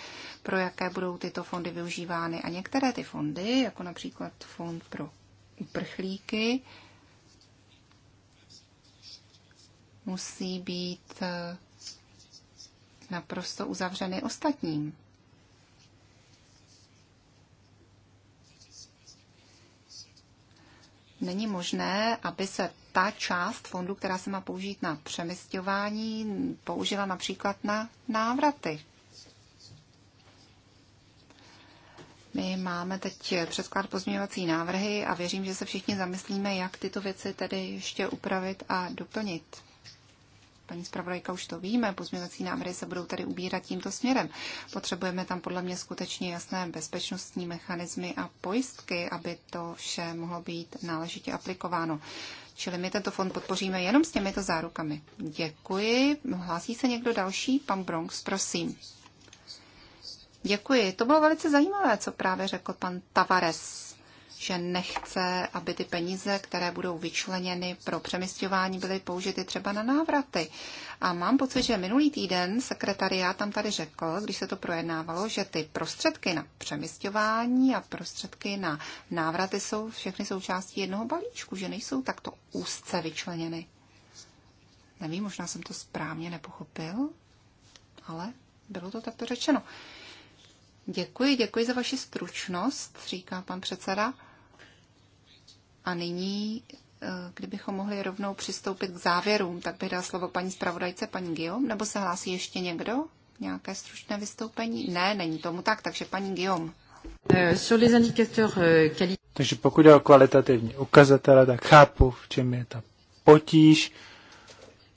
pro jaké budou tyto fondy využívány. A některé ty fondy, jako například fond pro uprchlíky, musí být eh, naprosto uzavřeny ostatním. Není možné, aby se ta část fondu, která se má použít na přemysťování, použila například na návraty. My máme teď předklad pozměňovací návrhy a věřím, že se všichni zamyslíme, jak tyto věci tedy ještě upravit a doplnit paní zpravodajka už to víme, pozměňovací návrhy se budou tady ubírat tímto směrem. Potřebujeme tam podle mě skutečně jasné bezpečnostní mechanismy a pojistky, aby to vše mohlo být náležitě aplikováno. Čili my tento fond podpoříme jenom s těmito zárukami. Děkuji. Hlásí se někdo další? Pan Bronx, prosím. Děkuji. To bylo velice zajímavé, co právě řekl pan Tavares že nechce, aby ty peníze, které budou vyčleněny pro přemysťování, byly použity třeba na návraty. A mám pocit, že minulý týden sekretariát tam tady řekl, když se to projednávalo, že ty prostředky na přemysťování a prostředky na návraty jsou všechny součástí jednoho balíčku, že nejsou takto úzce vyčleněny. Nevím, možná jsem to správně nepochopil, ale bylo to takto řečeno. Děkuji, děkuji za vaši stručnost, říká pan předseda. A nyní, eh, kdybychom mohli rovnou přistoupit k závěrům, tak bych dal slovo paní zpravodajce, paní Guillaume, nebo se hlásí ještě někdo? Nějaké stručné vystoupení? Ne, není tomu tak, takže paní Guillaume. Euh, euh, takže pokud je o kvalitativní ukazatele, tak chápu, v čem je ta potíž,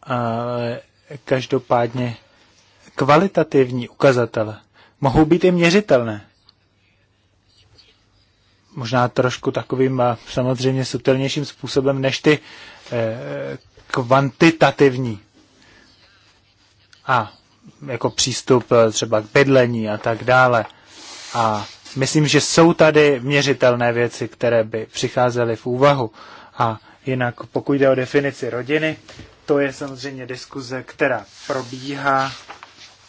ale každopádně kvalitativní ukazatele mohou být i měřitelné možná trošku takovým samozřejmě subtilnějším způsobem než ty eh, kvantitativní. A jako přístup eh, třeba k bydlení a tak dále. A myslím, že jsou tady měřitelné věci, které by přicházely v úvahu. A jinak, pokud jde o definici rodiny, to je samozřejmě diskuze, která probíhá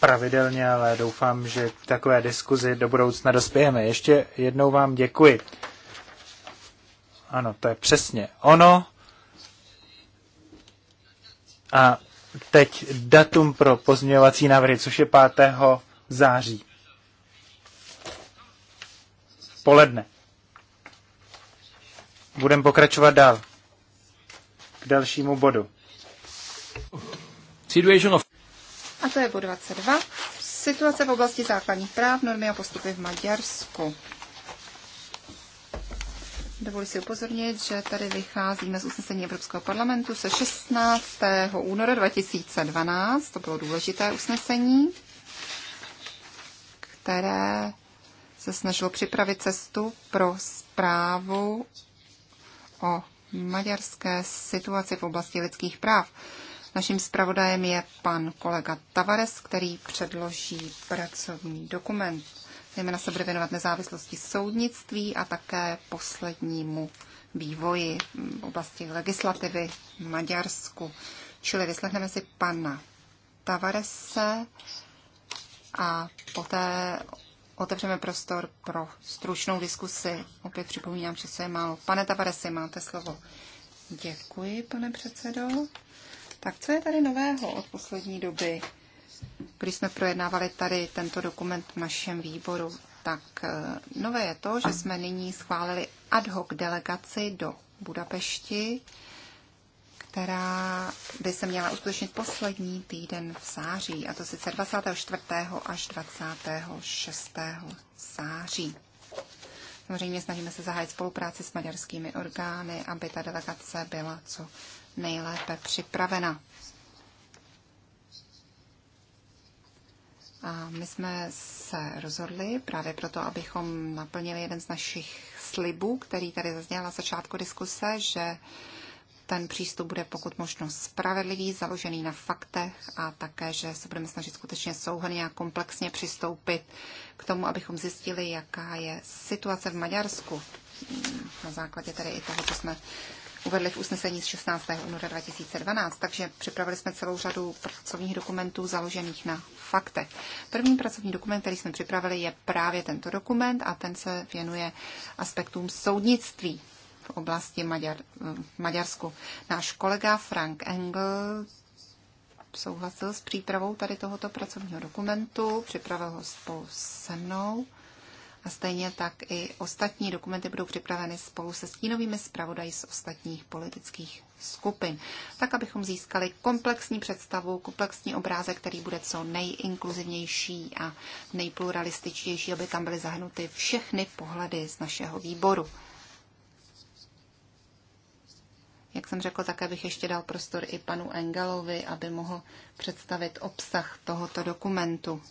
pravidelně, ale doufám, že k takové diskuzi do budoucna dospějeme. Ještě jednou vám děkuji. Ano, to je přesně ono. A teď datum pro pozměňovací návrhy, což je 5. září. Poledne. Budeme pokračovat dál. K dalšímu bodu. Situation of a to je bod 22. Situace v oblasti základních práv, normy a postupy v Maďarsku. Dovoluji si upozornit, že tady vycházíme z usnesení Evropského parlamentu se 16. února 2012. To bylo důležité usnesení, které se snažilo připravit cestu pro zprávu o maďarské situaci v oblasti lidských práv. Naším zpravodajem je pan kolega Tavares, který předloží pracovní dokument. Zajména se bude věnovat nezávislosti soudnictví a také poslednímu vývoji v oblasti legislativy v Maďarsku. Čili vyslechneme si pana Tavarese a poté otevřeme prostor pro stručnou diskusi. Opět připomínám, že se je málo. Pane Tavaresi, máte slovo. Děkuji, pane předsedo. Tak co je tady nového od poslední doby? Když jsme projednávali tady tento dokument v našem výboru, tak eh, nové je to, že jsme nyní schválili ad hoc delegaci do Budapešti, která by se měla uskutečnit poslední týden v září, a to sice 24. až 26. září. Samozřejmě snažíme se zahájit spolupráci s maďarskými orgány, aby ta delegace byla co nejlépe připravena. A my jsme se rozhodli právě proto, abychom naplnili jeden z našich slibů, který tady zazněl na začátku diskuse, že ten přístup bude pokud možno spravedlivý, založený na faktech a také, že se budeme snažit skutečně souhrně a komplexně přistoupit k tomu, abychom zjistili, jaká je situace v Maďarsku na základě tedy i toho, co jsme uvedli v usnesení z 16. února 2012, takže připravili jsme celou řadu pracovních dokumentů založených na faktech. První pracovní dokument, který jsme připravili, je právě tento dokument a ten se věnuje aspektům soudnictví v oblasti Maďar, Maďarsku. Náš kolega Frank Engel souhlasil s přípravou tady tohoto pracovního dokumentu, připravil ho spolu se mnou a stejně tak i ostatní dokumenty budou připraveny spolu se stínovými zpravodaji z ostatních politických skupin, tak abychom získali komplexní představu, komplexní obrázek, který bude co nejinkluzivnější a nejpluralističtější, aby tam byly zahrnuty všechny pohledy z našeho výboru. Jak jsem řekl, také bych ještě dal prostor i panu Engelovi, aby mohl představit obsah tohoto dokumentu.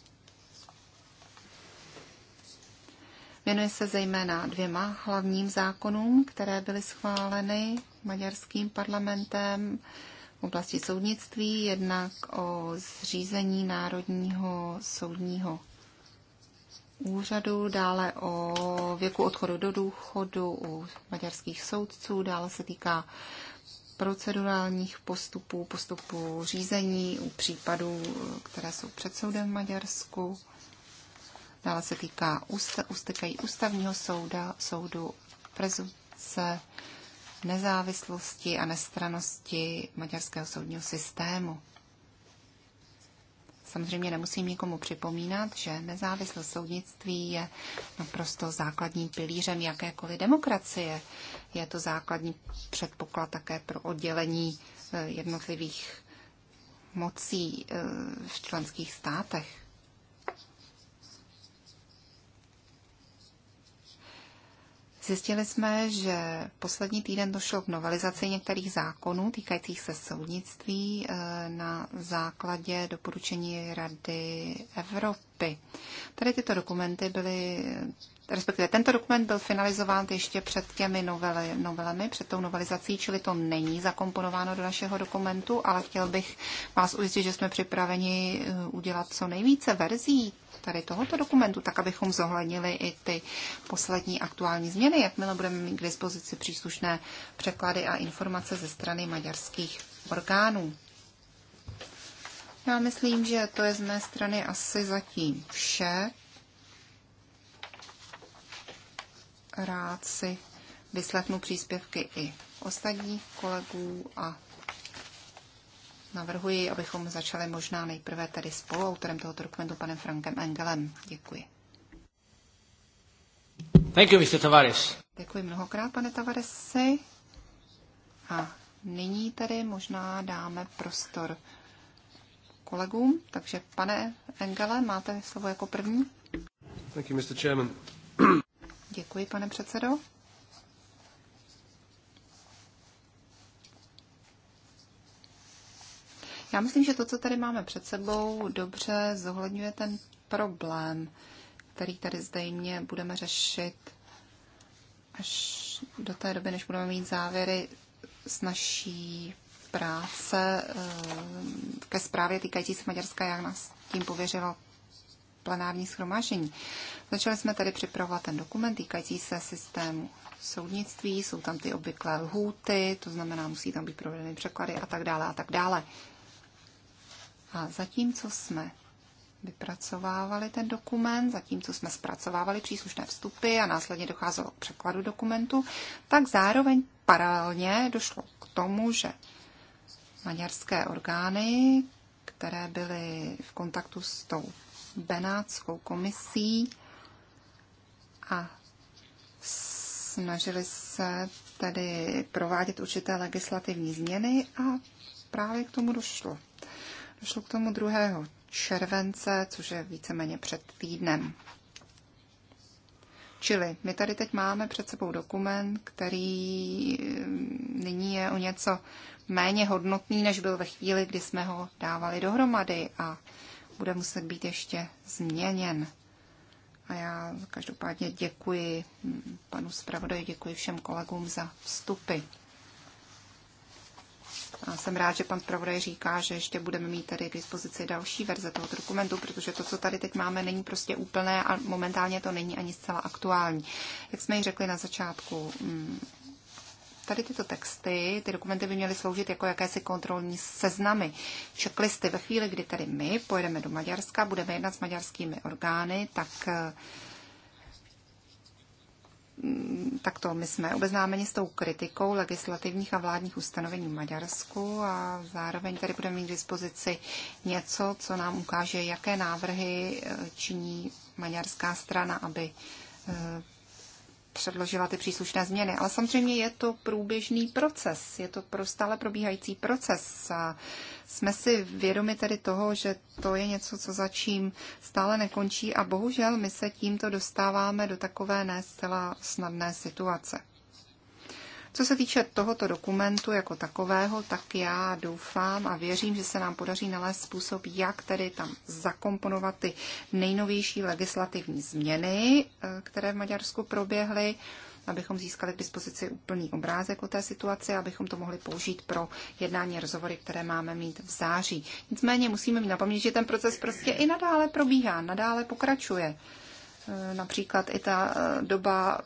Věnuje se zejména dvěma hlavním zákonům, které byly schváleny maďarským parlamentem v oblasti soudnictví, jednak o zřízení Národního soudního úřadu, dále o věku odchodu do důchodu u maďarských soudců, dále se týká procedurálních postupů, postupů řízení u případů, které jsou před soudem v Maďarsku. Dále se týká ústekají ústavního souda, soudu, prezumce nezávislosti a nestranosti maďarského soudního systému. Samozřejmě nemusím nikomu připomínat, že nezávislost soudnictví je naprosto základním pilířem jakékoliv demokracie. Je to základní předpoklad také pro oddělení eh, jednotlivých mocí eh, v členských státech. Zjistili jsme, že poslední týden došlo k novelizaci některých zákonů týkajících se soudnictví eh, na základě doporučení Rady Evropy. Tady tyto dokumenty byly, respektive tento dokument byl finalizován ještě před těmi novely, novelemi, před tou novelizací, čili to není zakomponováno do našeho dokumentu, ale chtěl bych vás ujistit, že jsme připraveni eh, udělat co nejvíce verzí tady tohoto dokumentu, tak abychom zohlednili i ty poslední aktuální změny, jakmile budeme mít k dispozici příslušné překlady a informace ze strany maďarských orgánů. Já myslím, že to je z mé strany asi zatím vše. Rád si vyslechnu příspěvky i ostatních kolegů a Navrhuji, abychom začali možná nejprve tedy spoluautorem tohoto dokumentu, panem Frankem Engelem. Děkuji. Thank you, Mr. Tavares. Děkuji mnohokrát, pane Tavaresi. A nyní tedy možná dáme prostor kolegům. Takže pane Engele, máte slovo jako první. Thank you, Mr. Chairman. Děkuji, pane předsedo. Já myslím, že to, co tady máme před sebou, dobře zohledňuje ten problém, který tady zdejmě budeme řešit až do té doby, než budeme mít závěry s naší práce eh, ke zprávě týkající se Maďarska, jak nás tím pověřilo plenární schromážení. Začali jsme tady připravovat ten dokument týkající se systému soudnictví, jsou tam ty obvyklé lhůty, to znamená, musí tam být provedeny překlady a tak dále a tak dále. A zatímco jsme vypracovávali ten dokument, zatímco jsme zpracovávali příslušné vstupy a následně docházelo k překladu dokumentu, tak zároveň paralelně došlo k tomu, že maďarské orgány, které byly v kontaktu s tou Benátskou komisí a snažili se tedy provádět určité legislativní změny a právě k tomu došlo. Došlo k tomu 2. července, což je víceméně před týdnem. Čili my tady teď máme před sebou dokument, který mm, nyní je o něco méně hodnotný, než byl ve chvíli, kdy jsme ho dávali dohromady a bude muset být ještě změněn. A já každopádně děkuji mm, panu zpravodaji, děkuji všem kolegům za vstupy jsem rád, že pan zpravodaj říká, že ještě budeme mít tady k dispozici další verze toho dokumentu, protože to, co tady teď máme, není prostě úplné a momentálně to není ani zcela aktuální. Jak jsme ji řekli na začátku, mm, tady tyto texty, ty dokumenty by měly sloužit jako jakési kontrolní seznamy, checklisty. Ve chvíli, kdy tady my pojedeme do Maďarska, budeme jednat s maďarskými orgány, tak eh, Mm, takto my jsme obeznámeni s tou kritikou legislativních a vládních ustanovení v Maďarsku a zároveň tady budeme mít k dispozici něco, co nám ukáže, jaké návrhy eh, činí maďarská strana, aby eh, předložila ty příslušné změny. Ale samozřejmě je to průběžný proces, je to pro stále probíhající proces a jsme si vědomi tedy toho, že to je něco, co začím stále nekončí a bohužel my se tímto dostáváme do takové ne zcela snadné situace. Co se týče tohoto dokumentu jako takového, tak já doufám a věřím, že se nám podaří nalézt způsob, jak tedy tam zakomponovat ty nejnovější legislativní změny, eh, které v Maďarsku proběhly abychom získali k dispozici úplný obrázek o té situaci, abychom to mohli použít pro jednání rozhovory, které máme mít v září. Nicméně musíme mít na paměti, že ten proces prostě i nadále probíhá, nadále pokračuje. Eh, například i ta eh, doba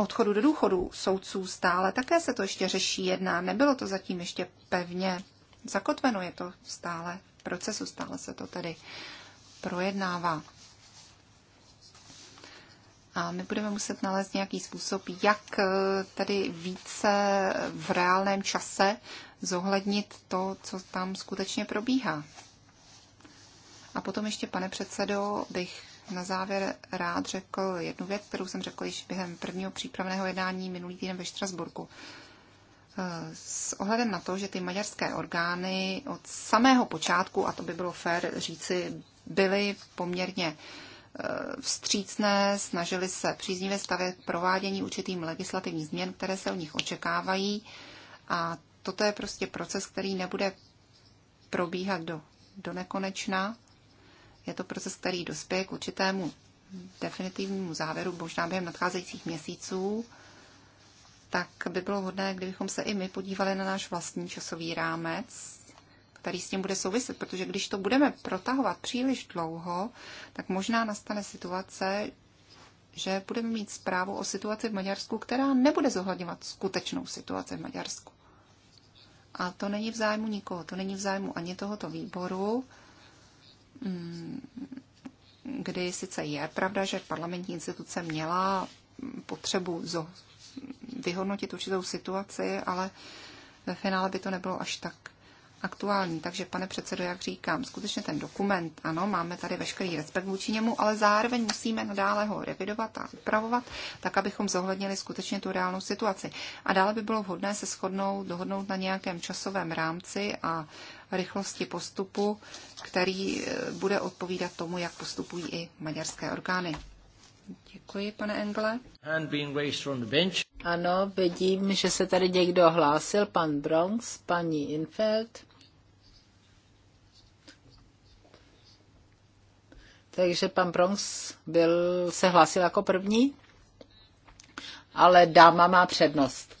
odchodu do důchodu soudců stále také se to ještě řeší, jedná. Nebylo to zatím ještě pevně zakotveno, je to stále v procesu, stále se to tedy projednává. A my budeme muset nalézt nějaký způsob, jak eh, tedy více v reálném čase zohlednit to, co tam skutečně probíhá. A potom ještě, pane předsedo, bych na závěr rád řekl jednu věc, kterou jsem řekl již během prvního přípravného jednání minulý týden ve Štrasburku. S ohledem na to, že ty maďarské orgány od samého počátku, a to by bylo fér říci, byly poměrně eh, vstřícné, snažili se příznivě stavět provádění určitým legislativních změn, které se u nich očekávají. A toto je prostě proces, který nebude probíhat do, do nekonečna. Je to proces, který dospěje k určitému definitivnímu závěru, možná během nadcházejících měsíců, tak by bylo hodné, kdybychom se i my podívali na náš vlastní časový rámec, který s tím bude souviset, protože když to budeme protahovat příliš dlouho, tak možná nastane situace, že budeme mít zprávu o situaci v Maďarsku, která nebude zohledňovat skutečnou situaci v Maďarsku. A to není v zájmu nikoho, to není v zájmu ani tohoto výboru, Mm, kdy sice je pravda, že parlamentní instituce měla potřebu vyhodnotit určitou situaci, ale ve finále by to nebylo až tak aktuální. Takže, pane předsedo, jak říkám, skutečně ten dokument, ano, máme tady veškerý respekt vůči němu, ale zároveň musíme nadále ho revidovat a upravovat, tak abychom zohlednili skutečně tu reálnou situaci. A dále by bylo vhodné se shodnout, dohodnout na nějakém časovém rámci a rychlosti postupu, který e, bude odpovídat tomu, jak postupují i maďarské orgány. Děkuji, pane Engle. Ano, vidím, že se tady někdo hlásil, pan Bronx, paní Infeld. Takže pan Bronx byl, se hlásil jako první, ale dáma má přednost.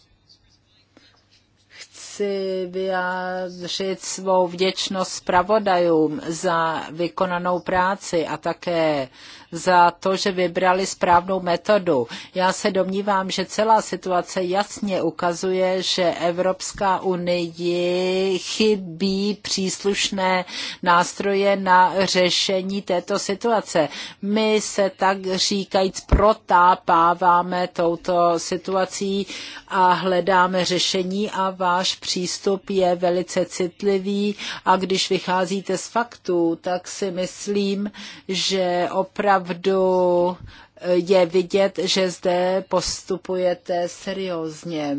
Chci vyjádřit svou vděčnost zpravodajům za vykonanou práci a také za to, že vybrali správnou metodu. Já se domnívám, že celá situace jasně ukazuje, že Evropská unii chybí příslušné nástroje na řešení této situace. My se tak říkajíc protápáváme touto situací a hledáme řešení a váš přístup je velice citlivý a když vycházíte z faktů, tak si myslím, že opravdu opravdu eh, je vidět, že zde postupujete seriózně.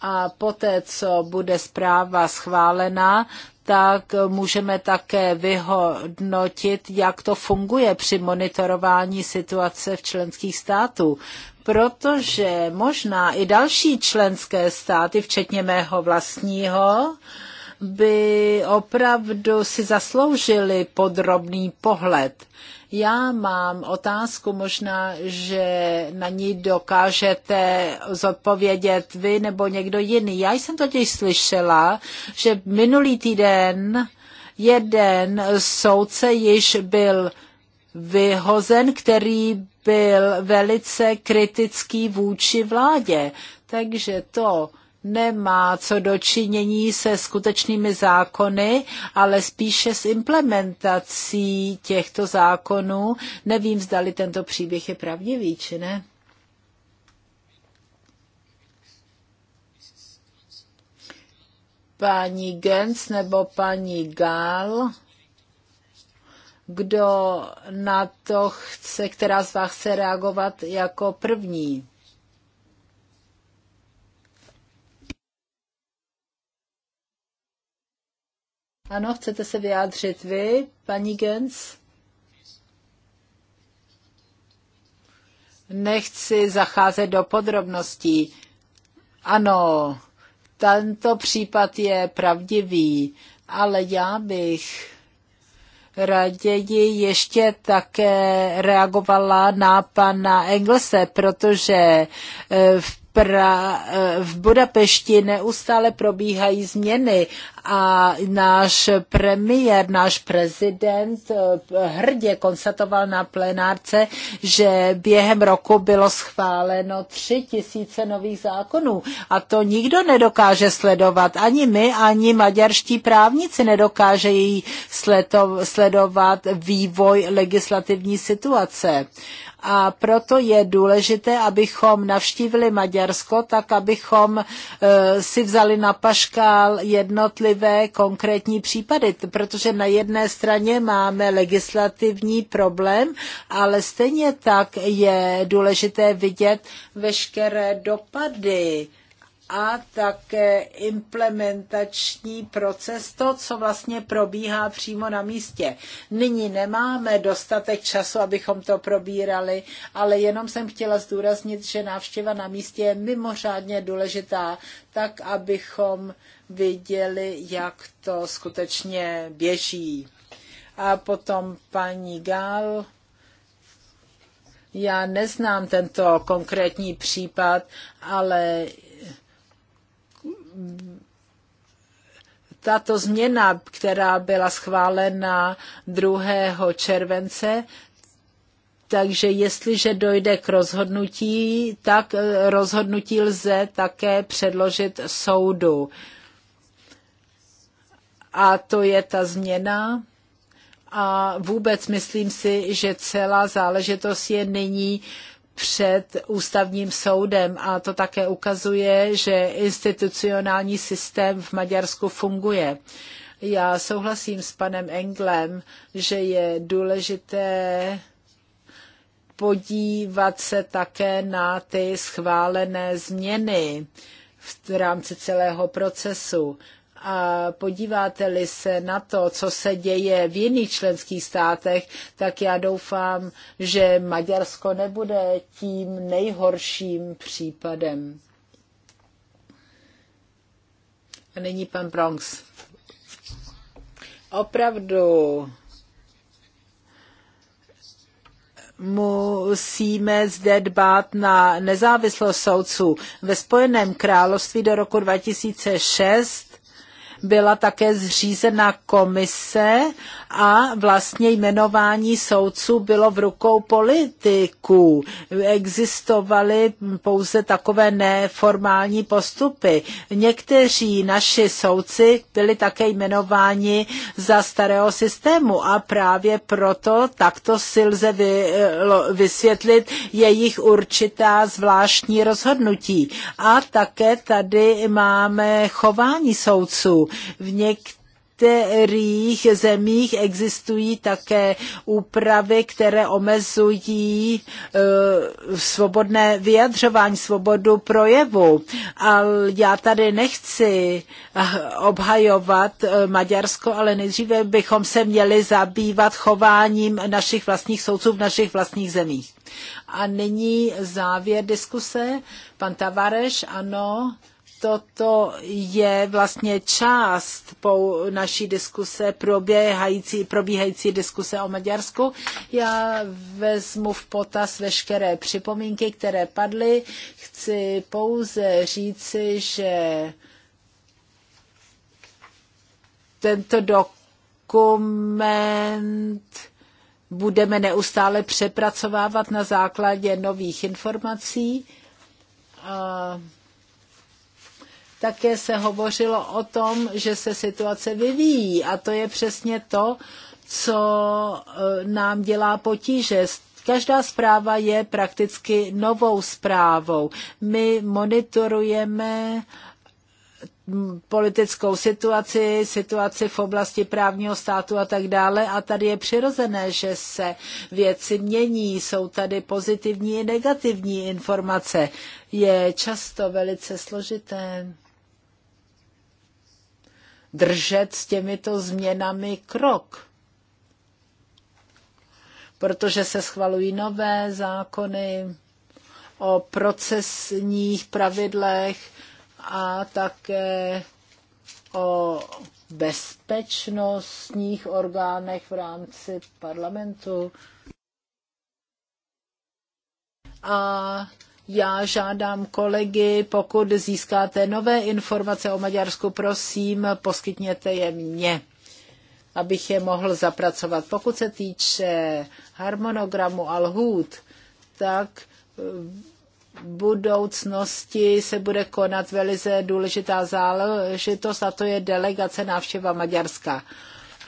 A poté, co bude zpráva schválena, tak můžeme také vyhodnotit, jak to funguje při monitorování situace v členských států. Protože možná i další členské státy, včetně mého vlastního, by opravdu si zasloužili podrobný pohled. Já mám otázku možná, že na ní dokážete zodpovědět vy nebo někdo jiný. Já jsem totiž slyšela, že minulý týden jeden soudce již byl vyhozen, který byl velice kritický vůči vládě. Takže to, nemá co dočinění se skutečnými zákony, ale spíše s implementací těchto zákonů. Nevím, zdali tento příběh je pravdivý, či ne. Paní Gens nebo paní Gal, kdo na to chce, která z vás chce reagovat jako první? Ano, chcete se vyjádřit vy, paní Gens? Nechci zacházet do podrobností. Ano, tento případ je pravdivý, ale já bych raději ještě také reagovala na pana Englese, protože eh, v pra, eh, v Budapešti neustále probíhají změny a náš premiér, náš prezident eh, hrdě konstatoval na plenárce, že během roku bylo schváleno tři tisíce nových zákonů a to nikdo nedokáže sledovat. Ani my, ani maďarští právníci nedokážejí sledovat vývoj legislativní situace. A proto je důležité, abychom navštívili Maďarsko, tak abychom e, si vzali na paškál jednotlivé konkrétní případy, protože na jedné straně máme legislativní problém, ale stejně tak je důležité vidět veškeré dopady a také implementační proces, to, co vlastně probíhá přímo na místě. Nyní nemáme dostatek času, abychom to probírali, ale jenom jsem chtěla zdůraznit, že návštěva na místě je mimořádně důležitá, tak abychom viděli, jak to skutečně běží. A potom paní Gál. Já neznám tento konkrétní případ, ale tato změna, která byla schválena 2. července, takže jestliže dojde k rozhodnutí, tak eh, rozhodnutí lze také předložit soudu. A to je ta změna. A vůbec myslím si, že celá záležitost je nyní uh, před ústavním soudem a to také ukazuje, že institucionální systém v Maďarsku funguje. Já souhlasím s panem Englem, že je důležité podívat se také na ty schválené změny v rámci celého procesu. A podíváte-li se na to, co se děje v jiných členských státech, tak já doufám, že Maďarsko nebude tím nejhorším případem. A nyní pan Bronx. Opravdu musíme zde dbát na nezávislost soudců. Ve Spojeném království do roku 2006 byla také zřízena komise a vlastně jmenování soudců bylo v rukou politiků. Existovaly pouze takové neformální postupy. Někteří naši soudci byli také jmenováni za starého systému a právě proto takto si lze vysvětlit jejich určitá zvláštní rozhodnutí. A také tady máme chování soudců. V některých zemích existují také úpravy, které omezují eh, svobodné vyjadřování, svobodu projevu. Ale já tady nechci eh, obhajovat eh, Maďarsko, ale nejdříve bychom se měli zabývat chováním našich vlastních soudců v našich vlastních zemích. A nyní závěr diskuse. Pan Tavareš, ano toto je vlastně část po naší diskuse, probíhající, probíhající diskuse o Maďarsku. Já vezmu v potaz veškeré připomínky, které padly. Chci pouze říci, že tento dokument budeme neustále přepracovávat na základě nových informací. A také se hovořilo o tom, že se situace vyvíjí a to je přesně to, co e, nám dělá potíže. Každá zpráva je prakticky novou zprávou. My monitorujeme politickou situaci, situaci v oblasti právního státu a tak dále. A tady je přirozené, že se věci mění, jsou tady pozitivní i negativní informace. Je často velice složité držet s těmito změnami krok. Protože se schvalují nové zákony o procesních pravidlech a také o bezpečnostních orgánech v rámci parlamentu. A já žádám kolegy, pokud získáte nové informace o Maďarsku, prosím, poskytněte je mně abych je mohl zapracovat. Pokud se týče harmonogramu a lhůt, tak eh, budoucnosti se bude konat velice důležitá záležitost a to je delegace návštěva Maďarska.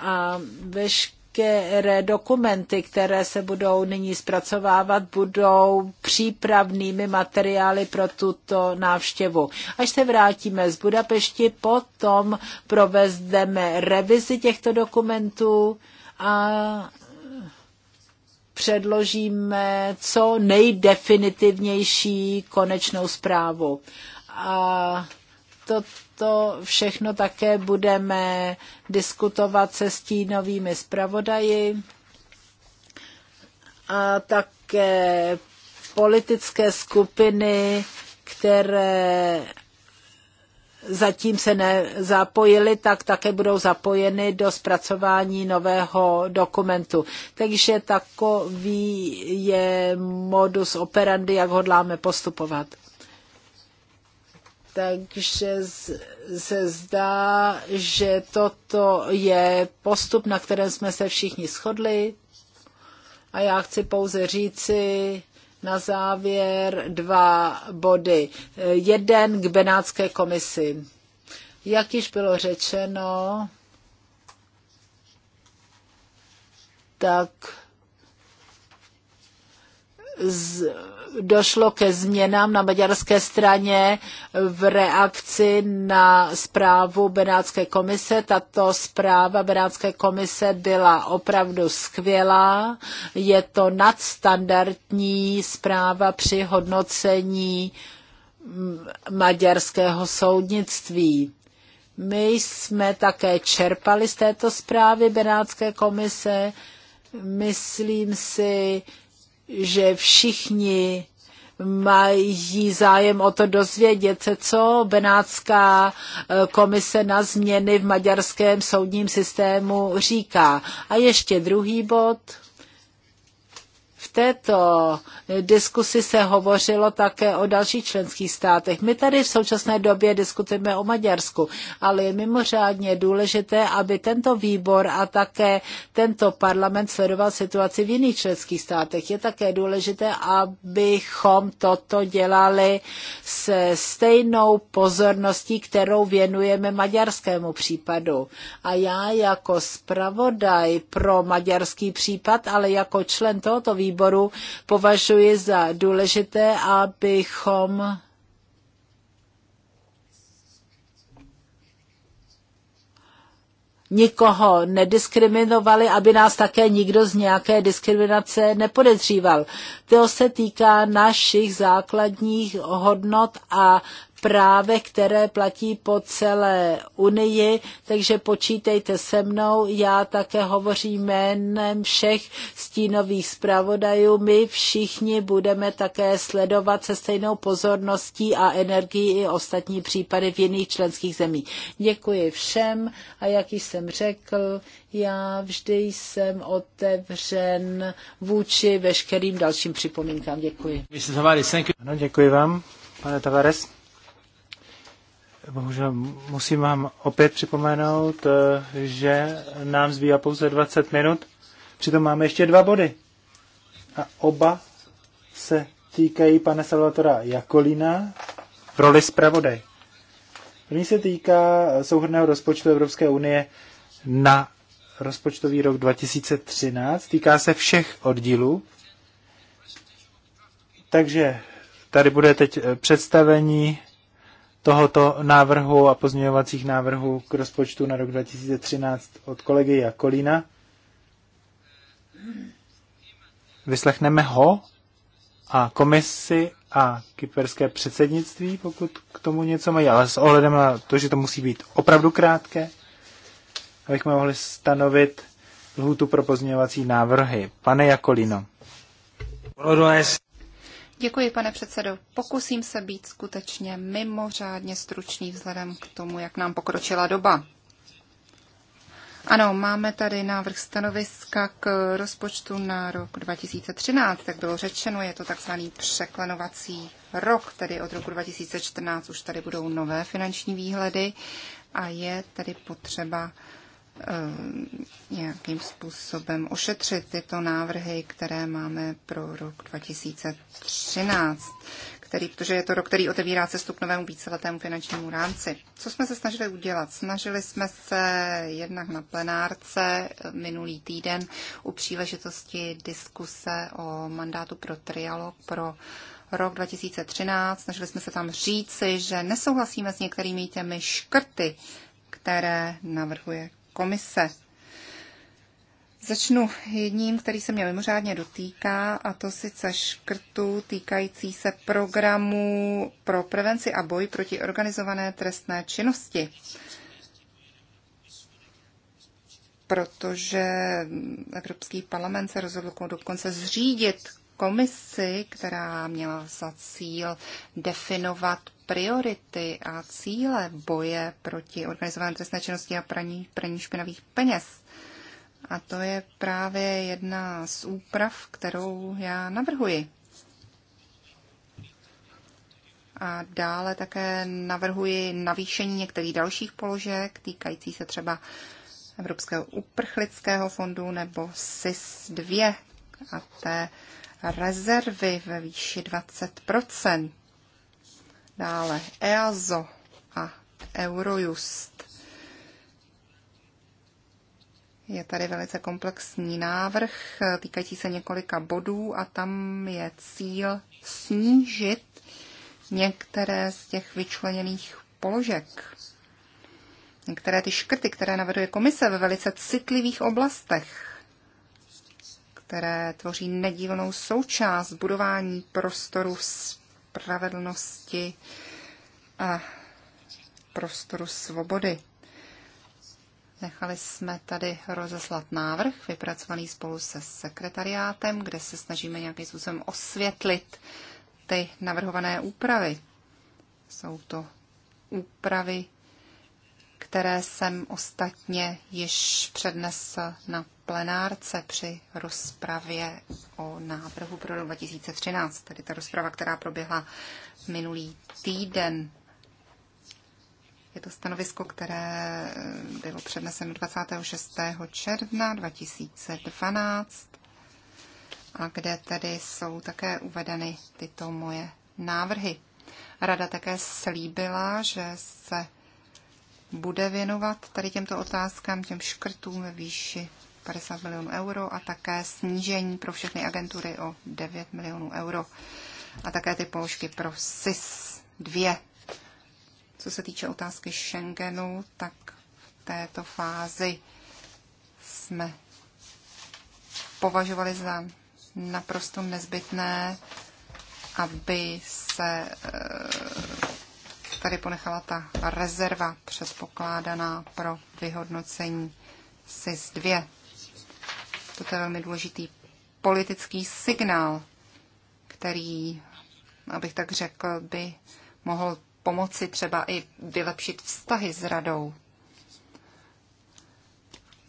A veškeré veškeré dokumenty, které se budou nyní zpracovávat, budou přípravnými materiály pro tuto návštěvu. Až se vrátíme z Budapešti, potom provezdeme revizi těchto dokumentů a předložíme co nejdefinitivnější konečnou zprávu. A to to všechno také budeme diskutovat se stínovými zpravodaji a také politické skupiny, které zatím se nezapojily, tak také budou zapojeny do zpracování nového dokumentu. Takže takový je modus operandi, jak hodláme postupovat. Takže se zdá, že toto je postup, na kterém jsme se všichni shodli. A já chci pouze říci na závěr dva body. Jeden k Benátské komisi. Jak již bylo řečeno, tak z, došlo ke změnám na maďarské straně v reakci na zprávu Benátské komise. Tato zpráva Benátské komise byla opravdu skvělá. Je to nadstandardní zpráva při hodnocení maďarského soudnictví. My jsme také čerpali z této zprávy Benátské komise. Myslím si, že všichni mají zájem o to dozvědět se, co Benátská eh, komise na změny v maďarském soudním systému říká. A ještě druhý bod této diskusi se hovořilo také o dalších členských státech. My tady v současné době diskutujeme o Maďarsku, ale je mimořádně důležité, aby tento výbor a také tento parlament sledoval situaci v jiných členských státech. Je také důležité, abychom toto dělali se stejnou pozorností, kterou věnujeme maďarskému případu. A já jako zpravodaj pro maďarský případ, ale jako člen tohoto výboru, výboru považuji za důležité, abychom nikoho nediskriminovali, aby nás také nikdo z nějaké diskriminace nepodezříval. To se týká našich základních hodnot a právech, které platí po celé Unii, takže počítejte se mnou. Já také hovořím jménem všech stínových zpravodajů. My všichni budeme také sledovat se stejnou pozorností a energií i ostatní případy v jiných členských zemích. Děkuji všem a jak jsem řekl, já vždy jsem otevřen vůči veškerým dalším připomínkám. Děkuji. Ano, děkuji vám, pane Tavares. Bohužel musím vám opět připomenout, eh, že nám zbývá pouze 20 minut. Přitom máme ještě dva body. A oba se týkají pana Salvatora Jakolína v roli zpravodaj. První se týká souhrného rozpočtu Evropské unie na rozpočtový rok 2013. Týká se všech oddílů. Takže tady bude teď eh, představení tohoto návrhu a pozměňovacích návrhů k rozpočtu na rok 2013 od kolegy Jakolína. Vyslechneme ho a komisi a kyperské předsednictví, pokud k tomu něco mají, ale s ohledem na to, že to musí být opravdu krátké, abychom mohli stanovit lhůtu pro pozměňovací návrhy. Pane Jakolino. Děkuji, pane předsedo. Pokusím se být skutečně mimořádně stručný vzhledem k tomu, jak nám pokročila doba. Ano, máme tady návrh stanoviska k rozpočtu na rok 2013, tak bylo řečeno, je to takzvaný překlenovací rok, tedy od roku 2014 už tady budou nové finanční výhledy a je tedy potřeba Eh, nějakým způsobem ošetřit tyto návrhy, které máme pro rok 2013, který, protože je to rok, který otevírá cestu k novému víceletému finančnímu rámci. Co jsme se snažili udělat? Snažili jsme se jednak na plenárce eh, minulý týden u příležitosti diskuse o mandátu pro trialog pro rok 2013. Snažili jsme se tam říci, že nesouhlasíme s některými těmi škrty, které navrhuje komise. Začnu jedním, který se mě mimořádně dotýká, a to sice škrtu týkající se programu pro prevenci a boj proti organizované trestné činnosti. Protože Evropský parlament se rozhodl dokonce zřídit komisi, která měla za cíl definovat priority a cíle boje proti organizované trestné činnosti a praní, praní špinavých peněz. A to je právě jedna z úprav, kterou já navrhuji. A dále také navrhuji navýšení některých dalších položek, týkající se třeba Evropského uprchlického fondu nebo SIS 2 a té rezervy ve výši 20 Dále EASO a Eurojust. Je tady velice komplexní návrh týkající se několika bodů a tam je cíl snížit některé z těch vyčleněných položek. Některé ty škrty, které navrhuje komise ve velice citlivých oblastech, které tvoří nedílnou součást budování prostoru spravedlnosti a prostoru svobody. Nechali jsme tady rozeslat návrh, vypracovaný spolu se sekretariátem, kde se snažíme nějakým způsobem osvětlit ty navrhované úpravy. Jsou to úpravy které jsem ostatně již přednesl na plenárce při rozpravě o návrhu pro rok 2013, tedy ta rozprava, která proběhla minulý týden. Je to stanovisko, které bylo předneseno 26. června 2012 a kde tedy jsou také uvedeny tyto moje návrhy. Rada také slíbila, že se bude věnovat tady těmto otázkám, těm škrtům ve výši 50 milionů euro a také snížení pro všechny agentury o 9 milionů euro a také ty položky pro SIS 2. Co se týče otázky Schengenu, tak v této fázi jsme považovali za naprosto nezbytné, aby se eh, tady ponechala ta rezerva předpokládaná pro vyhodnocení SIS 2. To je velmi důležitý politický signál, který, abych tak řekl, by mohl pomoci třeba i vylepšit vztahy s radou.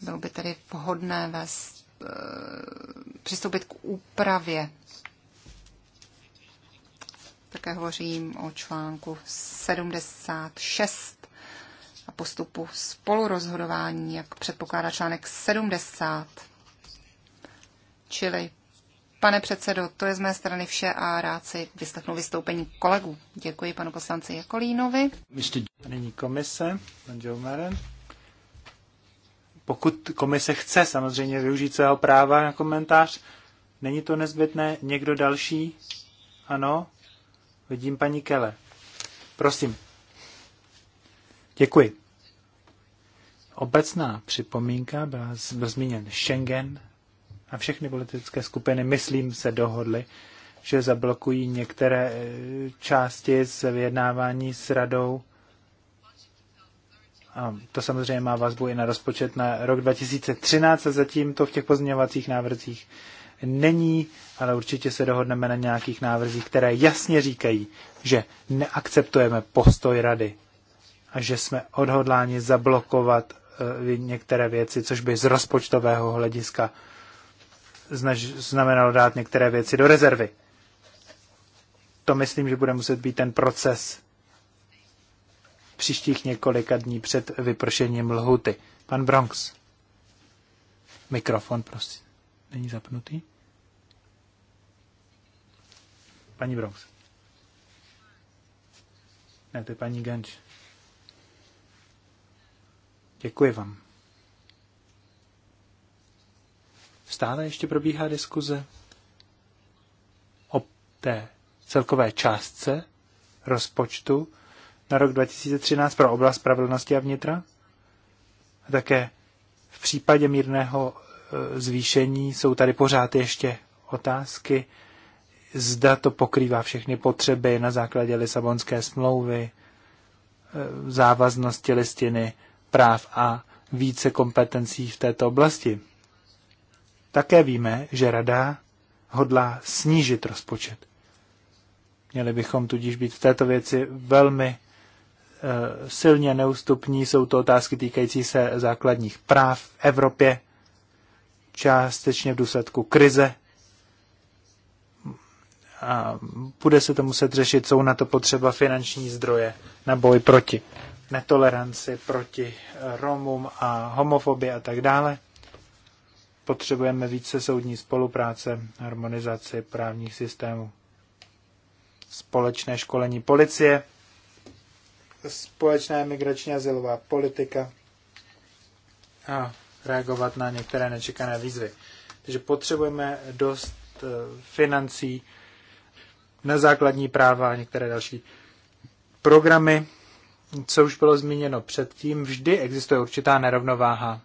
Bylo by tedy vhodné vést, eh, přistoupit k úpravě také hovořím o článku 76 a postupu spolurozhodování, jak předpokládá článek 70. Čili, pane předsedo, to je z mé strany vše a rád si vyslechnu vystoupení kolegů. Děkuji panu poslanci Jakolínovi. Nyní komise, pan Jomaren. Pokud komise chce samozřejmě využít svého práva na komentář, není to nezbytné. Někdo další? Ano, Vidím paní Kele. Prosím. Děkuji. Obecná připomínka byla, byl zmíněn Schengen a všechny politické skupiny, myslím, se dohodly, že zablokují některé e, části z vyjednávání s radou. A to samozřejmě má vazbu i na rozpočet na rok 2013 a zatím to v těch pozměňovacích návrzích není, ale určitě se dohodneme na nějakých návrzích, které jasně říkají, že neakceptujeme postoj rady a že jsme odhodláni zablokovat eh, některé věci, což by z rozpočtového hlediska znamenalo dát některé věci do rezervy. To myslím, že bude muset být ten proces příštích několika dní před vypršením lhuty. Pan Bronx. Mikrofon, prosím. Není zapnutý. Paní Bronx. Ne, to je paní Genč. Děkuji vám. Stále ještě probíhá diskuze o té celkové částce rozpočtu na rok 2013 pro oblast spravedlnosti a vnitra a také v případě mírného E, zvýšení. Jsou tady pořád ještě otázky, zda to pokrývá všechny potřeby na základě Lisabonské smlouvy, e, závaznosti listiny práv a více kompetencí v této oblasti. Také víme, že Rada hodlá snížit rozpočet. Měli bychom tudíž být v této věci velmi e, silně neústupní. Jsou to otázky týkající se základních práv v Evropě částečně v důsledku krize. A bude se to muset řešit, jsou na to potřeba finanční zdroje na boj proti netoleranci, proti eh, Romům a homofobii a tak dále. Potřebujeme více soudní spolupráce, harmonizaci právních systémů, společné školení policie, společná migrační azylová politika a reagovat na některé nečekané výzvy. Takže potřebujeme dost eh, financí na základní práva a některé další programy. Co už bylo zmíněno předtím, vždy existuje určitá nerovnováha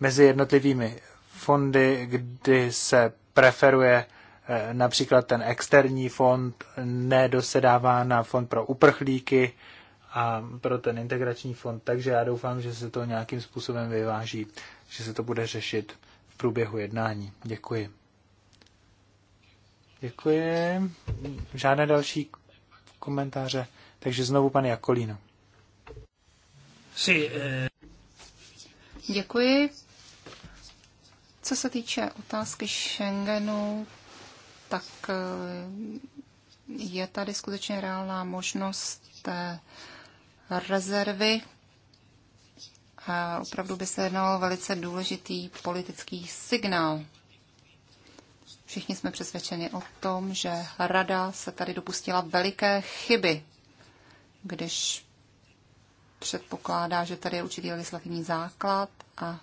mezi jednotlivými fondy, kdy se preferuje eh, například ten externí fond, nedosedává na fond pro uprchlíky a pro ten integrační fond. Takže já doufám, že se to nějakým způsobem vyváží, že se to bude řešit v průběhu jednání. Děkuji. Děkuji. Žádné další komentáře. Takže znovu pan Jakolíno. Eh. Děkuji. Co se týče otázky Schengenu, tak eh, je tady skutečně reálná možnost eh, rezervy. A opravdu by se jednalo velice důležitý politický signál. Všichni jsme přesvědčeni o tom, že rada se tady dopustila veliké chyby, když předpokládá, že tady je určitý legislativní základ a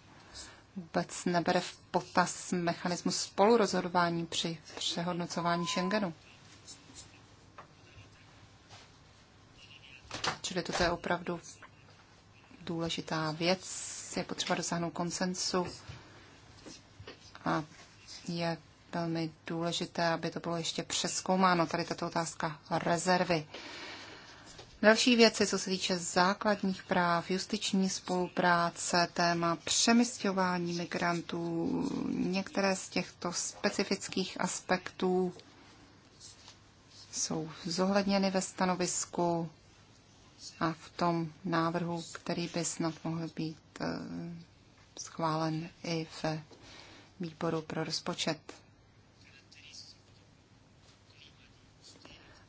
vůbec nebere v potaz mechanismus spolurozhodování při přehodnocování Schengenu. Čili toto je opravdu důležitá věc, je potřeba dosáhnout konsensu a je velmi důležité, aby to bylo ještě přeskoumáno, tady tato otázka rezervy. Další věci, co se týče základních práv, justiční spolupráce, téma přemysťování migrantů, některé z těchto specifických aspektů jsou zohledněny ve stanovisku a v tom návrhu, který by snad mohl být eh, schválen i v výboru pro rozpočet.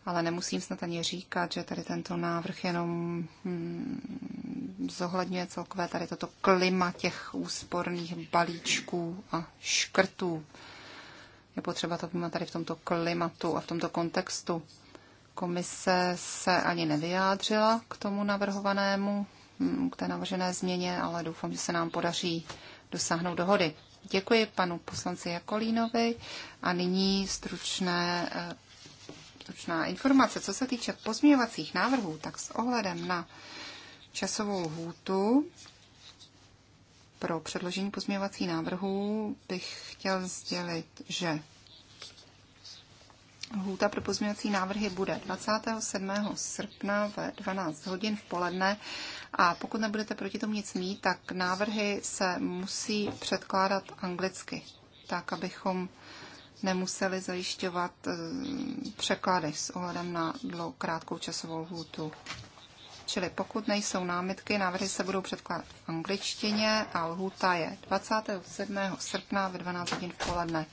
Ale nemusím snad ani říkat, že tady tento návrh jenom hmm, zohledňuje celkové tady toto klima těch úsporných balíčků a škrtů. Je potřeba to vnímat tady v tomto klimatu a v tomto kontextu. Komise se ani nevyjádřila k tomu navrhovanému, mm, k té navržené změně, ale doufám, že se nám podaří dosáhnout dohody. Děkuji panu poslanci Jakolínovi a nyní stručné, eh, stručná informace. Co se týče pozměňovacích návrhů, tak s ohledem na časovou lhůtu pro předložení pozměňovacích návrhů bych chtěl sdělit, že Lhůta pro pozměňovací návrhy bude 27. srpna ve 12 hodin v poledne a pokud nebudete proti tomu nic mít, tak návrhy se musí předkládat anglicky, tak abychom nemuseli zajišťovat eh, překlady s ohledem na dlou, krátkou časovou lhůtu. Čili pokud nejsou námitky, návrhy se budou předkládat v angličtině a lhůta je 27. srpna ve 12 hodin v poledne.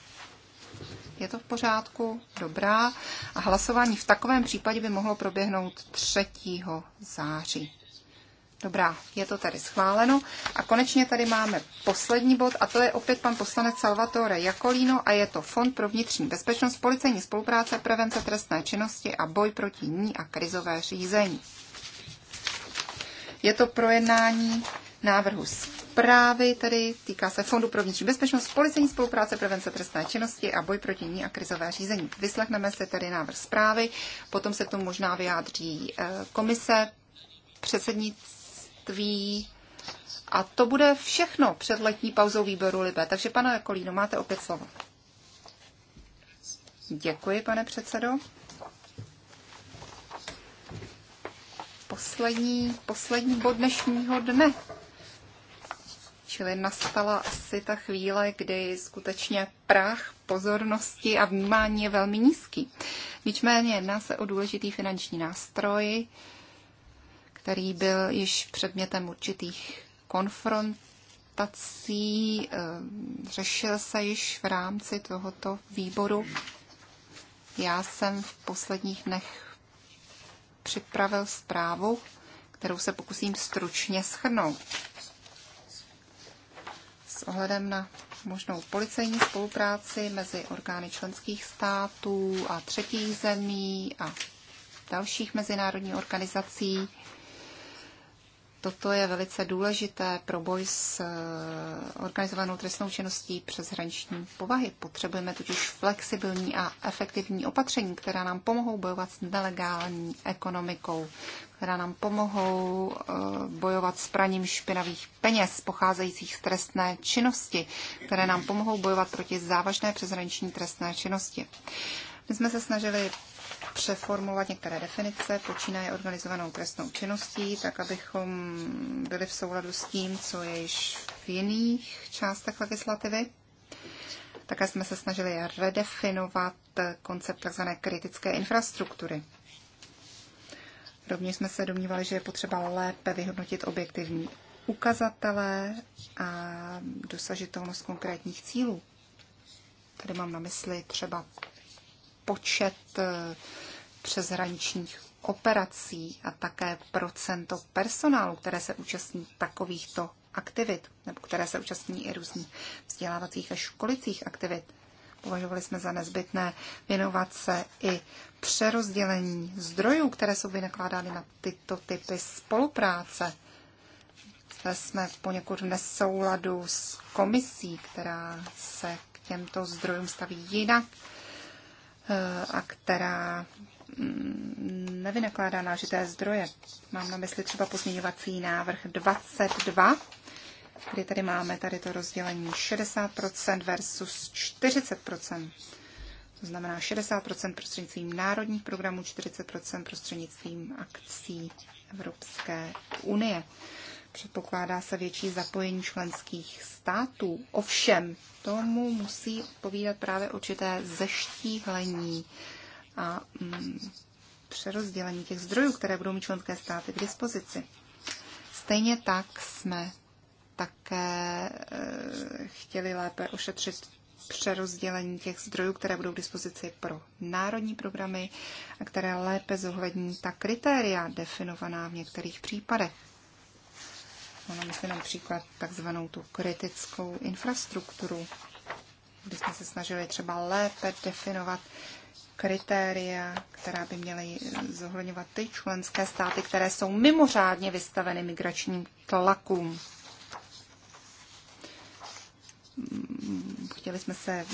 Je to v pořádku? Dobrá. A hlasování v takovém případě by mohlo proběhnout 3. září. Dobrá, je to tady schváleno. A konečně tady máme poslední bod, a to je opět pan poslanec Salvatore Jakolino a je to Fond pro vnitřní bezpečnost, policejní spolupráce, prevence trestné činnosti a boj proti ní a krizové řízení. Je to projednání návrhu zprávy, tedy týká se Fondu pro vnitřní bezpečnost, policejní spolupráce, prevence trestné činnosti a boj proti ní a krizové řízení. Vyslechneme se tedy návrh zprávy, potom se k tomu možná vyjádří eh, komise, předsednictví a to bude všechno před letní pauzou výboru Libe. Takže, pane Kolíno, máte opět slovo. Děkuji, pane předsedo. Poslední, poslední bod dnešního dne. Čili nastala asi ta chvíle, kdy skutečně práh pozornosti a vnímání je velmi nízký. Nicméně jedná se o důležitý finanční nástroj, který byl již předmětem určitých konfrontací, eh, řešil se již v rámci tohoto výboru. Já jsem v posledních dnech připravil zprávu, kterou se pokusím stručně schrnout s ohledem na možnou policejní spolupráci mezi orgány členských států a třetích zemí a dalších mezinárodních organizací. Toto je velice důležité pro boj s eh, organizovanou trestnou činností hraniční povahy. Potřebujeme totiž flexibilní a efektivní opatření, která nám pomohou bojovat s nelegální ekonomikou která nám pomohou eh, bojovat s praním špinavých peněz pocházejících z trestné činnosti, které nám pomohou bojovat proti závažné přeshraniční trestné činnosti. My jsme se snažili přeformulovat některé definice, počínaje organizovanou trestnou činností, tak abychom byli v souladu s tím, co je již v jiných částech legislativy. Také jsme se snažili redefinovat koncept tzv. kritické infrastruktury. Rovněž jsme se domnívali, že je potřeba lépe vyhodnotit objektivní ukazatele a dosažitelnost konkrétních cílů. Tady mám na mysli třeba počet eh, přeshraničních operací a také procento personálu, které se účastní takovýchto aktivit, nebo které se účastní i různých vzdělávacích a školicích aktivit. Považovali jsme za nezbytné věnovat se i přerozdělení zdrojů, které jsou vynakládány na tyto typy spolupráce. Zde jsme poněkud v nesouladu s komisí, která se k těmto zdrojům staví jinak eh, a která mm, nevynakládá nážité zdroje. Mám na mysli třeba pozměňovací návrh 22, kdy tady máme tady to rozdělení 60% versus 40%. To znamená 60% prostřednictvím národních programů, 40% prostřednictvím akcí Evropské unie. Předpokládá se větší zapojení členských států. Ovšem, tomu musí odpovídat právě určité zeštíhlení a mm, přerozdělení těch zdrojů, které budou mít členské státy k dispozici. Stejně tak jsme také eh, chtěli lépe ošetřit přerozdělení těch zdrojů, které budou k dispozici pro národní programy a které lépe zohlední ta kritéria definovaná v některých případech. Ono myslí například takzvanou tu kritickou infrastrukturu, kdy jsme se snažili třeba lépe definovat kritéria, která by měly zohledňovat ty členské státy, které jsou mimořádně vystaveny migračním tlakům chtěli jsme se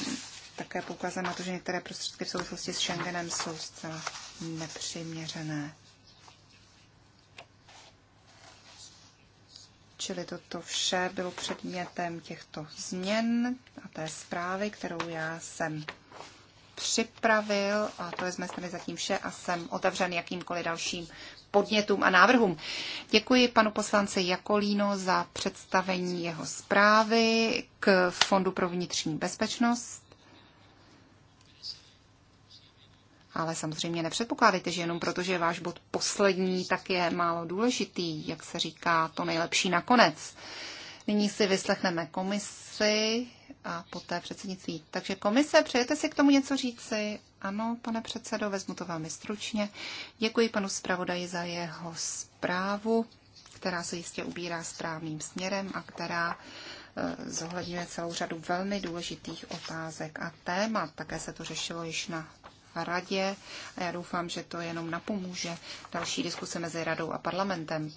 také poukázat na to, že některé prostředky v souvislosti s Schengenem jsou zcela nepřiměřené. Čili toto vše bylo předmětem těchto změn a té zprávy, kterou já jsem připravil a to je z mé strany zatím vše a jsem otevřen jakýmkoliv dalším podnětům a návrhům. Děkuji panu poslanci Jakolíno za představení jeho zprávy k Fondu pro vnitřní bezpečnost. Ale samozřejmě nepředpokládejte, že jenom protože je váš bod poslední, tak je málo důležitý, jak se říká, to nejlepší nakonec. Nyní si vyslechneme komisi a poté předsednictví. Takže komise, přejete si k tomu něco říci? Ano, pane předsedo, vezmu to velmi stručně. Děkuji panu zpravodaji za jeho zprávu, která se jistě ubírá správným směrem a která e, zohledňuje celou řadu velmi důležitých otázek a témat. Také se to řešilo již na radě a já doufám, že to jenom napomůže další diskuse mezi radou a parlamentem.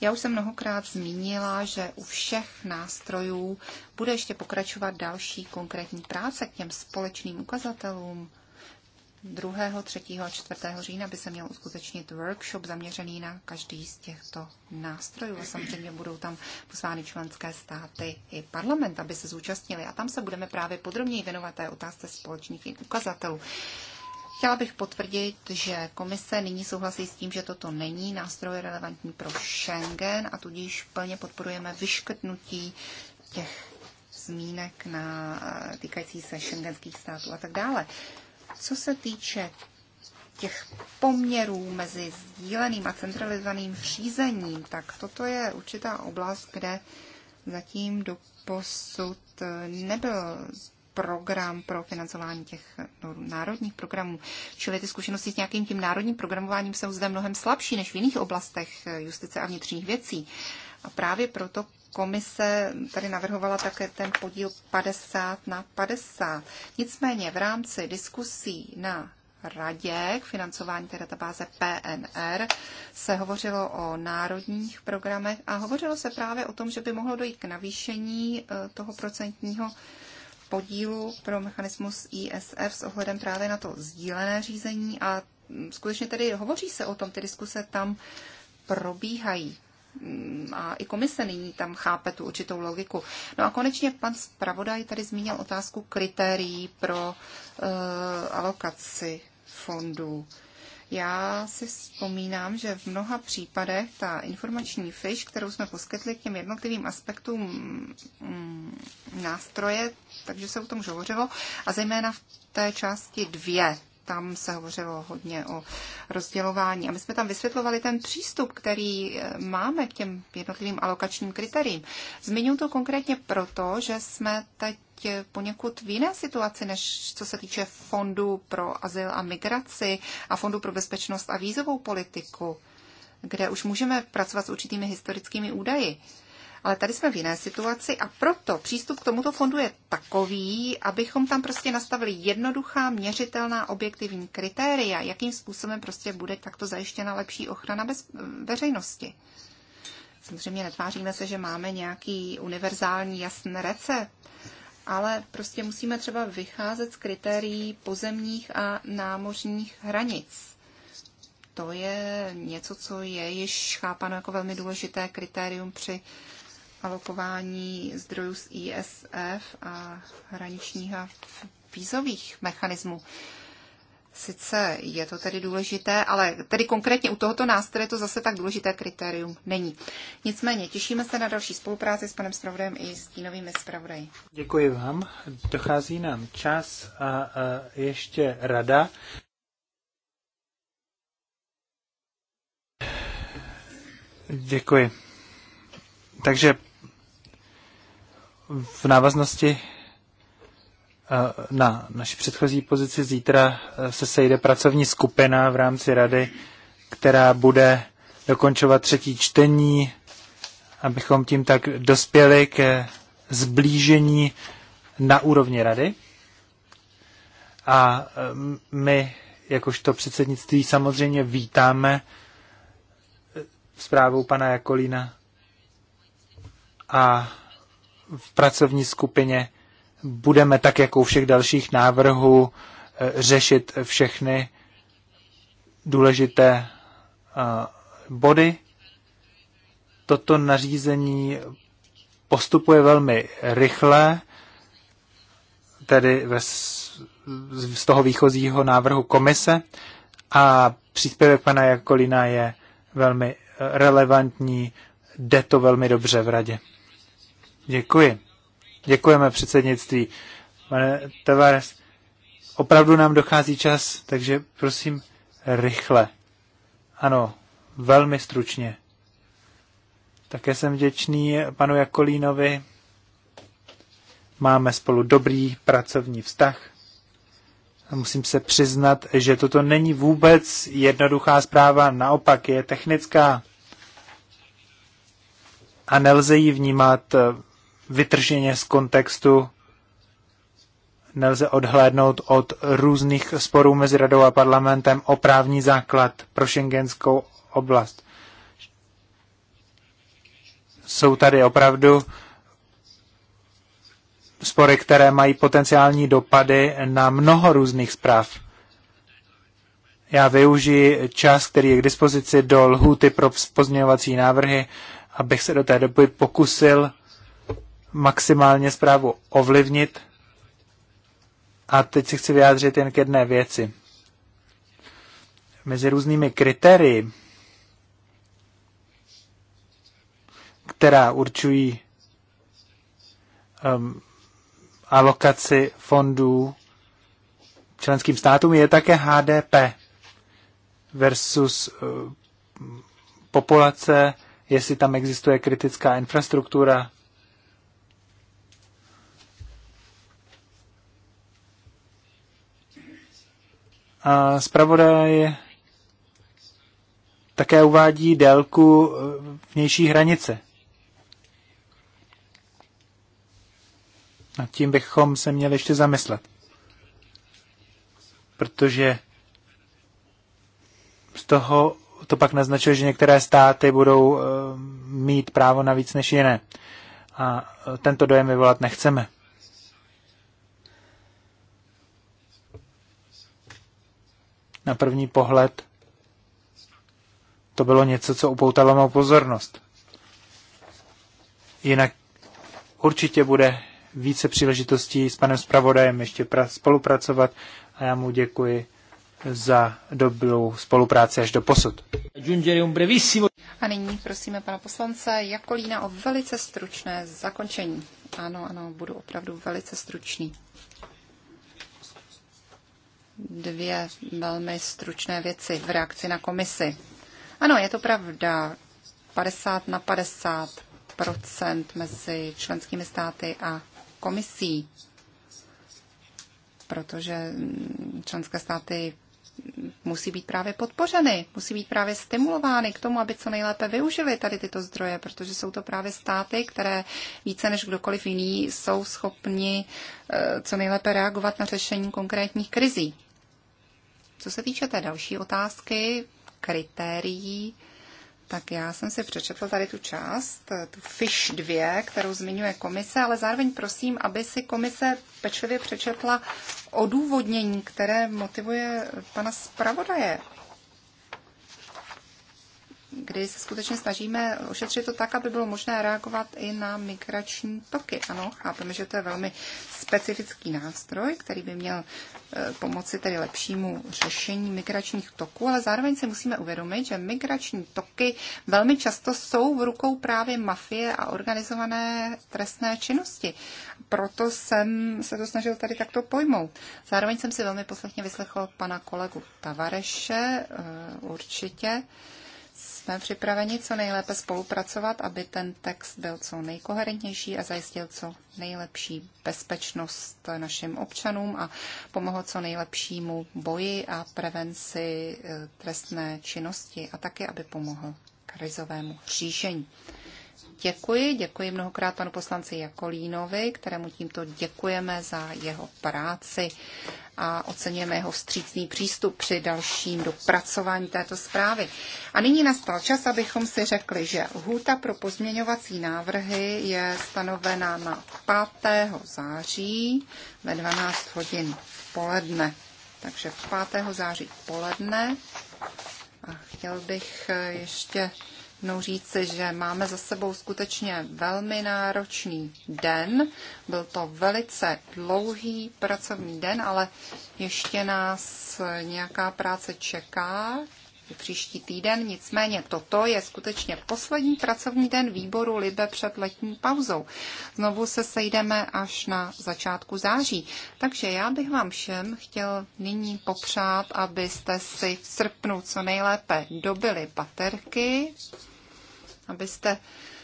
Já už jsem mnohokrát zmínila, že u všech nástrojů bude ještě pokračovat další konkrétní práce k těm společným ukazatelům. 2., 3. a 4. října by se měl uskutečnit workshop zaměřený na každý z těchto nástrojů. A samozřejmě budou tam pozvány členské státy i parlament, aby se zúčastnili. A tam se budeme právě podrobněji věnovat té otázce společných ukazatelů. Chtěla bych potvrdit, že komise nyní souhlasí s tím, že toto není nástroj relevantní pro Schengen a tudíž plně podporujeme vyškrtnutí těch zmínek na eh, týkající se šengenských států a tak dále. Co se týče těch poměrů mezi sdíleným a centralizovaným řízením, tak toto je určitá oblast, kde zatím do posud eh, nebyl program pro financování těch no, národních programů. Čili ty zkušenosti s nějakým tím národním programováním jsou zde mnohem slabší než v jiných oblastech eh, justice a vnitřních věcí. A právě proto komise tady navrhovala také ten podíl 50 na 50. Nicméně v rámci diskusí na radě k financování té databáze PNR se hovořilo o národních programech a hovořilo se právě o tom, že by mohlo dojít k navýšení eh, toho procentního podílu pro mechanismus ISF s ohledem právě na to sdílené řízení a mm, skutečně tedy hovoří se o tom, ty diskuse tam probíhají. Mm, a i komise nyní tam chápe tu určitou logiku. No a konečně pan zpravodaj tady zmínil otázku kritérií pro uh, alokaci fondů. Já si vzpomínám, že v mnoha případech ta informační fiš, kterou jsme poskytli k těm jednotlivým aspektům mm, nástroje, takže se o tom už hovořilo, a zejména v té části dvě tam se hovořilo hodně o rozdělování. A my jsme tam vysvětlovali ten přístup, který eh, máme k těm jednotlivým alokačním kritériím. Zmiňuji to konkrétně proto, že jsme teď eh, poněkud v jiné situaci, než co se týče Fondu pro azyl a migraci a Fondu pro bezpečnost a vízovou politiku, kde už můžeme pracovat s určitými historickými údaji. Ale tady jsme v jiné situaci a proto přístup k tomuto fondu je takový, abychom tam prostě nastavili jednoduchá, měřitelná, objektivní kritéria, jakým způsobem prostě bude takto zajištěna lepší ochrana bez, eh, veřejnosti. Samozřejmě netváříme se, že máme nějaký univerzální jasný recept, ale prostě musíme třeba vycházet z kritérií pozemních a námořních hranic. To je něco, co je již chápáno jako velmi důležité kritérium při alokování zdrojů z ISF a hraničních a vízových mechanismů. Sice je to tedy důležité, ale tedy konkrétně u tohoto nástroje to zase tak důležité kritérium není. Nicméně těšíme se na další spolupráci s panem Spravodem i s tínovými Spravodej. Děkuji vám. Dochází nám čas a, a ještě rada. Děkuji. Takže v návaznosti eh, na naši předchozí pozici zítra eh, se sejde pracovní skupina v rámci rady, která bude dokončovat třetí čtení, abychom tím tak dospěli ke zblížení na úrovni rady. A eh, my, jakožto předsednictví, samozřejmě vítáme zprávou pana Jakolína a v pracovní skupině budeme tak, jako u všech dalších návrhů, e, řešit všechny důležité e, body. Toto nařízení postupuje velmi rychle, tedy ve, z toho výchozího návrhu komise a příspěvek pana Jakolina je velmi e, relevantní, jde to velmi dobře v radě. Děkuji. Děkujeme předsednictví. Pane Tavares, opravdu nám dochází čas, takže prosím rychle. Ano, velmi stručně. Také jsem vděčný panu Jakolínovi. Máme spolu dobrý pracovní vztah. A musím se přiznat, že toto není vůbec jednoduchá zpráva, naopak je technická a nelze ji vnímat vytrženě z kontextu nelze odhlédnout od různých sporů mezi radou a parlamentem o právní základ pro šengenskou oblast. Jsou tady opravdu spory, které mají potenciální dopady na mnoho různých zpráv. Já využiji čas, který je k dispozici do lhůty pro pozměňovací návrhy, abych se do té doby pokusil maximálně zprávu ovlivnit. A teď se chci vyjádřit jen k jedné věci. Mezi různými kritérii, která určují um, alokaci fondů členským státům, je také HDP versus uh, populace, jestli tam existuje kritická infrastruktura A zpravodaj také uvádí délku eh, vnější hranice. Nad tím bychom se měli ještě zamyslet. Protože z toho to pak naznačuje, že některé státy budou eh, mít právo na víc než jiné. A eh, tento dojem vyvolat nechceme. na první pohled to bylo něco, co upoutalo mou pozornost. Jinak určitě bude více příležitostí s panem zpravodajem ještě spolupracovat a já mu děkuji za dobrou spolupráci až do posud. A nyní prosíme pana poslance Jakolína o velice stručné zakončení. Ano, ano, budu opravdu velice stručný dvě velmi stručné věci v reakci na komisi. Ano, je to pravda. 50 na 50 procent mezi členskými státy a komisí, protože mm, členské státy musí být právě podpořeny, musí být právě stimulovány k tomu, aby co nejlépe využili tady tyto zdroje, protože jsou to právě státy, které více než kdokoliv jiný jsou schopni eh, co nejlépe reagovat na řešení konkrétních krizí. Co se týče té další otázky, kritérií, tak já jsem si přečetla tady tu část, tu FISH 2, kterou zmiňuje komise, ale zároveň prosím, aby si komise pečlivě přečetla odůvodnění, které motivuje pana zpravodaje kdy se skutečně snažíme ošetřit to tak, aby bylo možné reagovat i na migrační toky. Ano, chápeme, že to je velmi specifický nástroj, který by měl e, pomoci tedy lepšímu řešení migračních toků, ale zároveň si musíme uvědomit, že migrační toky velmi často jsou v rukou právě mafie a organizované trestné činnosti. Proto jsem se to snažil tady takto pojmout. Zároveň jsem si velmi poslechně vyslechl pana kolegu Tavareše, e, určitě jsme připraveni co nejlépe spolupracovat, aby ten text byl co nejkoherentnější a zajistil co nejlepší bezpečnost našim občanům a pomohl co nejlepšímu boji a prevenci eh, trestné činnosti a také, aby pomohl krizovému řízení. Děkuji, děkuji mnohokrát panu poslanci Jakolínovi, kterému tímto děkujeme za jeho práci a oceněme jeho vstřícný přístup při dalším dopracování této zprávy. A nyní nastal čas, abychom si řekli, že lhůta pro pozměňovací návrhy je stanovena na 5. září ve 12 hodin v poledne. Takže 5. září v poledne. A chtěl bych ještě nutnou říci, že máme za sebou skutečně velmi náročný den. Byl to velice dlouhý pracovní den, ale ještě nás nějaká práce čeká i příští týden. Nicméně toto je skutečně poslední pracovní den výboru Libe před letní pauzou. Znovu se sejdeme až na začátku září. Takže já bych vám všem chtěl nyní popřát, abyste si v srpnu co nejlépe dobili baterky, abyste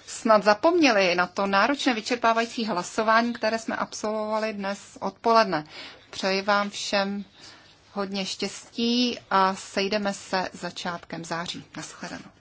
snad zapomněli na to náročné vyčerpávající hlasování, které jsme absolvovali dnes odpoledne. Přeji vám všem hodně štěstí a sejdeme se začátkem září. Naschledanou.